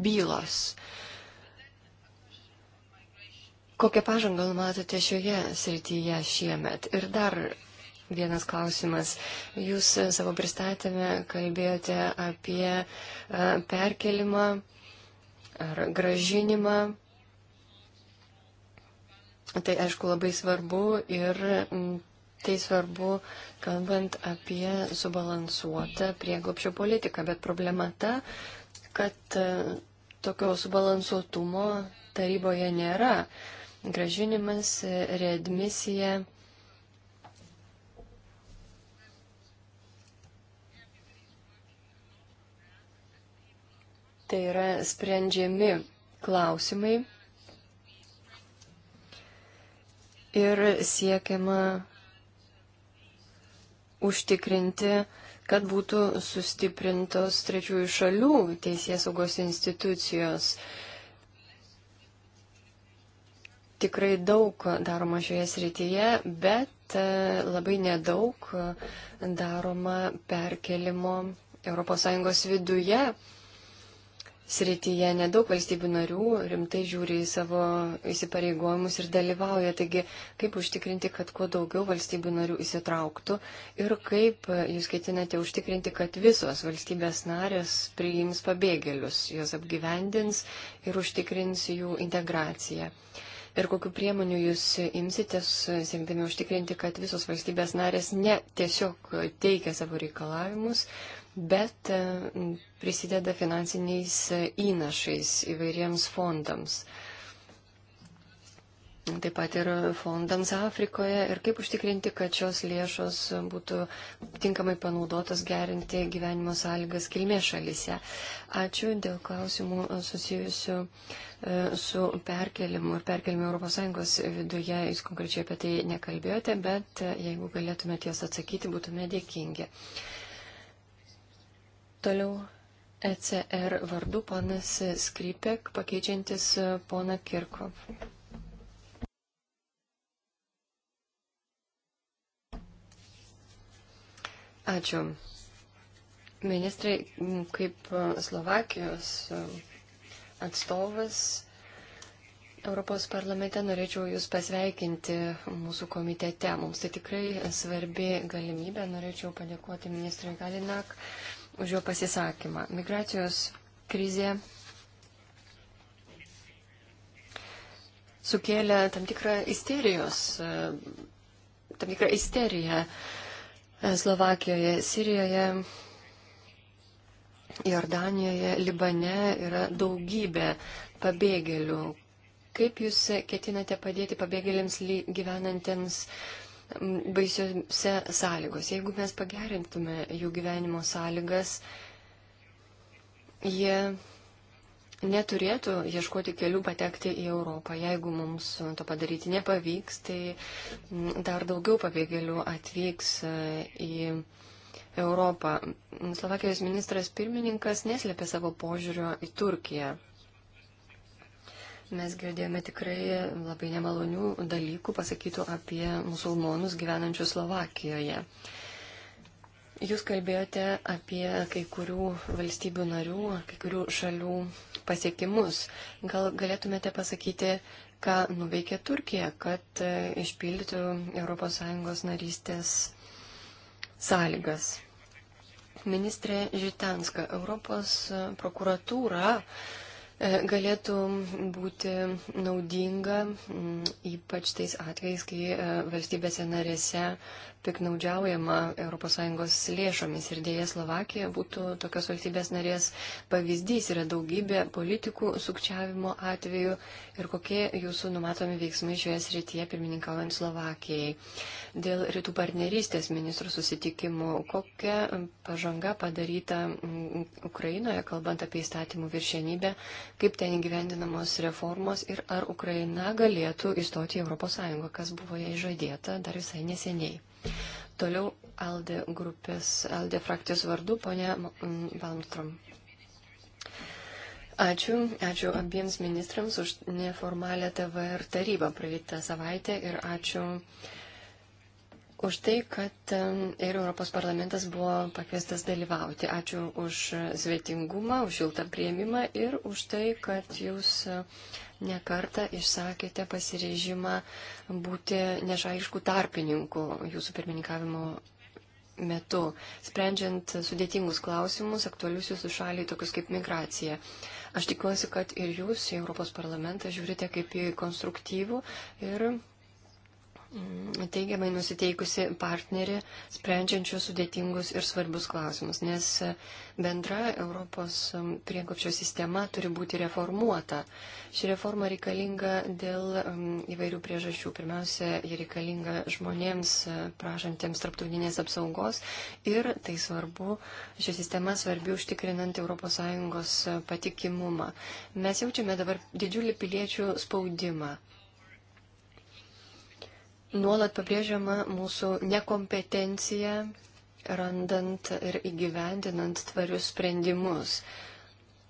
bylos. Kokią pažangą matote šioje srityje šiemet? Ir dar Vienas klausimas. Jūs uh, savo pristatymę kalbėjote apie uh, perkelimą ar gražinimą. Tai aišku labai svarbu ir mm, Tai svarbu, kalbant apie subalansuotą prieglopšio politiką, bet problema ta, kad e, tokio subalansuotumo taryboje nėra. Gražinimas, e, readmisija. Tai yra sprendžiami klausimai ir siekiama užtikrinti, kad būtų sustiprintos trečiųjų šalių teisės saugos institucijos. Tikrai daug daroma šioje srityje, bet e, labai nedaug daroma perkelimo ES viduje srityje nedaug valstybių narių rimtai žiūri į savo įsipareigojimus ir dalyvauja. Taigi, kaip užtikrinti, kad kuo daugiau valstybių narių įsitrauktų ir kaip jūs ketinate užtikrinti, kad visos valstybės narės priims pabėgėlius, juos apgyvendins ir užtikrins jų integraciją. Ir kokiu priemoniu jūs imsitės, siekdami užtikrinti, kad visos valstybės narės ne tiesiog teikia savo reikalavimus, bet e, prisideda finansiniais įnašais įvairiems fondams. Taip pat ir fondams Afrikoje ir kaip užtikrinti, kad šios lėšos būtų tinkamai panaudotos gerinti gyvenimo sąlygas kilmės šalyse. Ačiū dėl klausimų susijusių e, su perkelimu ir perkelimu ES viduje. Jūs konkrečiai apie tai nekalbėjote, bet e, jeigu galėtumėte jas atsakyti, būtume dėkingi. Toliau ECR vardu ponas Skrypek, pakeičiantis poną Kirkov. Ačiū. Ministrai, kaip Slovakijos atstovas Europos parlamente norėčiau Jūs pasveikinti mūsų komitete. Mums tai tikrai svarbi galimybė. Norėčiau padėkoti ministrui Galinak už jo pasisakymą. Migracijos krizė sukėlė tam tikrą isterijos, tam tikrą isteriją e, Slovakijoje, Sirijoje, Jordanijoje, Libane yra daugybė pabėgėlių. Kaip jūs ketinate padėti pabėgėliams gyvenantiems baisiose sąlygose. Jeigu mes pagerintume jų gyvenimo sąlygas, jie neturėtų ieškoti kelių patekti į Europą. Jeigu mums to padaryti nepavyks, tai dar daugiau pabėgėlių atvyks e, į Europą. Slovakijos ministras pirmininkas neslėpė savo požiūrio į Turkiją. Mes girdėjome tikrai labai nemalonių dalykų pasakytų apie musulmonus gyvenančius Slovakijoje. Jūs kalbėjote apie kai kurių valstybių narių, kai kurių šalių pasiekimus. Gal galėtumėte pasakyti, ką nuveikė Turkija, kad e, išpildytų ES narystės sąlygas? Ministrė Žitanska, Europos prokuratūra E, galėtų būti naudinga, ypač tais atvejais, kai e, valstybėse narėse piknaudžiaujama ES lėšomis. Ir dėja Slovakija būtų tokios valstybės narės pavyzdys. Yra daugybė politikų sukčiavimo atvejų. Ir kokie jūsų numatomi veiksmai šioje srityje pirmininkaujant Slovakijai? Dėl rytų partnerystės ministrų susitikimų, kokia pažanga padaryta Ukrainoje, kalbant apie įstatymų viršienybę kaip ten įgyvendinamos reformos ir ar Ukraina galėtų įstoti į ES, kas buvo jai žadėta dar visai neseniai. Toliau Alde grupės, Alde frakcijos vardu, ponė Valmstrom. Ačiū, ačiū abiems ministrams už neformalę TVR tarybą praeitą savaitę ir ačiū uh, už tai, kad ir Europos parlamentas buvo pakviestas dalyvauti. Ačiū už svetingumą, už šiltą prieimimą ir už tai, kad jūs nekartą išsakėte pasirežimą būti nešaiškų tarpininkų jūsų pirmininkavimo metu, sprendžiant sudėtingus klausimus, aktualius jūsų šaliai, tokius kaip migracija. Aš tikiuosi, kad ir jūs į Europos parlamentą žiūrite kaip į konstruktyvų ir Mm, teigiamai nusiteikusi partnerį, sprendžiančių sudėtingus ir svarbius klausimus, nes bendra Europos mm, priekopčio sistema turi būti reformuota. Ši reforma reikalinga dėl mm, įvairių priežasčių. Pirmiausia, ji reikalinga žmonėms e, prašantiems tarptautinės apsaugos ir tai svarbu, ši sistema svarbi užtikrinant ES patikimumą. Mes jaučiame dabar didžiulį piliečių spaudimą. Nuolat pabrėžiama mūsų nekompetencija, randant ir įgyvendinant tvarius sprendimus.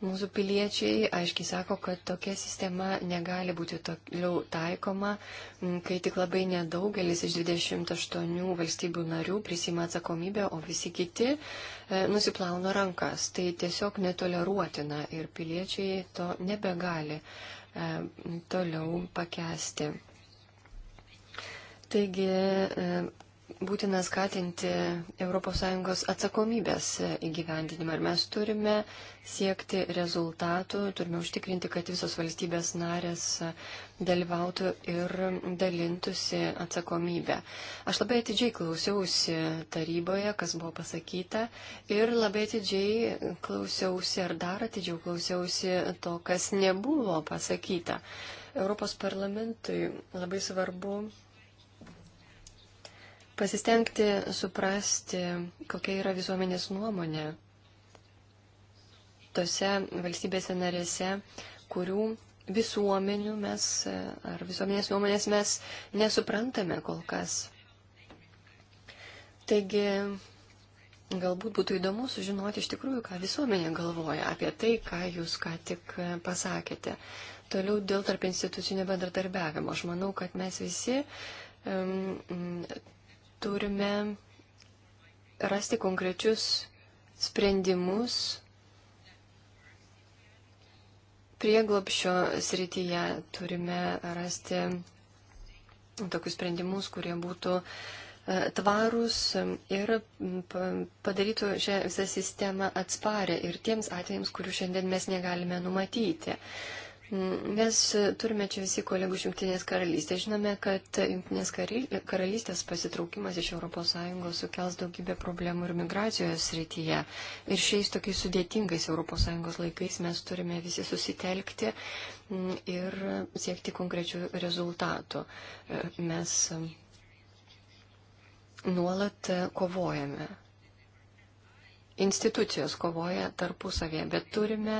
Mūsų piliečiai aiškiai sako, kad tokia sistema negali būti toliau taikoma, kai tik labai nedaugelis iš 28 valstybių narių prisima atsakomybę, o visi kiti e, nusiplauna rankas. Tai tiesiog netoleruotina ir piliečiai to nebegali e, toliau pakesti. Taigi e, būtina skatinti ES atsakomybės įgyvendinimą ir mes turime siekti rezultatų, turime užtikrinti, kad visos valstybės narės dalyvautų ir dalintusi atsakomybę. Aš labai atidžiai klausiausi taryboje, kas buvo pasakyta ir labai atidžiai klausiausi ar dar atidžiau klausiausi to, kas nebuvo pasakyta. Europos parlamentui labai svarbu pasistengti suprasti, kokia yra visuomenės nuomonė tose valstybėse narėse, kurių visuomenių mes e, ar visuomenės nuomonės mes nesuprantame kol kas. Taigi, galbūt būtų įdomu sužinoti iš tikrųjų, ką visuomenė galvoja apie tai, ką jūs ką tik e, pasakėte. Toliau dėl tarp institucinio bendradarbiavimo. Aš manau, kad mes visi um, turime rasti konkrečius sprendimus prieglopšio srityje. Turime rasti tokius sprendimus, kurie būtų e, tvarūs ir padarytų šią visą sistemą atsparę ir tiems atvejams, kurių šiandien mes negalime numatyti. Mes turime čia visi kolegų iš Junktinės karalystės. Žinome, kad Junktinės karalystės pasitraukimas iš ES sukels daugybę problemų ir migracijos srityje. Ir šiais tokiais sudėtingais ES laikais mes turime visi susitelkti mm, ir siekti konkrečių rezultatų. Mes nuolat kovojame institucijos kovoja tarpusavėje, bet turime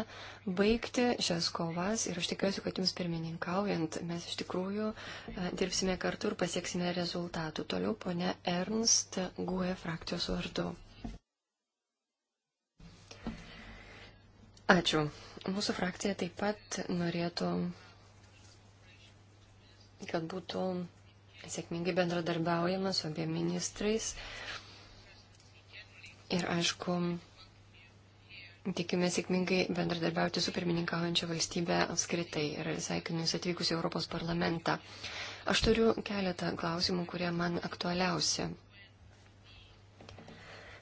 baigti šias kovas ir aš tikiuosi, kad jums pirmininkaujant mes iš tikrųjų e, dirbsime kartu ir pasieksime rezultatų. Toliau ponia Ernst Guė frakcijos vardu. Ačiū. Mūsų frakcija taip pat norėtų, kad būtų sėkmingai bendradarbiaujama su abiem ministrais. Ir aišku, tikime sėkmingai bendradarbiauti su pirmininkaujančia valstybė apskritai. Ir sveikinu Jūs atvykus į Europos parlamentą. Aš turiu keletą klausimų, kurie man aktualiausi.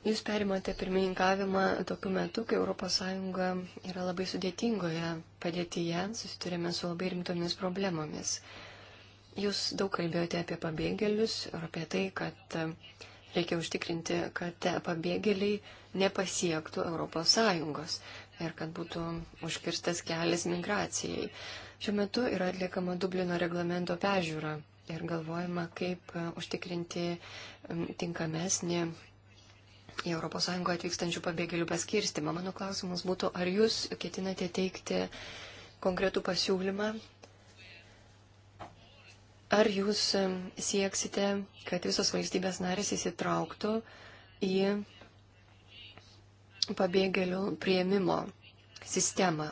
Jūs perimate pirmininkavimą tokiu metu, kai ES yra labai sudėtingoje padėtyje, susiturėme su labai rimtomis problemomis. Jūs daug kalbėjote apie pabėgėlius ir apie tai, kad Reikia užtikrinti, kad pabėgėliai nepasiektų ES ir kad būtų užkirstas kelias migracijai. Šiuo metu yra atliekama Dublino reglamento pežiūra ir galvojama, kaip e, užtikrinti tinkamesnį į ES atvykstančių pabėgėlių paskirstimą. Mano klausimas būtų, ar jūs ketinate teikti konkretų pasiūlymą Ar jūs sieksite, kad visos valstybės narės įsitrauktų į pabėgėlių prieimimo sistemą?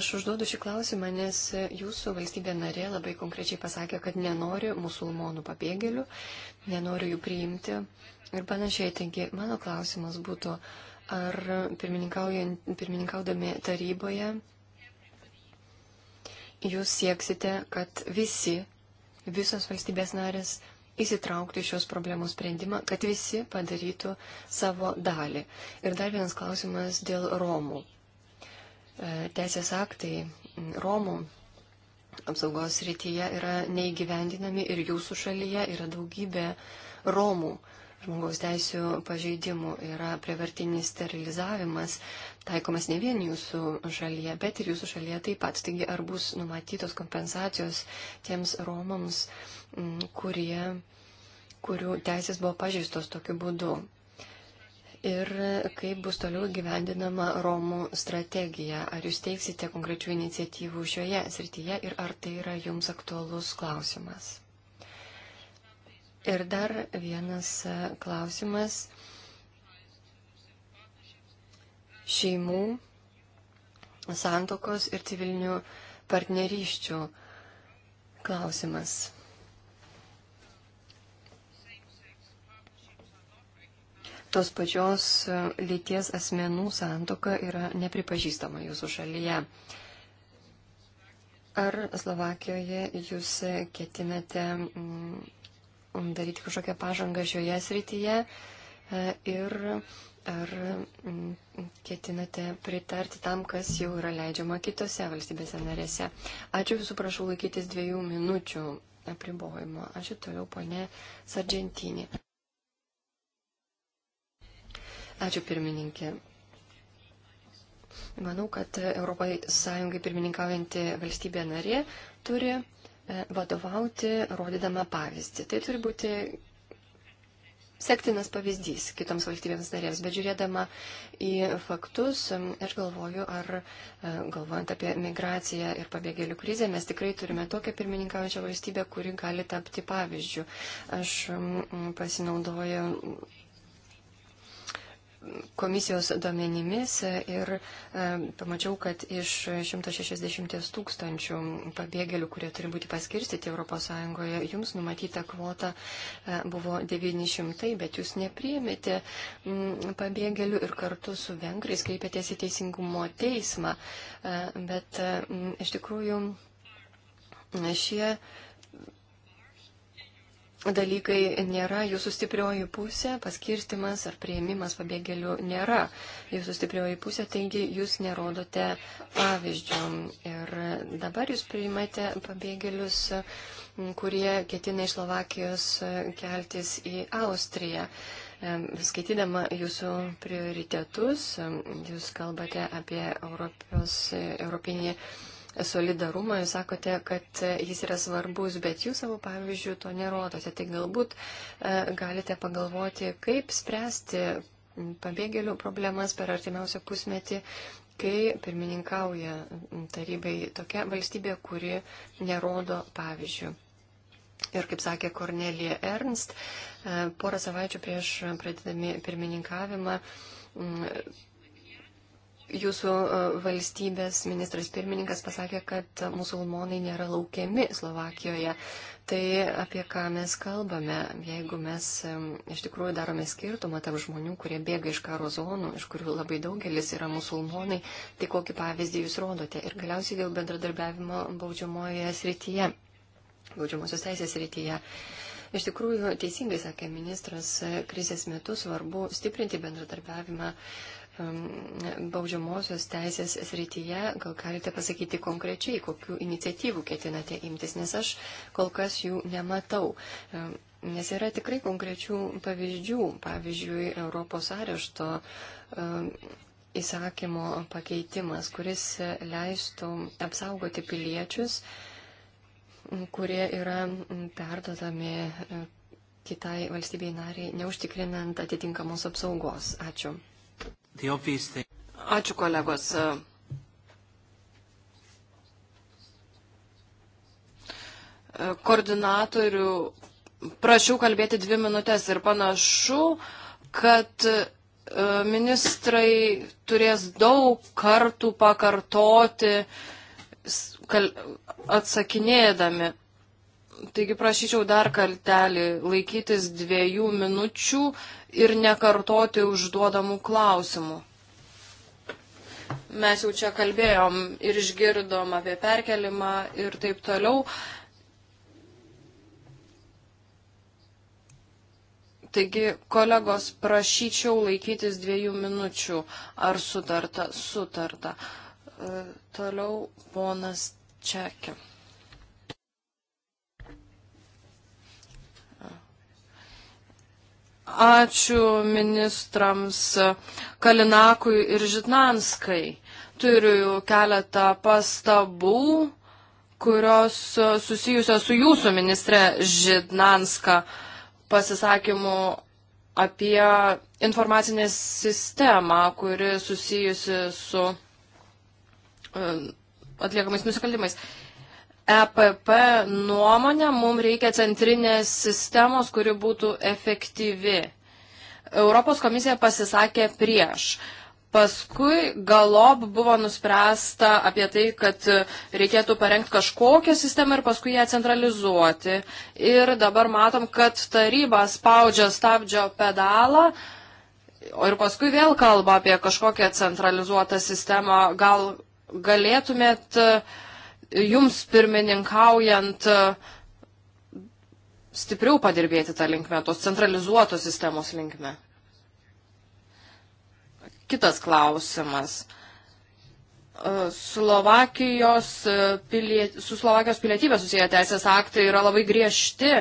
Aš užduodu šį klausimą, nes jūsų valstybė narė labai konkrečiai pasakė, kad nenori musulmonų pabėgėlių, nenori jų priimti ir panašiai. Taigi mano klausimas būtų, ar pirmininkaudami taryboje jūs sieksite, kad visi, visos valstybės narės įsitraukti šios problemų sprendimą, kad visi padarytų savo dalį. Ir dar vienas klausimas dėl Romų. E, teisės aktai Romų apsaugos rytyje yra neįgyvendinami ir jūsų šalyje yra daugybė Romų žmogaus teisų pažeidimų yra prievartinis sterilizavimas, taikomas ne vien jūsų šalyje, bet ir jūsų šalyje taip pat. Taigi, ar bus numatytos kompensacijos tiems Romams, mm, kurie, kurių teisės buvo pažeistos tokiu būdu? Ir kaip bus toliau gyvendinama Romų strategija? Ar jūs teiksite konkrečių iniciatyvų šioje srityje ir ar tai yra jums aktualus klausimas? Ir dar vienas e, klausimas šeimų, santokos ir civilinių partnerysčių klausimas. Tos pačios e, lyties asmenų santoka yra nepripažįstama jūsų šalyje. Ar Slovakijoje jūs ketinate mm, daryti kažkokią pažangą šioje srityje e, ir ar ketinate pritarti tam, kas jau yra leidžiama kitose valstybėse narėse. Ačiū visų, prašau laikytis dviejų minučių apribojimo. Ačiū toliau, ponė Sargentinė. Ačiū pirmininkė. Manau, kad Europai Sąjungai pirmininkaujantį valstybę narė turi E, vadovauti, rodydama pavyzdį. Tai turi būti sektinas pavyzdys kitoms valstybėms narėms, bet žiūrėdama į faktus, aš galvoju, ar e, galvojant apie migraciją ir pabėgėlių krizę, mes tikrai turime tokią pirmininkaujančią valstybę, kuri gali tapti pavyzdžių. Aš pasinaudoju komisijos duomenimis ir e, pamačiau, kad iš 160 tūkstančių pabėgėlių, kurie turi būti paskirstyti ES, jums numatyta kvota e, buvo 900, bet jūs nepriemėte mm, pabėgėlių ir kartu su vengrais kreipėtės į teisingumo teismą. E, bet iš tikrųjų šie dalykai nėra jūsų stiprioji pusė, paskirstimas ar prieimimas pabėgėlių nėra jūsų stiprioji pusė, taigi jūs nerodote pavyzdžių. Ir dabar jūs priimate pabėgėlius, kurie ketina iš Slovakijos keltis į Austriją. Skaitydama jūsų prioritetus, jūs kalbate apie Europos, europinį solidarumą. Jūs sakote, kad jis yra svarbus, bet jūs savo pavyzdžių to nerodote. Tai galbūt e, galite pagalvoti, kaip spręsti pabėgėlių problemas per artimiausią pusmetį, kai pirmininkauja tarybai tokia valstybė, kuri nerodo pavyzdžių. Ir kaip sakė Kornelija Ernst, e, porą savaičių prieš pradėdami pirmininkavimą Jūsų e, valstybės ministras pirmininkas pasakė, kad musulmonai nėra laukiami Slovakijoje. Tai apie ką mes kalbame, jeigu mes e, iš tikrųjų darome skirtumą tarp žmonių, kurie bėga iš karo zonų, iš kurių labai daugelis yra musulmonai, tai kokį pavyzdį jūs rodote ir galiausiai dėl bendradarbiavimo baudžiamojoje srityje, baudžiamosios teisės srityje. Iš tikrųjų, teisingai sakė ministras, e, krizės metu svarbu stiprinti bendradarbiavimą baudžiamosios teisės srityje, gal galite pasakyti konkrečiai, kokiu iniciatyvų ketinate imtis, nes aš kol kas jų nematau. Nes yra tikrai konkrečių pavyzdžių, pavyzdžiui, Europos arešto įsakymo pakeitimas, kuris leistų apsaugoti piliečius, kurie yra perdodami e, kitai valstybei nariai, neužtikrinant atitinkamos apsaugos. Ačiū. Ačiū kolegos. Koordinatorių prašiau kalbėti dvi minutės ir panašu, kad e, ministrai turės daug kartų pakartoti atsakinėdami Taigi prašyčiau dar kartelį laikytis dviejų minučių ir nekartoti užduodamų klausimų. Mes jau čia kalbėjom ir išgirdom apie perkelimą ir taip toliau. Taigi, kolegos, prašyčiau laikytis dviejų minučių. Ar sutarta? Sutarta. E, toliau ponas Čekė. Ačiū ministrams Kalinakui ir Žitnanskai. Turiu keletą pastabų, kurios susijusios su jūsų ministre Žitnanska pasisakymu apie informacinę sistemą, kuri susijusi su e, atliekamais nusikaltimais. EPP nuomonė, mums reikia centrinės sistemos, kuri būtų efektyvi. Europos komisija pasisakė prieš. Paskui galop buvo nuspręsta apie tai, kad reikėtų parengti kažkokią sistemą ir paskui ją centralizuoti. Ir dabar matom, kad taryba spaudžia stabdžio pedalą. Ir paskui vėl kalba apie kažkokią centralizuotą sistemą. Gal galėtumėt uh, jums pirmininkaujant e, stipriau padirbėti tą linkmę, tos centralizuotos sistemos linkmę. Kitas klausimas. E, Slovakijos e, pilie, su Slovakijos pilietybė susiję teisės aktai yra labai griežti.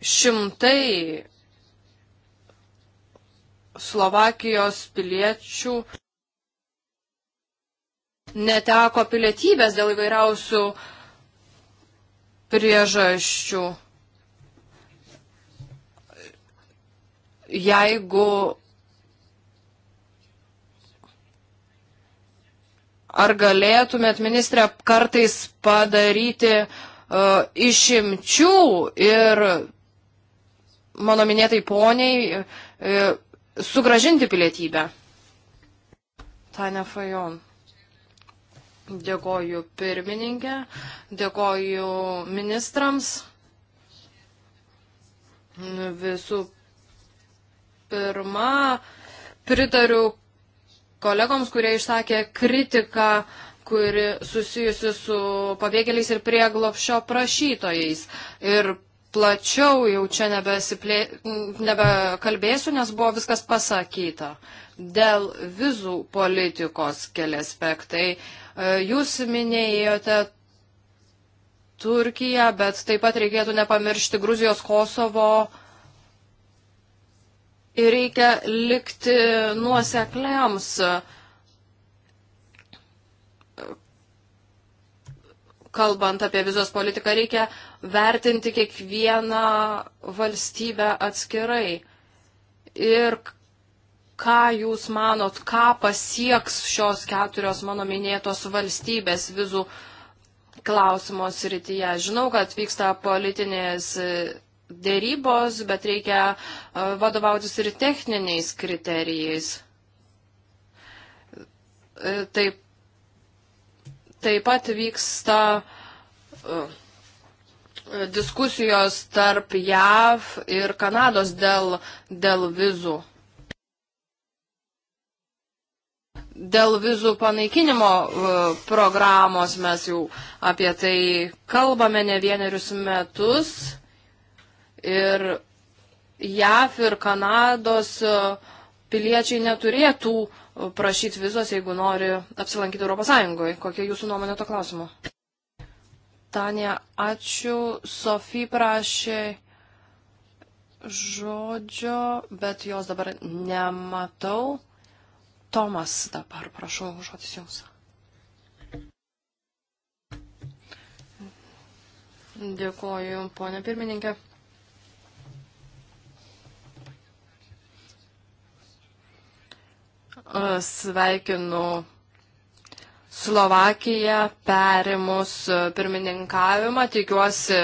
Šimtai Slovakijos piliečių neteko pilietybės dėl įvairiausių priežasčių. Jeigu ar galėtumėt, ministrė, kartais padaryti uh, išimčių ir mano minėtai poniai uh, sugražinti pilietybę? Tane Fajon. Dėkoju pirmininkė, dėkoju ministrams. Nu, visų pirma, pritariu kolegoms, kurie išsakė kritiką, kuri susijusi su pabėgėliais ir prieglopšio prašytojais. Ir plačiau jau čia nebesiplė... nebekalbėsiu, nes buvo viskas pasakyta. Dėl vizų politikos keli aspektai. Uh, E, jūs minėjote Turkiją, bet taip pat reikėtų nepamiršti Gruzijos, Kosovo. Ir reikia likti nuosekliams. Kalbant apie vizos politiką, reikia vertinti kiekvieną valstybę atskirai. Ir ką jūs manot, ką pasieks šios keturios mano minėtos valstybės vizų klausimo srityje. Žinau, kad vyksta politinės e, dėrybos, bet reikia e, vadovautis ir techniniais kriterijais. E, taip, taip pat vyksta diskusijos tarp JAV ir Kanados dėl, dėl vizų. dėl vizų panaikinimo e, programos mes jau apie tai kalbame ne vienerius metus. Ir JAF ir Kanados e, piliečiai neturėtų prašyti vizos, jeigu nori apsilankyti Europos Sąjungoje. Kokia jūsų nuomonė to klausimu? Tanja, ačiū. Sofija prašė žodžio, bet jos dabar nematau. Tomas dabar, prašau, žodis jums. Dėkuoju, ponė pirmininkė. Sveikinu Slovakiją perimus pirmininkavimą. Tikiuosi,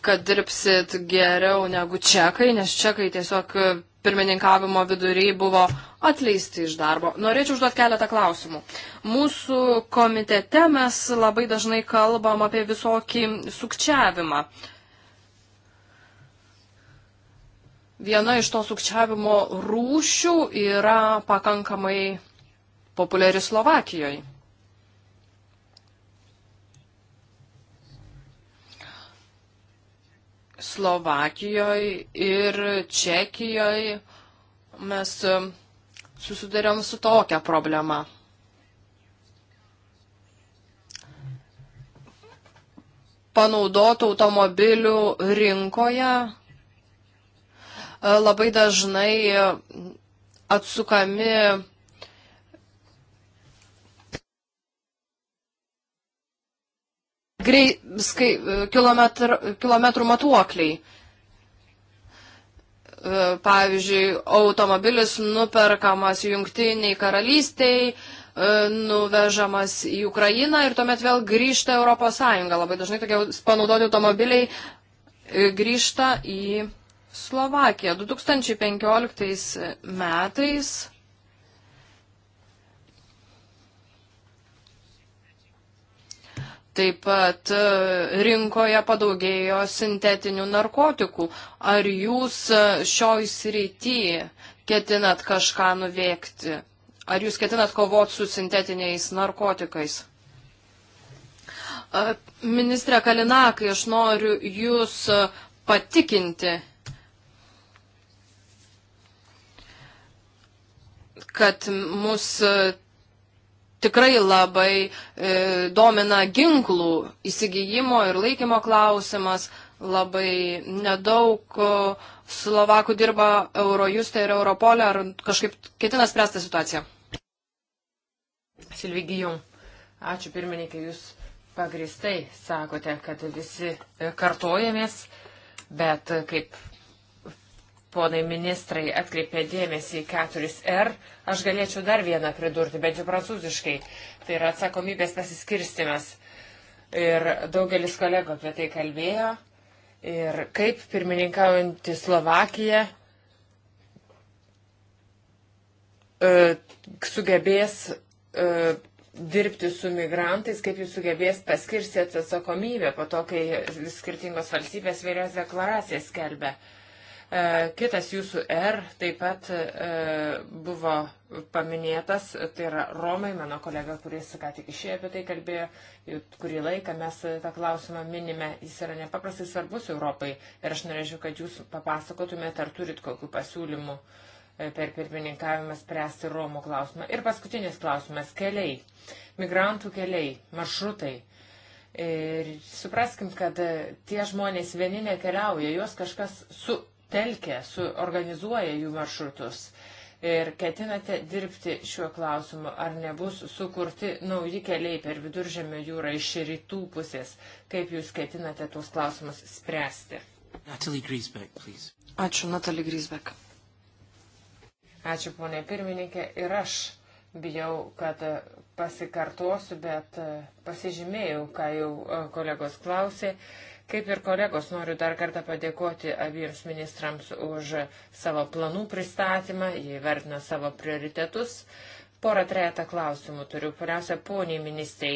kad dirbsit geriau negu čekai, nes čekai tiesiog pirmininkavimo viduriai buvo atleisti iš darbo. Norėčiau užduoti keletą klausimų. Mūsų komitete mes labai dažnai kalbam apie visokį sukčiavimą. Viena iš to sukčiavimo rūšių yra pakankamai populiari Slovakijoje. Slovakijoje ir Čekijoje mes e, susidurėm su tokia problema. Panaudotų automobilių rinkoje e, labai dažnai e, atsukami grei, skai, kilometr, kilometrų matuokliai. E, pavyzdžiui, automobilis nuperkamas jungtiniai karalystiai, e, nuvežamas į Ukrainą ir tuomet vėl grįžta Europos Sąjunga. Labai dažnai tokie panaudoti automobiliai e, grįžta į Slovakiją. 2015 metais Taip pat e, rinkoje padaugėjo sintetinių narkotikų. Ar jūs e, šioj srity ketinat kažką nuveikti? Ar jūs ketinat kovoti su sintetiniais narkotikais? E, ministrė Kalinakai, aš noriu jūs patikinti, kad mus tikrai labai e, domina ginklų įsigijimo ir laikymo klausimas. Labai nedaug Slovakų dirba Eurojuste ir Europolė, ar kažkaip ketina spręsti situaciją. Silvigijum, ačiū pirmininkai, jūs pagristai sakote, kad visi e, kartojamės, bet kaip ponai ministrai atkreipė dėmesį į 4R, aš galėčiau dar vieną pridurti, bent jau prancūziškai. Tai yra atsakomybės pasiskirstimas. Ir daugelis kolegų apie tai kalbėjo. Ir kaip pirmininkaujantį Slovakiją e, sugebės e, dirbti su migrantais, kaip jūs sugebės paskirstyti atsakomybę po to, kai skirtingos valstybės vėlias deklaracijas skelbia. E, E, kitas jūsų R taip pat e, buvo paminėtas, tai yra Romai, mano kolega, kuris ką tik išėjo apie tai kalbėjo, kurį laiką mes tą klausimą minime, jis yra nepaprastai svarbus Europai ir aš norėčiau, kad jūs papasakotumėte, ar turit kokių pasiūlymų e, per pirmininkavimą spręsti Romų klausimą. Ir paskutinis klausimas - keliai, migrantų keliai, maršrutai. Ir supraskim, kad tie žmonės vieni nekeliauja, juos kažkas su telkia, suorganizuoja jų maršrutus. Ir ketinate dirbti šiuo klausimu, ar nebus sukurti nauji keliai per viduržėmio jūrą iš rytų pusės, kaip jūs ketinate tuos klausimus spręsti? Natalie Griesbeck, please. Ačiū, Natalie Griesbeck. Ačiū, ponė pirmininkė. Ir aš bijau, kad pasikartosiu, bet e, pasižymėjau, ką jau e, kolegos klausė. Uh, Kaip ir kolegos, noriu dar kartą padėkoti abiems ministrams už savo planų pristatymą, jie vertina savo prioritetus. Porą trejata klausimų turiu. Pirmiausia, poniai ministrai,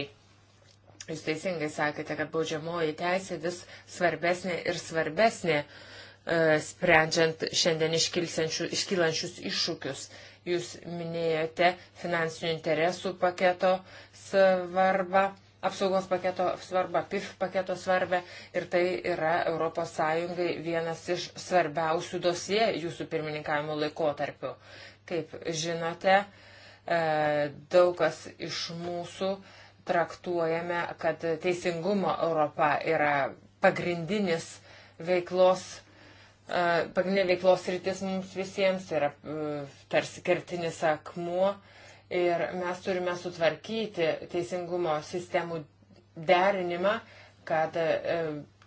jūs teisingai sakėte, kad baudžiamoji teisė vis svarbesnė ir svarbesnė, e, sprendžiant šiandien iškylančius iššūkius. Jūs minėjote finansinių interesų paketo svarbą apsaugos paketo svarba, PIF paketo svarbę ir tai yra ES vienas iš svarbiausių dosie jūsų pirmininkavimo laikotarpiu. Kaip žinote, e, daug kas iš mūsų traktuojame, kad teisingumo Europa yra pagrindinis veiklos e, pagrindinė veiklos rytis mums visiems tai yra e, tarsi kertinis akmuo ir mes turime sutvarkyti teisingumo sistemų derinimą, kad e,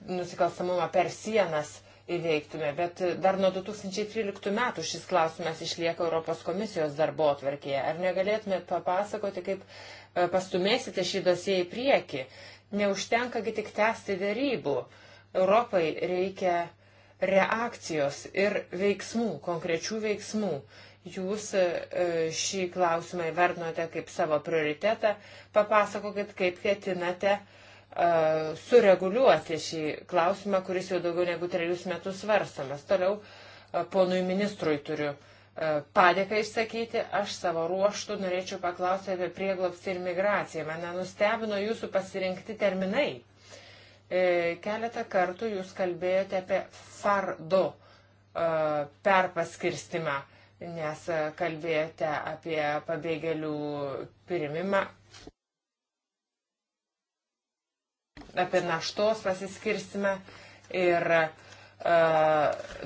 nusikalstamumą per sienas įveiktume. Bet dar nuo 2013 metų šis klausimas išlieka Europos komisijos darbo atvarkėje. Ar negalėtumėt papasakoti, kaip e, pastumėsite šį dosiją į priekį? Neužtenkagi tik tęsti dėrybų. Europai reikia reakcijos ir veiksmų, konkrečių veiksmų. Jūs e, e, šį klausimą įvardinote kaip savo prioritetą. Papasakokit, kaip ketinate e, sureguliuoti šį klausimą, kuris jau daugiau negu trejus metus svarstamas. Toliau ponui ministrui turiu padėką išsakyti, aš savo ruoštų norėčiau paklausti apie prieglobstį ir migraciją. Mane nustebino jūsų pasirinkti terminai. E, keletą kartų jūs kalbėjote apie fardo e, perpaskirstimą. E, nes e, kalbėjote apie pabėgėlių pirimimą, apie naštos pasiskirstimą ir e,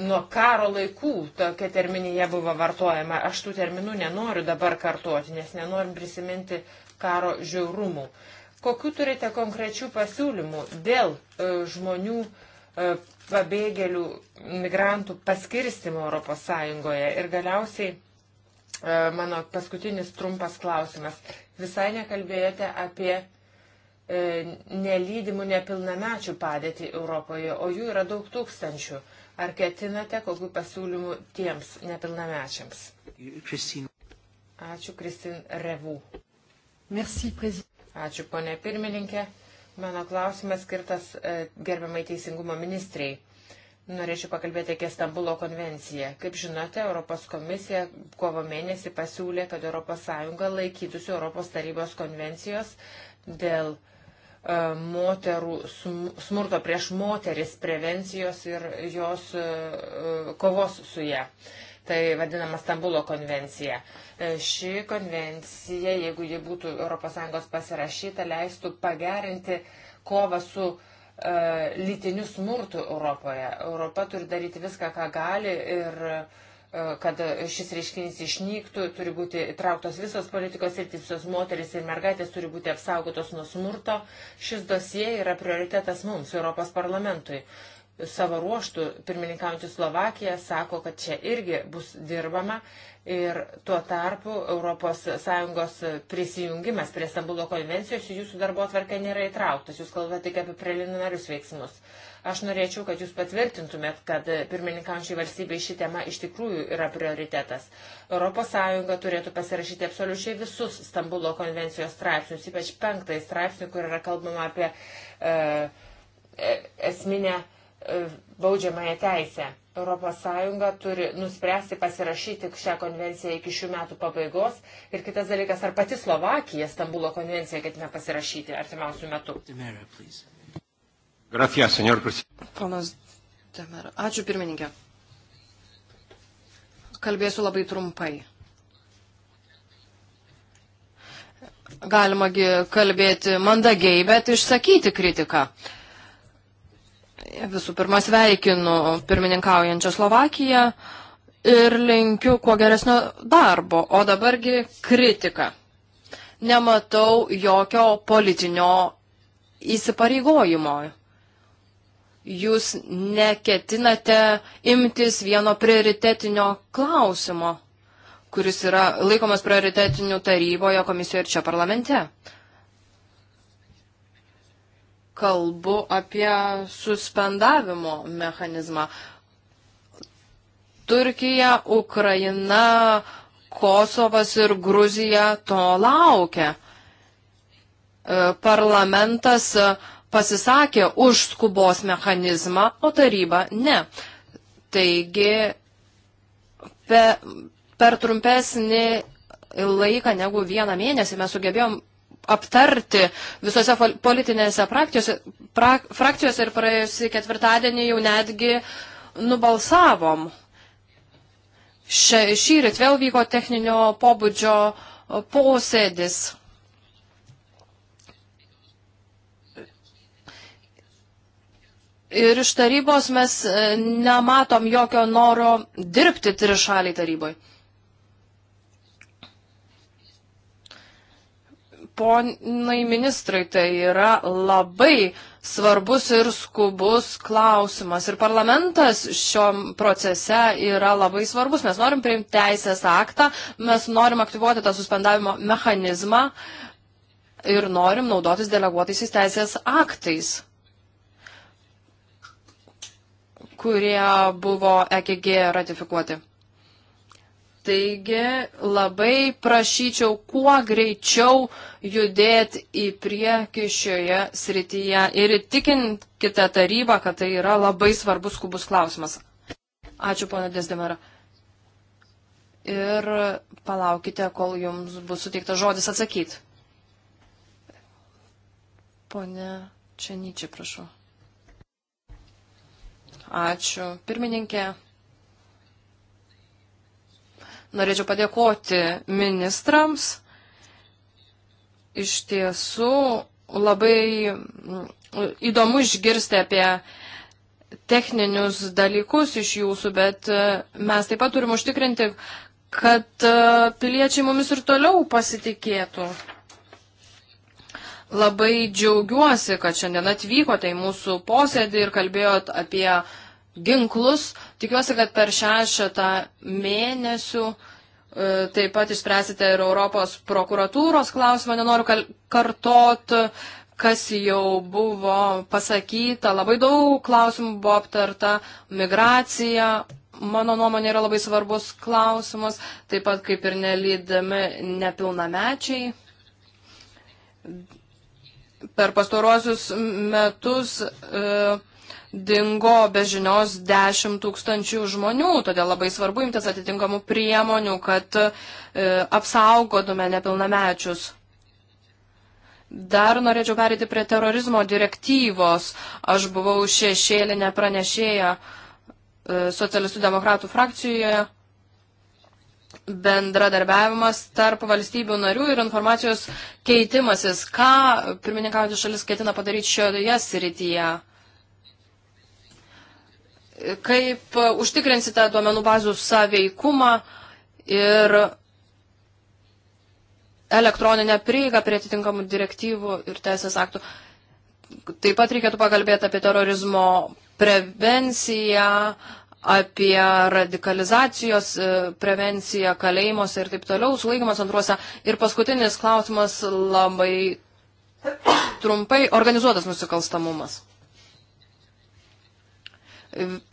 nuo karo laikų tokia terminija buvo vartojama. Aš tų terminų nenoriu dabar kartuoti, nes nenorim prisiminti karo žiaurumų. Kokiu turite konkrečių pasiūlymų dėl e, žmonių uh, E, pabėgėlių migrantų paskirstimo ES. Ir galiausiai e, mano paskutinis trumpas klausimas. Visai nekalbėjote apie e, nelydimų nepilnamečių padėtį Europoje, o jų yra daug tūkstančių. Ar ketinate kokių pasiūlymų tiems nepilnamečiams? Christine. Ačiū, Kristin Revu. Merci, prezident. Ačiū, ponė pirmininkė. Mano klausimas skirtas e, gerbiamai teisingumo ministrei. Norėčiau pakalbėti apie Stambulo konvenciją. Kaip žinote, Europos komisija kovo mėnesį pasiūlė, kad ES laikytųsi Europos tarybos konvencijos dėl uh, moterų smurto prieš moteris prevencijos ir jos uh, kovos su ją. Ja tai vadinama Stambulo konvencija. E, ši konvencija, jeigu ji būtų ES pasirašyta, leistų pagerinti kovą su uh, lytiniu smurtu Europoje. Europa turi daryti viską, ką gali ir uh, kad šis reiškinys išnyktų, turi būti trauktos visos politikos ir visos moteris ir mergaitės turi būti apsaugotos nuo smurto. Šis dosie yra prioritetas mums, Europos parlamentui savo ruoštų pirmininkaujantį Slovakiją sako, kad čia irgi bus dirbama ir tuo tarpu ES prisijungimas prie Stambulo konvencijos jūsų darbo atvarkė nėra įtrauktas. Jūs kalbate tik apie preliminarius veiksmus. Aš norėčiau, kad jūs patvirtintumėt, kad pirmininkaujančiai valstybei ši tema iš tikrųjų yra prioritetas. ES turėtų pasirašyti absoliučiai visus Stambulo konvencijos straipsnius, ypač penktąjį straipsnį, kur yra kalbama apie e, e esminę E, baudžiamąją teisę. ES turi nuspręsti pasirašyti šią konvenciją iki šių metų pabaigos. Ir kitas dalykas, ar pati Slovakija Stambulo konvenciją ketina pasirašyti artimiausių metų. Gracias, senor Ponas Demera. Ačiū pirmininkė. Kalbėsiu labai trumpai. Galimagi kalbėti mandagiai, bet išsakyti kritiką. Uh, Visų pirma, sveikinu pirmininkaujančią Slovakiją ir linkiu kuo geresnio darbo, o dabargi kritika. Nematau jokio politinio įsipareigojimo. Jūs neketinate imtis vieno prioritetinio klausimo, kuris yra laikomas prioritetiniu taryboje, komisijoje ir čia parlamente kalbu apie suspendavimo mechanizmą. Turkija, Ukraina, Kosovas ir Gruzija to laukia. E, parlamentas pasisakė už skubos mechanizmą, o taryba ne. Taigi pe, per trumpesnį laiką negu vieną mėnesį mes sugebėjom aptarti visose politinėse pra, frakcijose ir praėjusį ketvirtadienį jau netgi nubalsavom. Šį ryt vėl vyko techninio pobūdžio posėdis. Ir iš tarybos mes e, nematom jokio noro dirbti trišaliai taryboje. Ponai ministrai, tai yra labai svarbus ir skubus klausimas. Ir parlamentas šiom procese yra labai svarbus. Mes norim priimti teisės aktą, mes norim aktyvuoti tą suspendavimo mechanizmą ir norim naudotis deleguotaisiais teisės aktais kurie buvo EKG ratifikuoti. Taigi labai prašyčiau kuo greičiau judėti į priekį šioje srityje ir įtikinkite tarybą, kad tai yra labai svarbus skubus klausimas. Ačiū, ponė Desdemara. Ir palaukite, kol jums bus suteiktas žodis atsakyti. Pone Čenyčiai, prašau. Ačiū. Pirmininkė, Norėčiau padėkoti ministrams. Iš tiesų labai mm, įdomu išgirsti apie techninius dalykus iš jūsų, bet e, mes taip pat turim užtikrinti, kad e, piliečiai mumis ir toliau pasitikėtų. Labai džiaugiuosi, kad šiandien atvykote į mūsų posėdį ir kalbėjot apie ginklus. Tikiuosi, kad per šešetą mėnesių e, taip pat išspręsite ir Europos prokuratūros klausimą. Nenoriu kartot, kas jau buvo pasakyta. Labai daug klausimų buvo aptarta. Migracija, mano nuomonė, yra labai svarbus klausimas. Taip pat kaip ir nelydami nepilnamečiai. Per pastaruosius metus. E, dingo be žinios 10 tūkstančių žmonių, todėl labai svarbu imtis atitinkamų priemonių, kad e, apsaugotume nepilnamečius. Dar norėčiau perėti prie terorizmo direktyvos. Aš buvau šešėlinė pranešėja e, socialistų demokratų frakcijoje. Bendradarbiavimas tarp valstybių narių ir informacijos keitimasis. Ką pirmininkauti šalis ketina padaryti šioje srityje? kaip e, užtikrinsite duomenų bazų saveikumą ir elektroninę prieigą prie atitinkamų direktyvų ir teisės aktų. Taip pat reikėtų pakalbėti apie terorizmo prevenciją, apie radikalizacijos e, prevenciją kalėjimuose ir taip toliau, sulaikimas antruose. Ir paskutinis klausimas labai trumpai organizuotas nusikalstamumas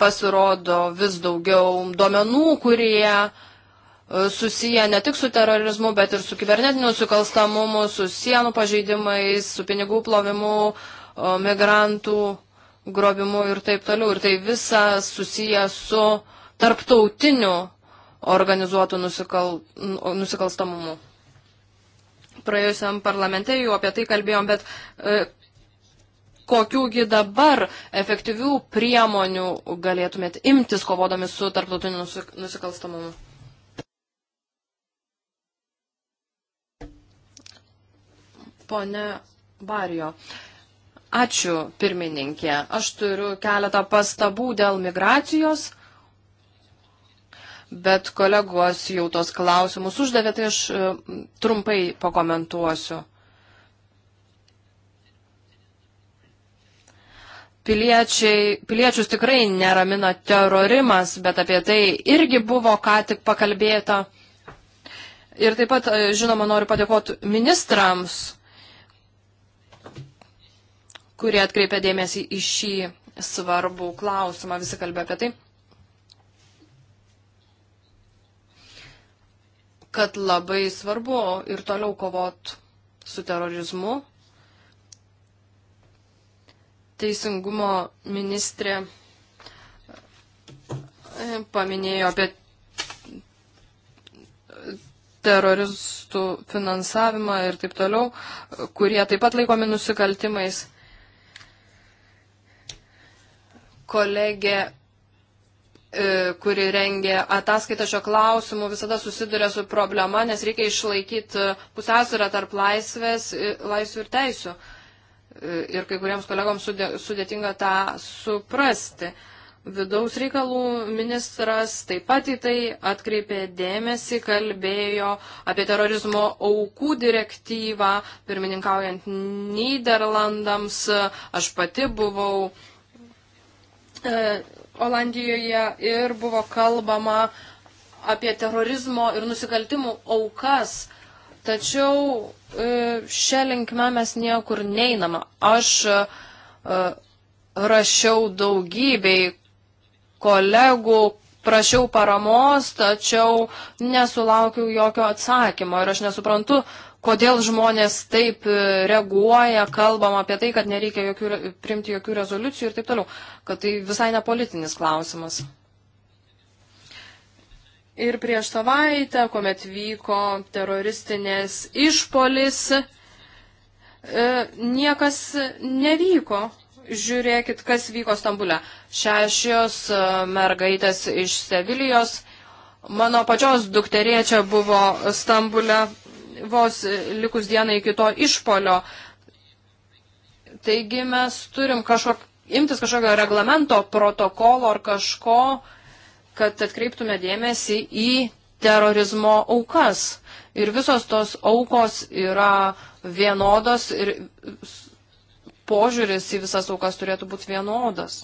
pasirodo vis daugiau duomenų, kurie e, susiję ne tik su terorizmu, bet ir su kibernetiniu sukalstamumu, su sienų pažeidimais, su pinigų plovimu, migrantų grobimu ir taip toliau. Ir tai visa susiję su tarptautiniu organizuotų nusikal, nusikalstamumu. Praėjusiam parlamente jau apie tai kalbėjom, bet e, kokiųgi dabar efektyvių priemonių galėtumėt imtis kovodami su tarptautiniu nusikalstamumu? Pone Barijo. Ačiū, pirmininkė. Aš turiu keletą pastabų dėl migracijos, bet kolegos jau tos klausimus uždavė, tai aš e, trumpai pakomentuosiu. Piliečiai, piliečius tikrai neramina terorimas, bet apie tai irgi buvo ką tik pakalbėta. Ir taip pat, e, žinoma, noriu padėkoti ministrams, kurie atkreipė dėmesį į šį svarbų klausimą. Visi kalbė apie tai. kad labai svarbu ir toliau kovot su terorizmu teisingumo ministrė e, paminėjo apie teroristų finansavimą ir taip toliau, kurie taip pat laikomi nusikaltimais. Kolegė, e, kuri rengė ataskaitą šio klausimu, visada susiduria su problema, nes reikia išlaikyti pusiausvyrą tarp laisvės, laisvių ir teisų ir kai kuriems kolegoms sudėtinga tą suprasti. Vidaus reikalų ministras taip pat į tai atkreipė dėmesį, kalbėjo apie terorizmo aukų direktyvą, pirmininkaujant Niderlandams. Aš pati buvau e, Olandijoje ir buvo kalbama apie terorizmo ir nusikaltimų aukas Tačiau e, šią linkmę mes niekur neinama. Aš e, e, rašiau daugybei kolegų, prašiau paramos, tačiau nesulaukiau jokio atsakymo ir aš nesuprantu, kodėl žmonės taip reaguoja, kalbam apie tai, kad nereikia jokių, primti jokių rezoliucijų ir taip toliau, kad tai visai nepolitinis klausimas. Ir prieš savaitę, kuomet vyko teroristinės išpolis, e, niekas nevyko. Žiūrėkit, kas vyko Stambule. Šešios e, mergaitės iš Sevilijos. Mano pačios dukteriečia buvo Stambule vos likus dienai iki to išpolio. Taigi mes turim kažkok, imtis kažkokio reglamento, protokolo ar kažko, uh, kad atkreiptume dėmesį į terorizmo aukas. Ir visos tos aukos yra vienodos ir požiūris į visas aukas turėtų būti vienodas.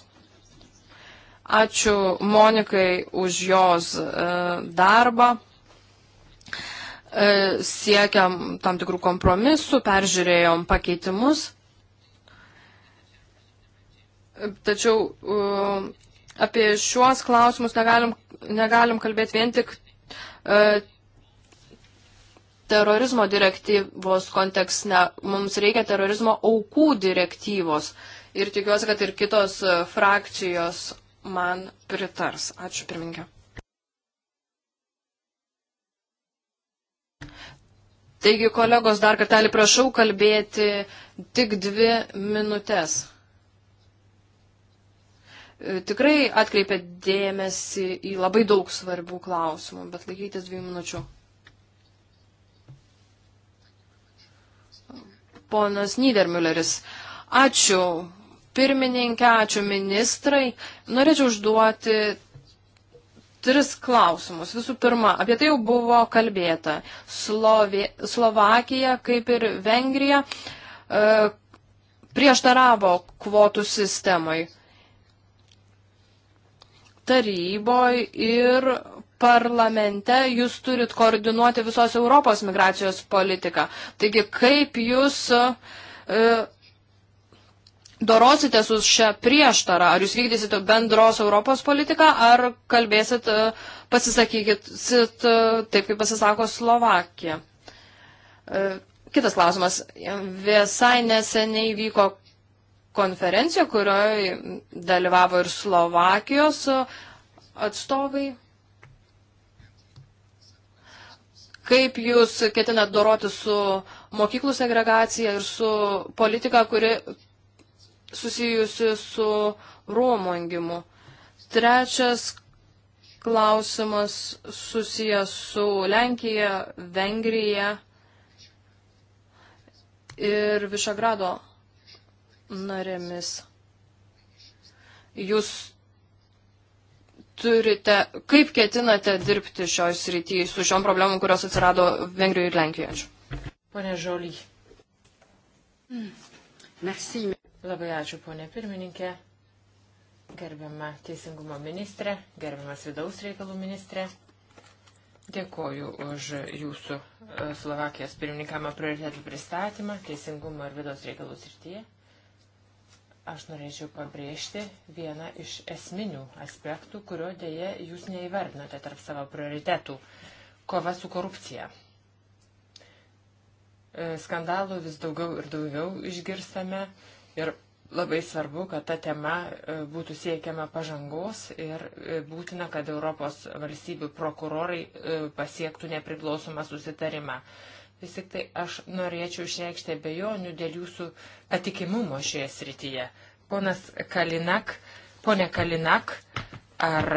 Ačiū Monikai už jos e, darbą. E, siekiam tam tikrų kompromisų, peržiūrėjom pakeitimus. Tačiau e, apie šiuos klausimus negalim, negalim kalbėti vien tik e, terorizmo direktyvos kontekste. Mums reikia terorizmo aukų direktyvos. Ir tikiuosi, kad ir kitos e, frakcijos man pritars. Ačiū pirmininkė. Taigi, kolegos, dar kartelį prašau kalbėti tik dvi minutės. E, tikrai atkreipė dėmesį į labai daug svarbių klausimų, bet laikytis dviejų minučių. Ponas Niedermülleris, ačiū pirmininkė, ačiū ministrai. Norėčiau užduoti tris klausimus. Visų pirma, apie tai jau buvo kalbėta. Slovė, Slovakija, kaip ir Vengrija, e, prieštaravo kvotų sistemai. E, taryboje ir parlamente jūs turit koordinuoti visos Europos migracijos politiką. Taigi, kaip jūs e, dorosite su šią prieštarą? Ar jūs vykdysite bendros Europos politiką, ar kalbėsit, e, pasisakykit e, taip, kaip pasisako Slovakija? E, kitas klausimas. Visai neseniai vyko konferencija, kurioje dalyvavo ir Slovakijos atstovai. Kaip jūs ketinat doroti su mokyklų segregacija ir su politika, kuri susijusi su romongimu? Trečias klausimas susijęs su Lenkija, Vengrija ir Višagrado narėmis. Jūs turite, kaip ketinate dirbti šioj srityje su šiom problemom, kurios atsirado Vengrijoje ir Lenkijoje? Pone Žoly. Hmm. Merci. Labai ačiū, ponė pirmininkė. Gerbiama Teisingumo ministrė, gerbiamas vidaus reikalų ministrė. Dėkoju už jūsų e, Slovakijos pirmininkamą prioritetų pristatymą Teisingumo ir vidaus reikalų srityje. Aš norėčiau pabrėžti vieną iš esminių aspektų, kurio dėje jūs neįvardinote tarp savo prioritetų - kova su korupcija. E, skandalų vis daugiau ir daugiau išgirstame ir labai svarbu, kad ta tema e, būtų siekiama pažangos ir e, būtina, kad Europos valstybių prokurorai pasiektų nepriklausomą susitarimą. Vis tik tai aš norėčiau išreikšti abejonių dėl jūsų patikimumo šioje srityje. Ponas Kalinak, ponė Kalinak, ar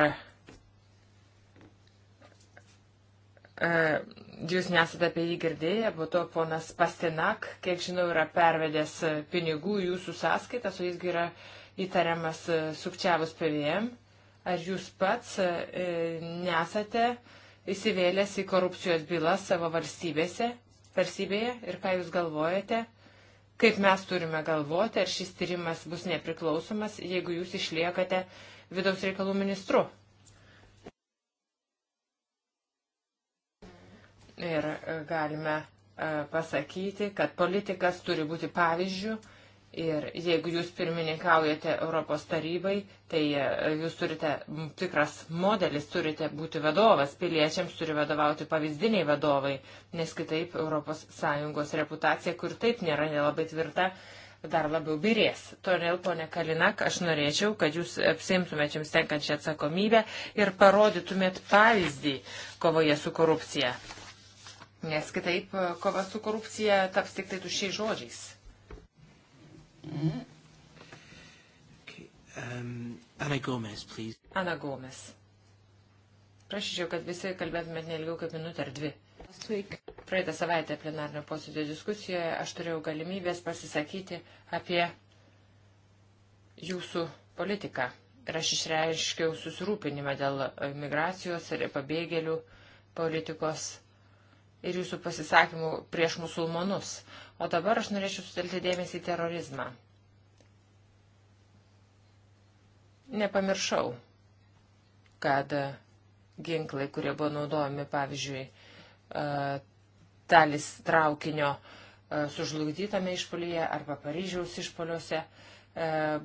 e, jūs nesate apie jį girdėję, po to ponas Pastinak, kiek žinau, yra pervedęs pinigų jūsų sąskaitą, o jisgi yra įtariamas e, sukčiavus PVM. Ar jūs pats e, nesate įsivėlęs į korupcijos bylas savo valstybėse? Persybėje ir ką jūs galvojate, kaip mes turime galvoti, ar šis tyrimas bus nepriklausomas, jeigu jūs išliekate vidaus reikalų ministru. Ir e, galime e, pasakyti, kad politikas turi būti pavyzdžių Ir jeigu jūs pirmininkaujate Europos tarybai, tai e, jūs turite tikras modelis, turite būti vadovas, piliečiams turi vadovauti pavyzdiniai vadovai, nes kitaip ES reputacija, kur taip nėra nelabai tvirta, dar labiau birės. Todėl, ponė Kalinak, aš norėčiau, kad jūs apsimtumėt jums tenkančią atsakomybę ir parodytumėt pavyzdį kovoje su korupcija. Nes kitaip e, kova su korupcija taps tik tai tušiai žodžiais. Mm. Okay, um, Ana Gomes, please. Ana Gomes. Prašyčiau, kad visi kalbėtumėt neilgiau kaip minutę ar dvi. Praeitą savaitę plenarnio posėdžio diskusijoje aš turėjau galimybės pasisakyti apie jūsų politiką. Ir aš išreiškiau susirūpinimą dėl migracijos ir pabėgėlių politikos ir jūsų pasisakymų prieš musulmonus. O dabar aš norėčiau sutelti dėmesį į terorizmą. Nepamiršau, kad ginklai, kurie buvo naudojami, pavyzdžiui, e, talis traukinio e, sužlugdytame išpolyje arba Paryžiaus išpoliuose, e,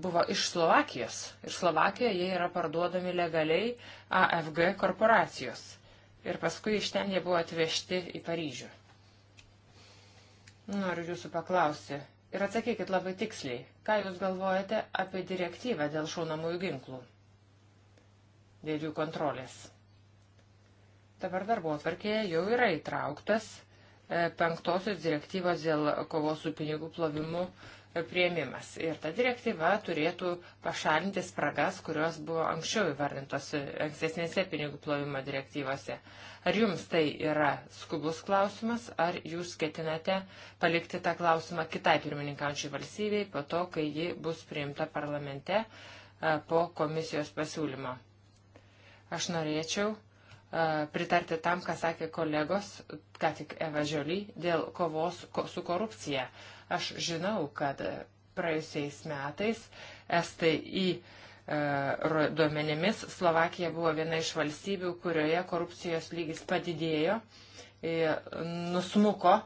buvo iš Slovakijos. Ir Slovakijoje jie yra parduodami legaliai AFG korporacijos. Ir paskui iš ten jie buvo atvežti į Paryžių. Noriu jūsų paklausti ir atsakykit labai tiksliai, ką jūs galvojate apie direktyvą dėl šaunamųjų ginklų, dėl jų kontrolės. Dabar darbo atvarkėje jau yra įtrauktas e, penktosios direktyvos dėl kovos su pinigų plovimu prieimimas. Ir ta direktyva turėtų pašalinti spragas, kurios buvo anksčiau įvardintos ankstesnėse pinigų plovimo direktyvose. Ar jums tai yra skubus klausimas, ar jūs ketinate palikti tą klausimą kitai pirmininkaučiai valstybei po to, kai ji bus priimta parlamente po komisijos pasiūlymo? Aš norėčiau pritarti tam, ką sakė kolegos, ką tik Eva Žioli, dėl kovos su korupcija. Aš žinau, kad praėjusiais metais STI e, duomenimis Slovakija buvo viena iš valstybių, kurioje korupcijos lygis padidėjo, e, nusmuko e,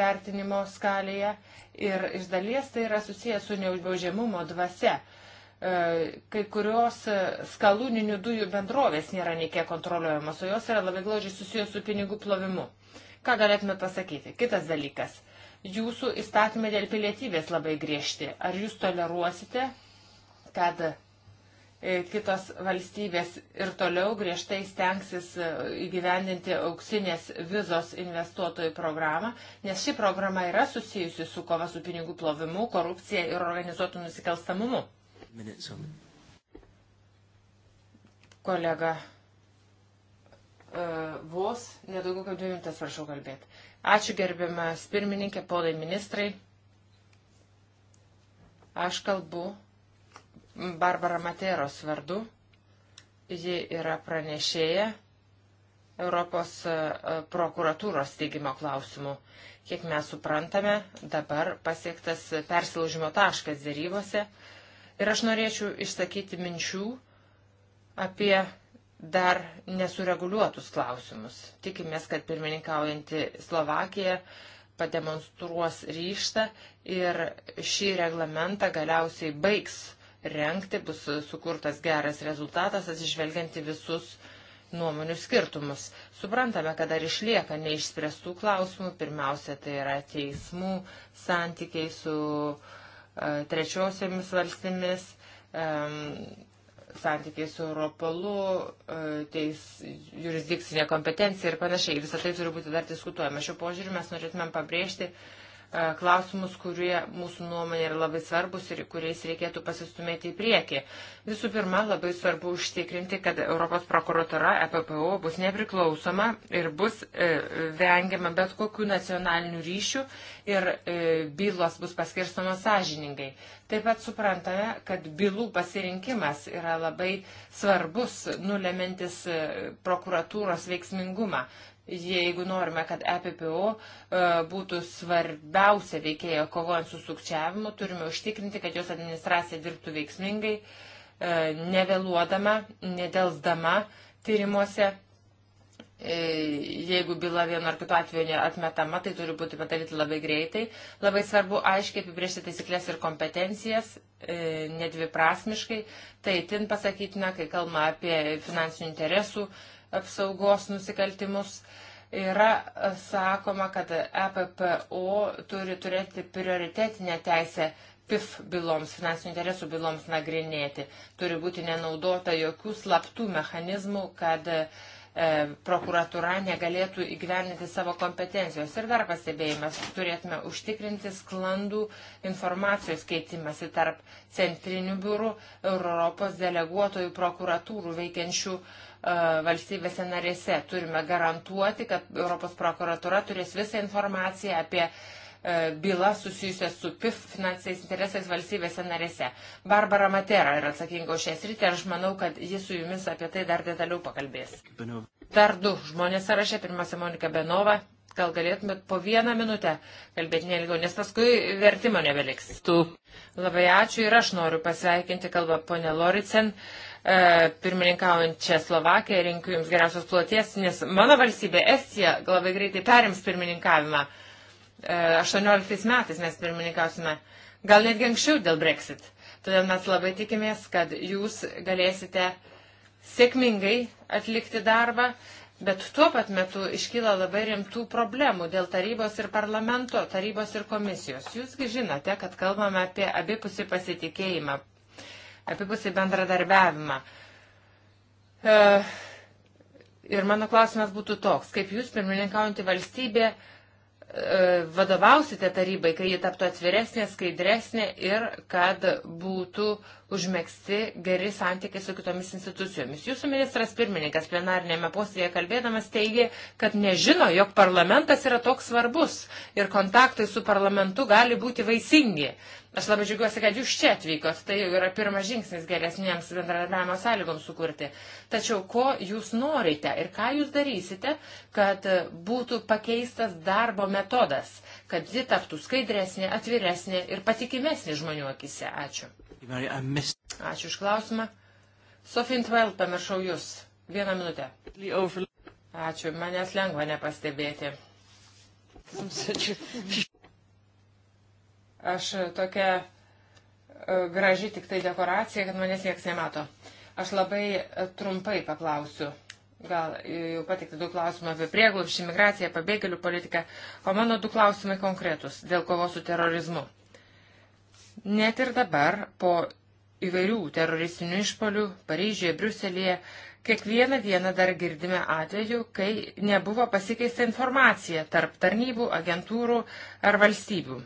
vertinimo skalėje ir iš dalies tai yra susijęs su neužbaužiamumo dvasia. Kai kurios skalūninių dujų bendrovės nėra niekie kontroliuojamos, o jos yra labai glaudžiai susijęs su pinigų plovimu. Ką galėtume pasakyti? Kitas dalykas. Uh, Jūsų įstatymai dėl pilietybės labai griežti. Ar jūs toleruosite, kad e, kitos valstybės ir toliau griežtai stengsis e, įgyvendinti auksinės vizos investuotojų programą, nes ši programa yra susijusi su kova su pinigų plovimu, korupcija ir organizuotų nusikalstamumu. Kolega, uh, vos, nedaugiau kaip dvi minutės prašau kalbėti. Ačiū gerbiamas pirmininkė, ponai ministrai. Aš kalbu Barbara Materos vardu. Ji yra pranešėja Europos e, prokuratūros steigimo klausimų. Kiek mes suprantame, dabar pasiektas persilaužimo taškas dėrybose. Ir aš norėčiau išsakyti minčių apie dar nesureguliuotus klausimus. Tikimės, kad pirmininkaujanti Slovakija pademonstruos ryštą ir šį reglamentą galiausiai baigs renkti, bus sukurtas geras rezultatas atsižvelgianti visus nuomonių skirtumus. Suprantame, kad dar išlieka neišspręstų klausimų, pirmiausia, tai yra teismų santykiai su uh, trečiosiamis valstybėmis, um, santykiai su Europolu, e, teis, jurisdikcinė kompetencija ir panašiai. Visą tai turi būti dar diskutuojama. Šiuo požiūriu mes norėtumėm pabrėžti, E, klausimus, kurie mūsų nuomonė yra labai svarbus ir kuriais reikėtų pasistumėti į priekį. Visų pirma, labai svarbu užtikrinti, kad Europos prokuratura EPPO bus nepriklausoma ir bus e, vengiama bet kokių nacionalinių ryšių ir e, bylos bus paskirstamos sąžiningai. Taip pat suprantame, kad bylų pasirinkimas yra labai svarbus, nulemintis e, prokuratūros veiksmingumą jeigu norime, kad EPPO e, būtų svarbiausia veikėja kovojant su sukčiavimu, turime užtikrinti, kad jos administracija dirbtų veiksmingai, e, nevėluodama, nedelsdama tyrimuose. E, jeigu byla vienu ar kitu atveju atmetama, tai turi būti padaryti labai greitai. Labai svarbu aiškiai apibriežti taisyklės ir kompetencijas, nedviprasmiškai. Tai tin pasakytina, kai kalbama apie finansinių interesų uh, apsaugos nusikaltimus. Yra e, sakoma, kad EPPO turi turėti prioritetinę teisę PIF byloms, finansinių interesų byloms nagrinėti. Turi būti nenaudota jokių slaptų mechanizmų, kad e, prokuratura negalėtų įgyveninti savo kompetencijos. Ir dar pastebėjimas, turėtume užtikrinti sklandų informacijos keitimąsi tarp centrinių biurų, Europos deleguotojų prokuratūrų veikiančių e, E, valstybėse narėse. Turime garantuoti, kad Europos prokuratura turės visą informaciją apie e, bylas susijusias su PIF finansiniais interesais valstybėse narėse. Barbara Matera yra atsakinga už šią sritį ir aš manau, kad jis su jumis apie tai dar detaliau pakalbės. Dar du žmonės sąraše, pirmiausia Monika Benova. Gal galėtumėt po vieną minutę kalbėti nelgiau, nes paskui vertimo nebeliks. Tu. Labai ačiū ir aš noriu pasveikinti kalbą ponę Loricen. Uh, E, pirmininkaujančią Slovakiją, rinkiu jums geriausios ploties, nes mano valstybė Estija labai greitai perims pirmininkavimą. 18 e, metais mes pirmininkausime, gal netgi anksčiau dėl Brexit. Todėl mes labai tikimės, kad jūs galėsite sėkmingai atlikti darbą, bet tuo pat metu iškyla labai rimtų problemų dėl tarybos ir parlamento, tarybos ir komisijos. Jūsgi žinote, kad kalbame apie abipusį pasitikėjimą apipusiai bendradarbiavimą. E, ir mano klausimas būtų toks, kaip jūs, pirmininkaujantį valstybę, e, vadovausite tarybai, kai ji taptų atviresnė, skaidresnė ir kad būtų užmėgsti geri santykiai su kitomis institucijomis. Jūsų ministras pirmininkas plenarinėme posėdėje kalbėdamas teigė, kad nežino, jog parlamentas yra toks svarbus ir kontaktai su parlamentu gali būti vaisingi. Aš labai džiaugiuosi, kad jūs čia atvykot, tai jau yra pirmas žingsnis geresniems bendradarbiavimo sąlygoms sukurti. Tačiau ko jūs norite ir ką jūs darysite, kad būtų pakeistas darbo metodas, kad ji taptų skaidresnė, atviresnė ir patikimesnė žmonių akise. Ačiū. Ačiū iš klausimą. Sofint Vėl, pamiršau Jūs. Vieną minutę. Ačiū, manęs lengva nepastebėti. Aš tokia e, graži tik tai dekoracija, kad manęs niekas nemato. Aš labai e, trumpai paklausiu. Gal e, jau patikti du klausimą apie prieglobšį, migraciją, pabėgėlių politiką, o mano du klausimai konkretus dėl kovos su terorizmu. Net ir dabar, po įvairių teroristinių išpolių Paryžyje, Briuselėje, kiekvieną dieną dar girdime atveju, kai nebuvo pasikeista informacija tarp tarnybų, agentūrų ar valstybių.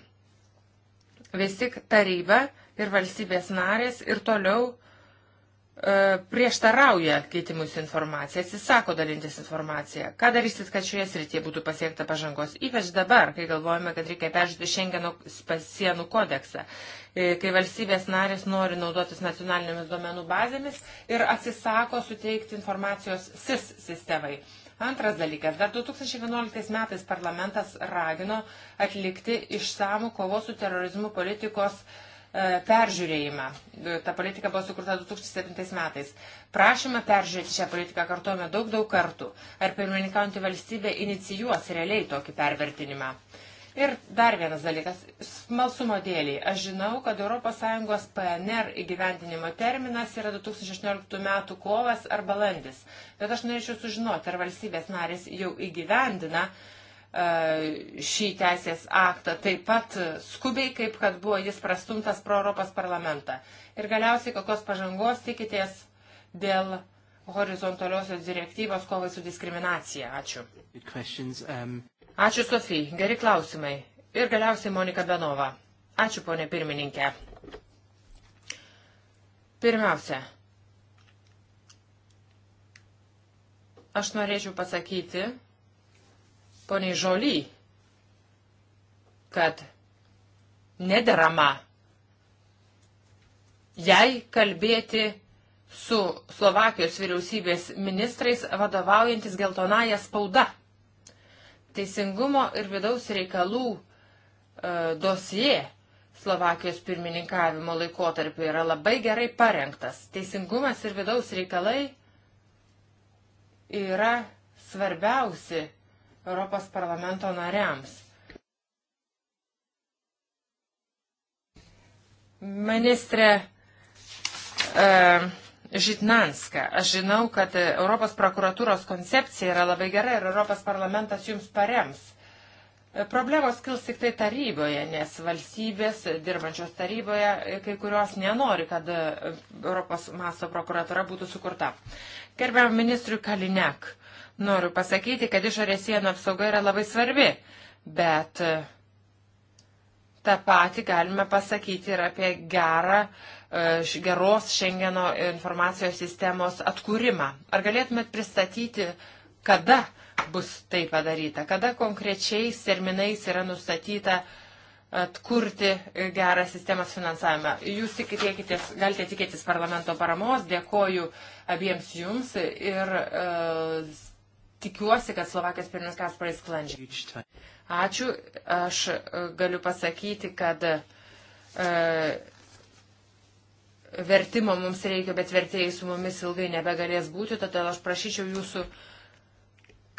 Vis tik taryba ir valstybės narės ir toliau e, prieštarauja keitimus informaciją, atsisako dalintis informaciją. Ką darysit, kad šioje srityje būtų pasiekta pažangos, ypač dabar, kai galvojame, kad reikia peržiūrėti Šengeno pasienų kodeksą. E, kai valstybės narės nori naudotis nacionalinėmis duomenų bazėmis ir atsisako suteikti informacijos SIS sistemai. Antras dalykas, dar 2011 metais parlamentas ragino atlikti išsamų kovos su terorizmu politikos e, peržiūrėjimą. Ta politika buvo sukurta 2007 metais. Prašymą peržiūrėti šią politiką kartuojame daug, daug kartų. Ar pirmininkaujantį valstybę inicijuos realiai tokį pervertinimą? Uh, Ir dar vienas dalykas, smalsumo dėliai. Aš žinau, kad ES PNR įgyvendinimo terminas yra 2016 metų kovas ar balandis. Bet aš norėčiau sužinoti, ar valstybės narės jau įgyvendina e, šį teisės aktą taip pat skubiai, kaip kad buvo jis prastumtas pro Europos parlamentą. Ir galiausiai, kokios pažangos tikitės dėl horizontaliosios direktyvos kovai su diskriminacija. Ačiū. Ačiū, Sofija. Geri klausimai. Ir galiausiai Monika Benova. Ačiū, ponė pirmininkė. Pirmiausia, aš norėčiau pasakyti poniai Žoly, kad nederama jai kalbėti su Slovakijos vyriausybės ministrais vadovaujantis geltonąją spaudą teisingumo ir vidaus reikalų e, dosie Slovakijos pirmininkavimo laikotarpiu yra labai gerai parengtas. Teisingumas ir vidaus reikalai yra svarbiausi Europos parlamento nariams. Ministrė, e, Žitnanska. Aš žinau, kad Europos prokuratūros koncepcija yra labai gera ir Europos parlamentas jums parems. Problemos kils tik tai taryboje, nes valstybės dirbančios taryboje kai kurios nenori, kad Europos masto prokuratura būtų sukurta. Gerbiam ministriui Kalinek, noriu pasakyti, kad išorės sienų apsauga yra labai svarbi, bet tą patį galime pasakyti ir apie gerą uh, E, geros Schengeno informacijos sistemos atkūrimą. Ar galėtumėt pristatyti, kada bus tai padaryta, kada konkrečiais terminais yra nustatyta atkurti gerą sistemos finansavimą. Jūs tikėkitės, galite tikėtis parlamento paramos, dėkoju abiems jums ir e, tikiuosi, kad Slovakijos pirmininkas praeis sklandžiai. Ačiū, aš e, galiu pasakyti, kad e, vertimo mums reikia, bet vertėjai su mumis ilgai nebegalės būti, todėl aš prašyčiau jūsų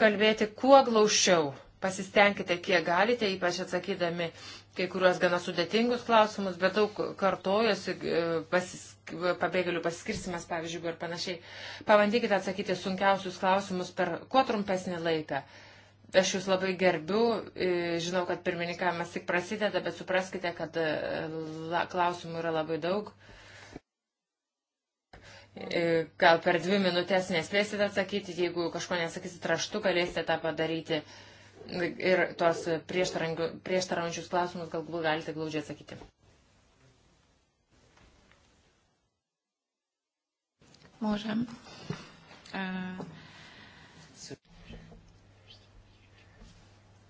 kalbėti kuo glaušiau. Pasistengkite, kiek galite, ypač atsakydami kai kuriuos gana sudėtingus klausimus, bet daug kartojosi e, pasis, pabėgėlių pasiskirsimas, pavyzdžiui, ir panašiai. Pabandykite atsakyti sunkiausius klausimus per kuo trumpesnį laiką. Aš jūs labai gerbiu, e, žinau, kad pirmininkavimas tik prasideda, bet supraskite, kad e, klausimų yra labai daug. E, gal per dvi minutės nespėsite atsakyti, jeigu kažko nesakysit raštu, galėsite tą padaryti ir tuos prieštaraujančius klausimus galbūt galite glaudžiai atsakyti. Môžem. Uh,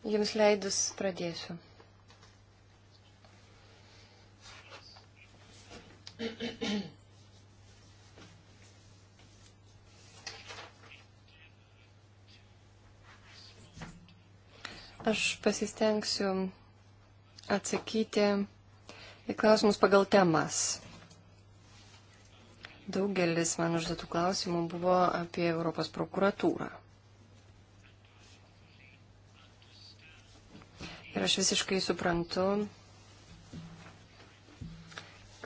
Jums leidus pradėsiu. Aš pasistengsiu atsakyti į klausimus pagal temas. Daugelis man užduotų klausimų buvo apie Europos prokuratūrą. Ir aš visiškai suprantu,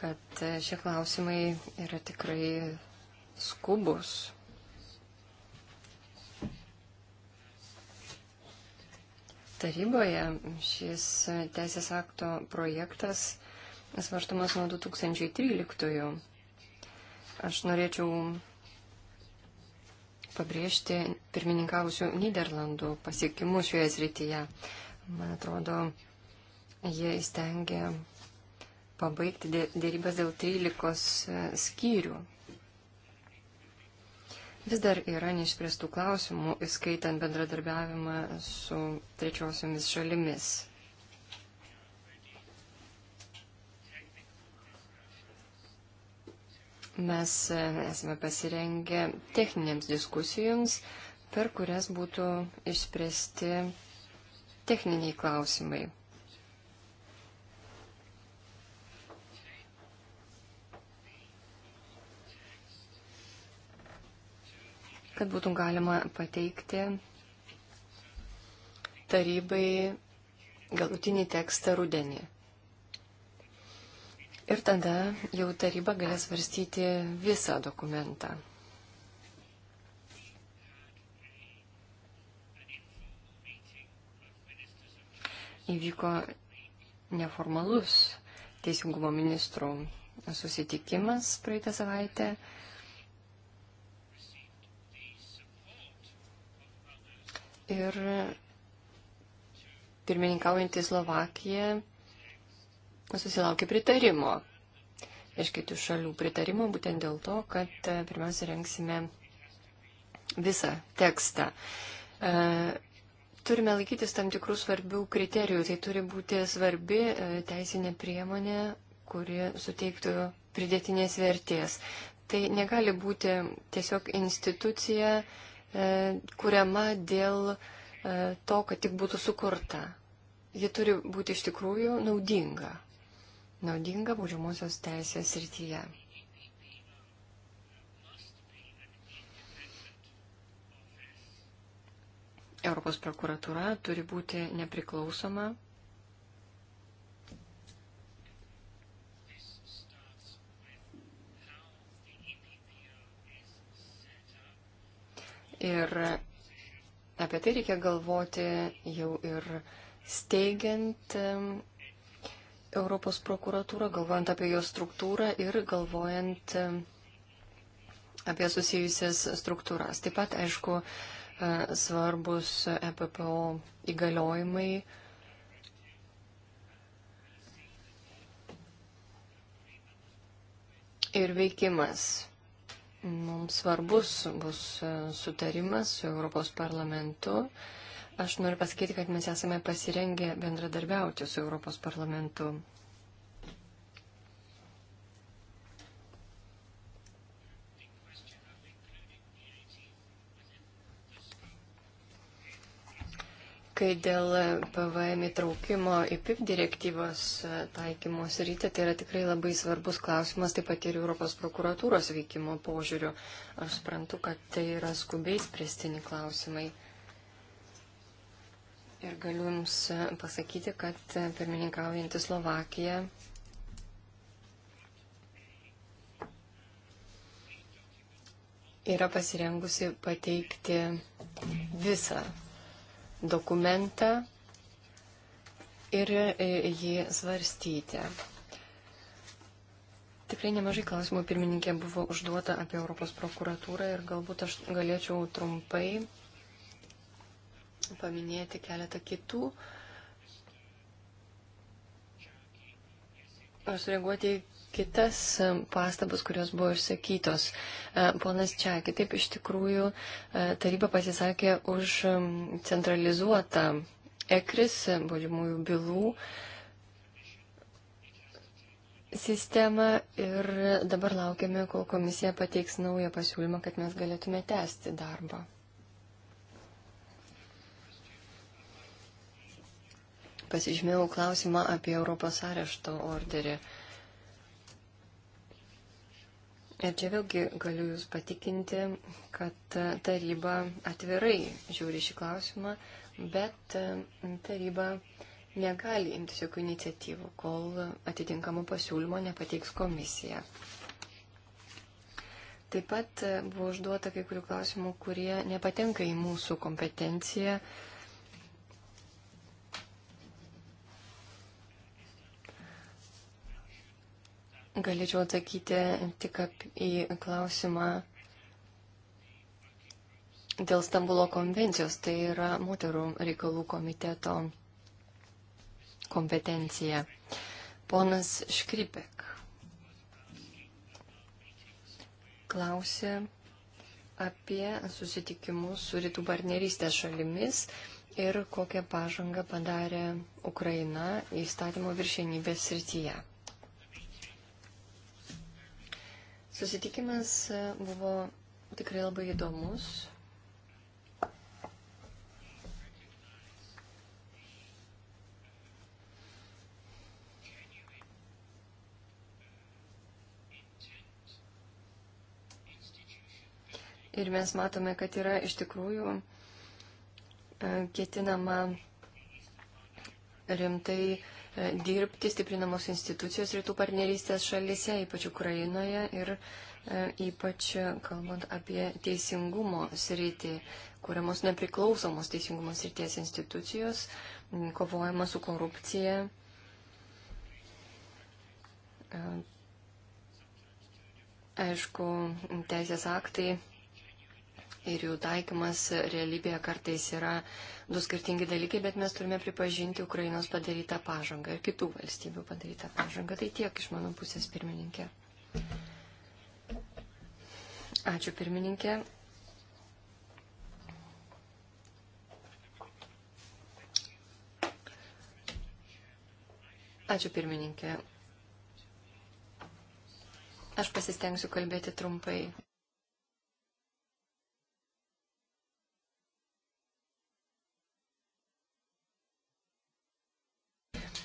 kad šie klausimai yra tikrai skubus. taryboje šis teisės akto projektas svarstamas nuo 2013. Aš norėčiau pabrėžti pirmininkavusių Niderlandų pasiekimus šioje srityje. Man atrodo, jie įstengė pabaigti dėrybas dėl 13 e, skyrių Vis dar yra neišspręstų klausimų, įskaitant bendradarbiavimą su trečiosiomis šalimis. Mes e, esame pasirengę techninėms diskusijoms, per kurias būtų išspręsti techniniai klausimai. kad būtų galima pateikti tarybai galutinį tekstą rudenį. Ir tada jau taryba galės varstyti visą dokumentą. Įvyko neformalus teisingumo ministrų susitikimas praeitą savaitę Ir pirmininkaujantį Slovakiją susilaukė pritarimo iš kitų šalių pritarimo, būtent dėl to, kad e, pirmiausia renksime visą tekstą. E, turime laikytis tam tikrų svarbių kriterijų. Tai turi būti svarbi e, teisinė priemonė, kuri suteiktų pridėtinės vertės. Tai negali būti tiesiog institucija, E, kuriama dėl e, to, kad tik būtų sukurta. Ji turi būti iš tikrųjų naudinga. Naudinga baudžiamosios teisės rytyje. Europos prokuratūra turi būti nepriklausoma Ir apie tai reikia galvoti jau ir steigiant Europos prokuratūrą, galvojant apie jos struktūrą ir galvojant apie susijusias struktūras. Taip pat, aišku, e, svarbus EPPO įgaliojimai. Ir veikimas Mums svarbus bus e, sutarimas su Europos parlamentu. Aš noriu pasakyti, kad mes esame pasirengę bendradarbiauti su Europos parlamentu Kai dėl PVM įtraukimo į PIP direktyvos e, taikymos rytį, tai yra tikrai labai svarbus klausimas, taip pat ir Europos prokuratūros veikimo požiūriu. Aš suprantu, kad tai yra skubiai spręstini klausimai. Ir galiu Jums e, pasakyti, kad e, pirmininkaujantį Slovakiją yra pasirengusi pateikti visą dokumentą ir e, jį svarstyti. Tikrai nemažai klausimų pirmininkė buvo užduota apie Europos prokuratūrą ir galbūt aš galėčiau trumpai paminėti keletą kitų. Aš reaguoti į kitas e, pastabas, kurios buvo išsakytos. E, ponas Čiakė, taip iš tikrųjų e, taryba pasisakė už centralizuotą ekris baudžiamųjų bylų sistemą ir dabar laukiame, kol komisija pateiks naują pasiūlymą, kad mes galėtume tęsti darbą. Pasižymėjau klausimą apie Europos arešto orderį. Uh, Ir čia vėlgi galiu Jūs patikinti, kad e, taryba atvirai žiūri šį klausimą, bet e, taryba negali imtis jokių iniciatyvų, kol atitinkamų pasiūlymo nepateiks komisija. Taip pat e, buvo užduota kai kurių klausimų, kurie nepatenka į mūsų kompetenciją Galėčiau atsakyti tik į klausimą dėl Stambulo konvencijos. Tai yra moterų reikalų komiteto kompetencija. Ponas Škripek klausė apie susitikimus su rytų partnerystės šalimis ir kokią pažangą padarė Ukraina įstatymo viršienybės srityje. Susitikimas e, buvo tikrai labai įdomus. Ir mes matome, kad yra iš tikrųjų e, ketinama rimtai dirbti stiprinamos institucijos rytų partnerystės šalise, ypač Ukrainoje ir e, ypač kalbant apie teisingumo sritį, kuriamos nepriklausomos teisingumo srities institucijos, kovojama su korupcija. E, aišku, teisės aktai ir jų taikymas realybėje kartais yra du skirtingi dalykai, bet mes turime pripažinti Ukrainos padarytą pažangą ir kitų valstybių padarytą pažangą. Tai tiek iš mano pusės pirmininkė. Ačiū pirmininkė. Ačiū pirmininkė. Aš pasistengsiu kalbėti trumpai.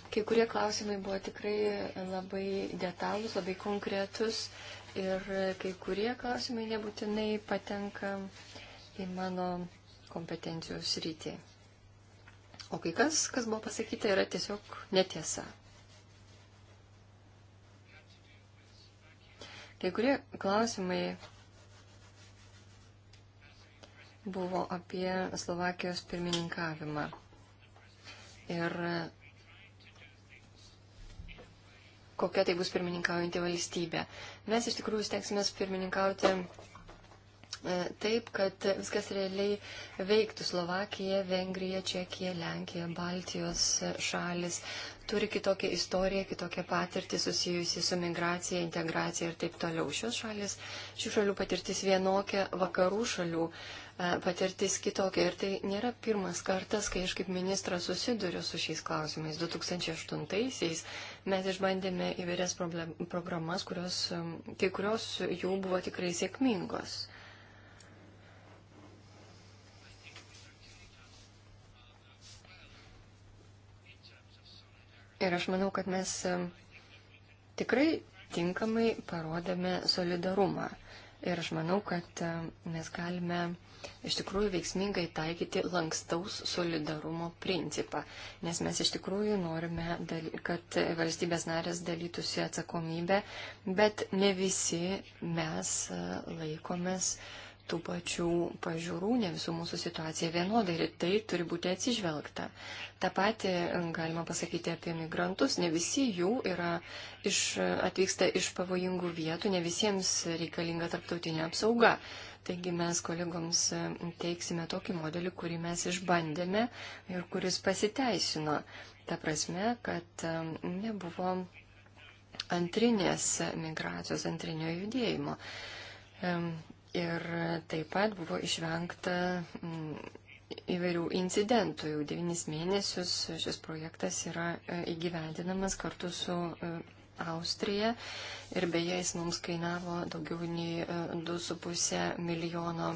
Kai kurie klausimai buvo tikrai labai detalūs, labai konkretus ir kai kurie klausimai nebūtinai patenka į mano kompetencijos rytį. O kai kas, kas buvo pasakyta, yra tiesiog netiesa. Kai kurie klausimai buvo apie Slovakijos pirmininkavimą. Ir kokia tai bus pirmininkaujanti valstybė. Mes iš tikrųjų stengsimės pirmininkauti E, taip, kad viskas realiai veiktų. Slovakija, Vengrija, Čekija, Lenkija, Baltijos šalis turi kitokią istoriją, kitokią patirtį susijusi su migracija, integracija ir taip toliau. Šios šalis, šių šalių patirtis vienokia, vakarų šalių e, patirtis kitokia. Ir tai nėra pirmas kartas, kai aš kaip ministras susiduriu su šiais klausimais. 2008-aisiais mes išbandėme įvairias problem, programas, kurios, kai kurios jų buvo tikrai sėkmingos. Ir aš manau, kad mes tikrai tinkamai parodėme solidarumą. Ir aš manau, kad mes galime iš tikrųjų veiksmingai taikyti lankstaus solidarumo principą, nes mes iš tikrųjų norime, kad valstybės narės dalytųsi atsakomybę, bet ne visi mes e, laikomės uh, tų pačių pažiūrų, ne visų mūsų situacija vienodai ir tai turi būti atsižvelgta. Ta pati e, galima pasakyti apie migrantus, ne visi jų yra iš, atvyksta iš pavojingų vietų, ne visiems reikalinga tarptautinė apsauga. Taigi mes kolegoms e, teiksime tokį modelį, kurį mes išbandėme ir kuris pasiteisino. Ta prasme, kad e, nebuvo antrinės migracijos, antrinio judėjimo Ir taip pat buvo išvengta mm, įvairių incidentų. Jau devynis mėnesius šis projektas yra e, įgyvendinamas kartu su e, Austrija ir beje jis mums kainavo daugiau nei 2,5 e, milijono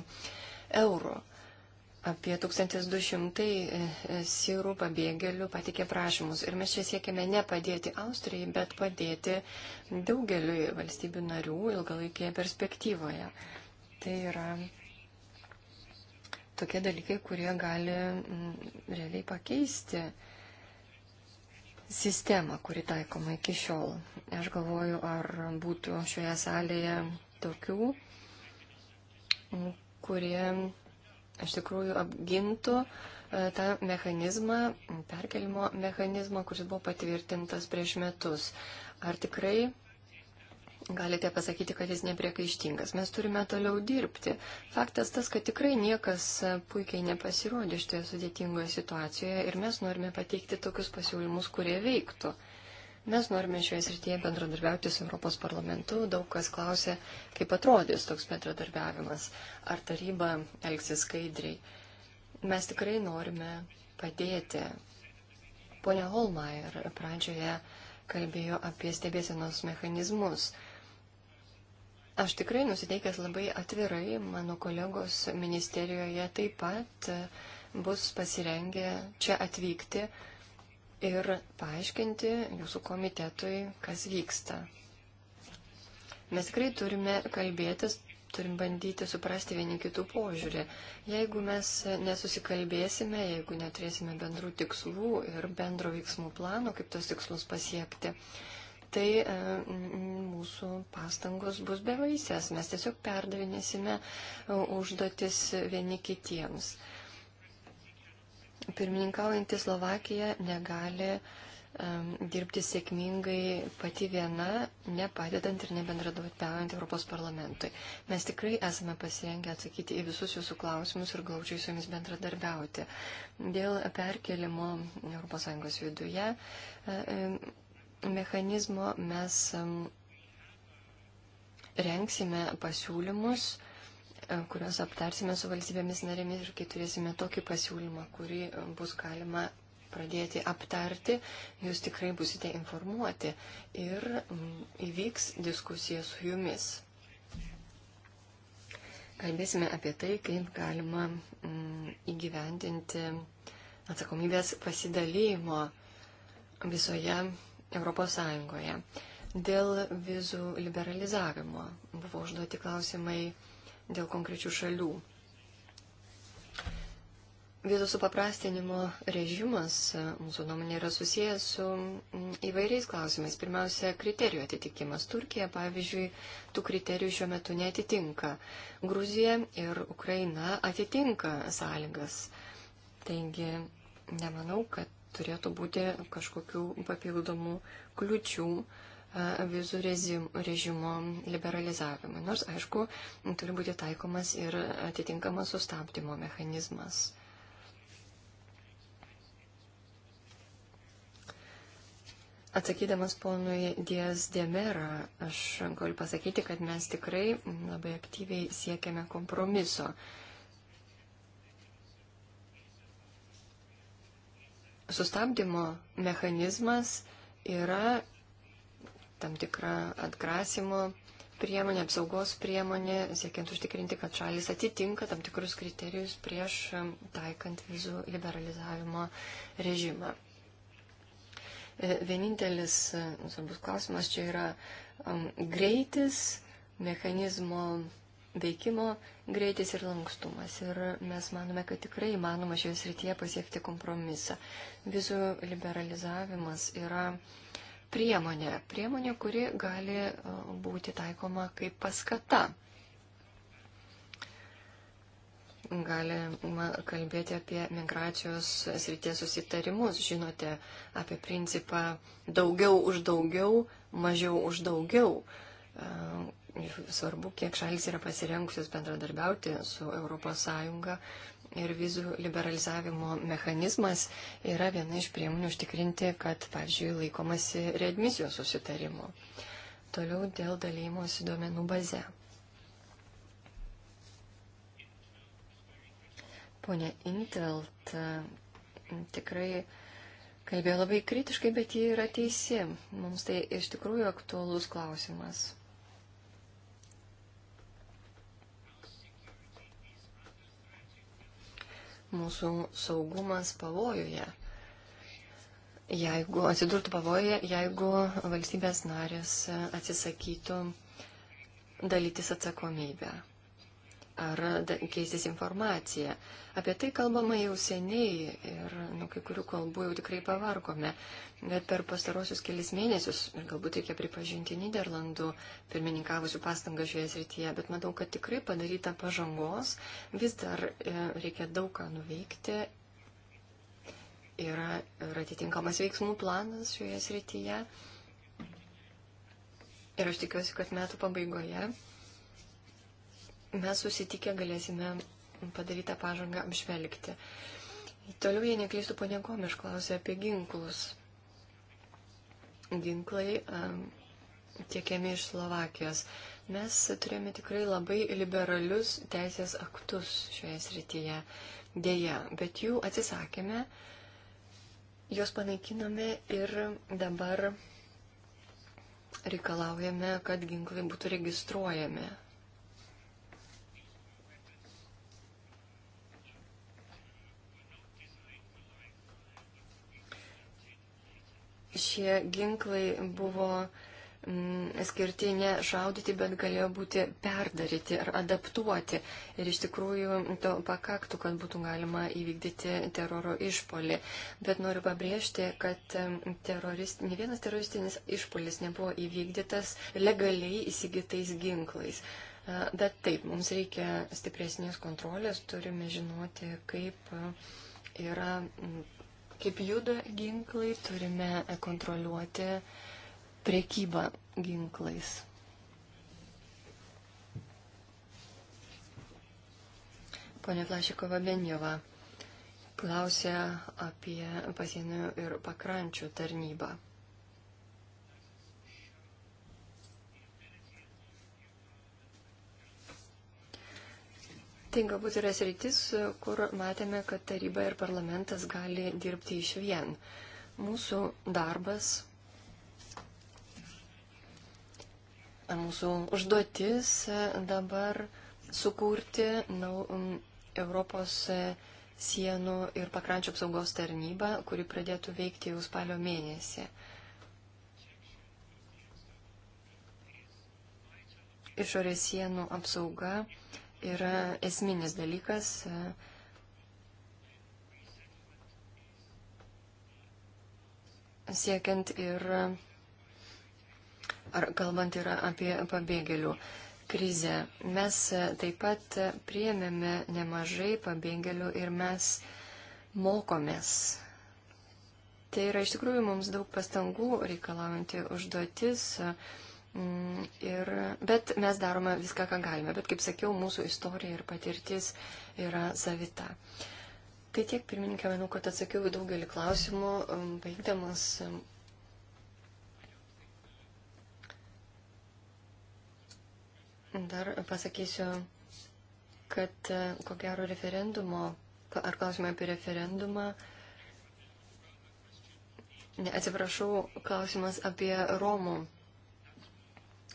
eurų. Apie 1200 sirų pabėgėlių patikė prašymus. Ir mes čia siekime ne padėti Austrijai, bet padėti daugeliui valstybių narių ilgalaikėje perspektyvoje. Tai yra tokie dalykai, kurie gali mm, realiai pakeisti sistemą, kuri taikoma iki šiol. Aš galvoju, ar būtų šioje salėje tokių, mm, kurie iš tikrųjų apgintų e, tą mechanizmą, perkelimo mechanizmą, kuris buvo patvirtintas prieš metus. Ar tikrai galite pasakyti, kad jis nepriekaištingas. Mes turime toliau dirbti. Faktas tas, kad tikrai niekas e, puikiai nepasirodė šitoje sudėtingoje situacijoje ir mes norime pateikti tokius pasiūlymus, kurie veiktų. Mes norime šioje srityje bendradarbiauti su Europos parlamentu. Daug kas klausė, kaip atrodys toks bendradarbiavimas, ar taryba elgsis skaidriai. Mes tikrai norime padėti. Pone Holmaier pradžioje kalbėjo apie stebėsenos mechanizmus. Aš tikrai nusiteikęs labai atvirai, mano kolegos ministerijoje taip pat e, bus pasirengę čia atvykti ir paaiškinti jūsų komitetui, kas vyksta. Mes tikrai turime kalbėtis, turim bandyti suprasti vieni kitų požiūrį. Jeigu mes nesusikalbėsime, jeigu neturėsime bendrų tikslų ir bendro veiksmų plano, kaip tos tikslus pasiekti, tai e, mūsų pastangos bus bevaisės. Mes tiesiog perdavinėsime e, užduotis vieni kitiems. Pirmininkaujantį Slovakiją negali e, dirbti sėkmingai pati viena, nepadedant ir nebendradarbiaujant Europos parlamentui. Mes tikrai esame pasirengę atsakyti į visus jūsų klausimus ir glaučiai su jumis bendradarbiauti. Dėl perkelimo ES viduje mechanizmo mes rengsime pasiūlymus, e, kuriuos aptarsime su valstybėmis narėmis ir kai turėsime tokį pasiūlymą, kurį e, bus galima pradėti aptarti, jūs tikrai busite informuoti ir įvyks diskusija su jumis. Kalbėsime apie tai, kaip galima įgyvendinti atsakomybės pasidalymo visoje ES. Dėl vizų liberalizavimo buvo užduoti klausimai dėl konkrečių šalių. Vizų supaprastinimo režimas, e, mūsų nuomonė, yra susijęs su įvairiais klausimais. Pirmiausia, kriterijų atitikimas. Turkija, pavyzdžiui, tų kriterijų šiuo metu netitinka. Gruzija ir Ukraina atitinka sąlygas. Taigi, nemanau, kad turėtų būti kažkokių papildomų kliučių e, vizų režimo liberalizavimui. Nors, aišku, turi būti taikomas ir atitinkamas sustabdymo mechanizmas. Atsakydamas ponui Dies Demera, aš galiu pasakyti, kad mes tikrai labai aktyviai siekiame kompromiso sustabdymo mechanizmas yra tam tikra atgrasimo priemonė, apsaugos priemonė, siekiant užtikrinti, kad šalis atitinka tam tikrus kriterijus prieš um, taikant vizų liberalizavimo režimą. E, vienintelis e, svarbus klausimas čia yra um, greitis, mechanizmo veikimo greitis ir lankstumas. Ir mes manome, kad tikrai įmanoma šioje srityje pasiekti kompromisą. Vizų liberalizavimas yra priemonė, priemonė, kuri gali e, būti taikoma kaip paskata. Galima kalbėti apie migracijos srities susitarimus. Žinote apie principą daugiau už daugiau, mažiau už daugiau e, Svarbu, kiek šalis yra pasirengusios bendradarbiauti su ES ir vizų liberalizavimo mechanizmas yra viena iš priemonių užtikrinti, kad, pavyzdžiui, laikomasi readmisijos susitarimo. Toliau dėl dalymosi duomenų baze. Pone Intelt tikrai kalbėjo labai kritiškai, bet ji yra teisi. Mums tai iš tikrųjų aktuolus klausimas. mūsų saugumas pavojuje. Jeigu atsidurtų pavojuje, jeigu valstybės narės atsisakytų dalytis atsakomybę ar keistis informacija. Apie tai kalbama jau seniai ir nuo kai kurių kalbų jau tikrai pavargome, bet per pastarosius kelis mėnesius, ir galbūt reikia pripažinti Niderlandų pirmininkavusių pastangą šioje srityje, bet matau, kad tikrai padaryta pažangos, vis dar e, reikia daug ką nuveikti. Yra ir atitinkamas veiksmų planas šioje srityje. Ir aš tikiuosi, kad metų pabaigoje mes susitikę galėsime padarytą pažangą apžvelgti. Toliau, jei neklystu, ponė Komiš klausė apie ginklus. Ginklai um, tiekiami iš Slovakijos. Mes turėjome tikrai labai liberalius teisės aktus šioje srityje. Deja, bet jų atsisakėme, juos panaikinome ir dabar reikalaujame, kad ginklai būtų registruojami šie ginklai buvo mm, skirti ne šaudyti, bet galėjo būti perdaryti ar adaptuoti. Ir iš tikrųjų to pakaktų, kad būtų galima įvykdyti teroro išpolį. Bet noriu pabrėžti, kad mm, terorist, ne vienas teroristinis išpolis nebuvo įvykdytas legaliai įsigytais ginklais. Bet taip, mums reikia stipresnės kontrolės, turime žinoti, kaip yra mm, kaip juda ginklai, turime kontroliuoti priekybą ginklais. Pone Plašikova Benjova klausė apie pasienio ir pakrančių tarnybą. Tai galbūt yra sritis, kur matėme, kad taryba ir parlamentas gali dirbti iš vien. Mūsų darbas, mūsų užduotis dabar sukurti nau, Europos sienų ir pakrančio apsaugos tarnybą, kuri pradėtų veikti jau spalio mėnesį. Išorės sienų apsauga yra esminis dalykas. E, siekiant ir, ar kalbant yra apie pabėgėlių krizę, mes e, taip pat priemėme nemažai pabėgėlių ir mes mokomės. Tai yra iš tikrųjų mums daug pastangų reikalaujanti užduotis. Uh, Mm, ir, bet mes darome viską, ką galime. Bet, kaip sakiau, mūsų istorija ir patirtis yra savita. Tai tiek, pirmininkė, manau, kad atsakiau į daugelį klausimų, um, baigdamas. Um, dar pasakysiu, kad e, ko gero referendumo, ar klausimai apie referendumą, ne, atsiprašau, klausimas apie Romų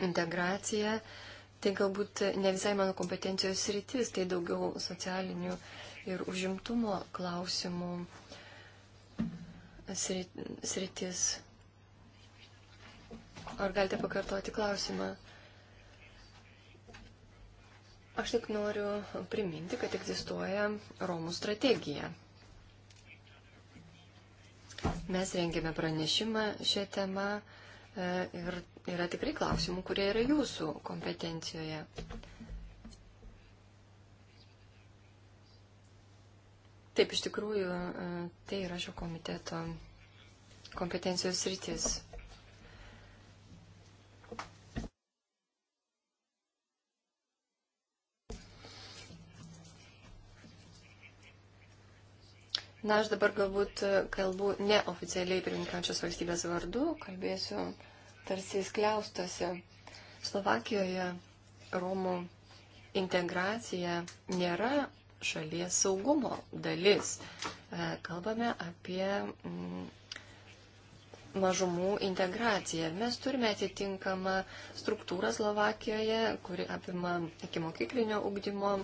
integracija, tai galbūt ne visai mano kompetencijos rytis, tai daugiau socialinių ir užimtumo klausimų sritis. Ar galite pakartoti klausimą? Aš tik noriu priminti, kad egzistuoja Romų strategija. Mes rengėme pranešimą šią temą e, ir yra tikrai klausimų, kurie yra jūsų kompetencijoje. Taip, iš tikrųjų, e, tai yra šio komiteto kompetencijos rytis. Na, aš dabar galbūt e, kalbu neoficialiai pirmininkančios valstybės vardu, kalbėsiu tarsi skliaustuose. Slovakijoje Romų integracija nėra šalies saugumo dalis. E, kalbame apie mm, mažumų integraciją. Mes turime atitinkamą struktūrą Slovakijoje, kuri apima iki mokyklinio ugdymo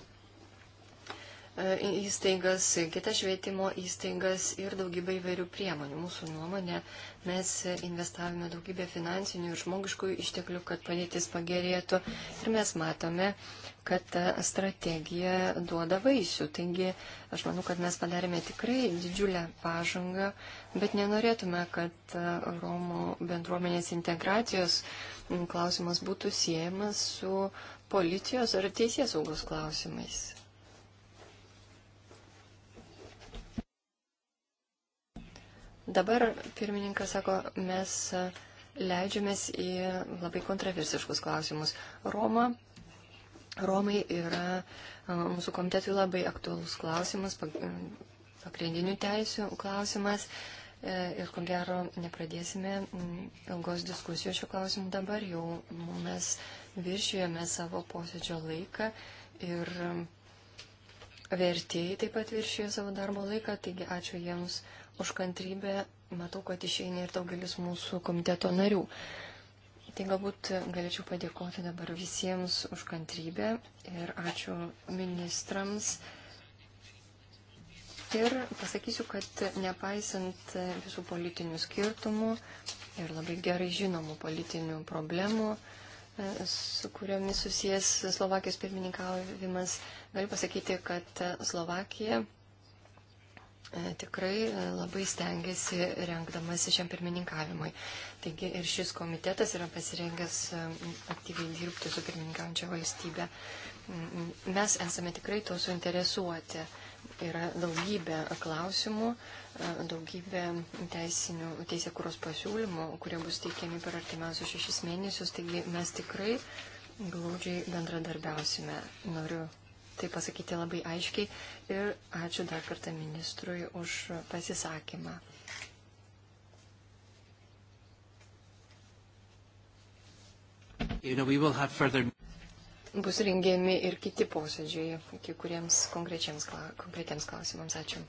E, įstaigas, kitas švietimo įstaigas ir daugybę įvairių priemonių. Mūsų nuomonė, mes investavome daugybę finansinių ir žmogiškųjų išteklių, kad padėtis pagerėtų ir mes matome, kad ta strategija duoda vaisių. Taigi aš manau, kad mes padarėme tikrai didžiulę pažangą, bet nenorėtume, kad e, Romų bendruomenės integracijos klausimas būtų siejamas su policijos ar teisės saugos klausimais. Dabar pirmininkas sako, mes e, leidžiamės į labai kontroversiškus klausimus. Roma, Romai yra e, mūsų komitetui labai aktualus klausimas, e, pagrindinių teisių klausimas. Ir ko gero nepradėsime ilgos diskusijos šiuo klausimu dabar, jau mes viršijome savo posėdžio laiką ir vertėjai taip pat viršijo savo darbo laiką, taigi ačiū jiems už kantrybę. Matau, kad išeina ir daugelis mūsų komiteto narių. Tai galbūt galėčiau padėkoti dabar visiems už kantrybę ir ačiū ministrams. Ir pasakysiu, kad nepaisant visų politinių skirtumų ir labai gerai žinomų politinių problemų, e, su kuriomis susijęs Slovakijos pirmininkavimas, galiu pasakyti, kad Slovakija E, tikrai e, labai stengiasi renkdamasi šiam pirmininkavimui. Taigi ir šis komitetas yra pasirengęs e, aktyviai dirbti su pirmininkaujančia valstybė. Mes esame tikrai to suinteresuoti. Yra daugybė klausimų, daugybė teisinių, teisėkuros pasiūlymų, kurie bus teikiami per artimiausius šešis mėnesius. Taigi mes tikrai glaudžiai bendradarbiausime. Noriu tai pasakyti labai aiškiai. Ir ačiū dar kartą ministrui už pasisakymą. You know, further... Bus rengiami ir kiti posėdžiai, kuriems konkretiems klausimams. Ačiū.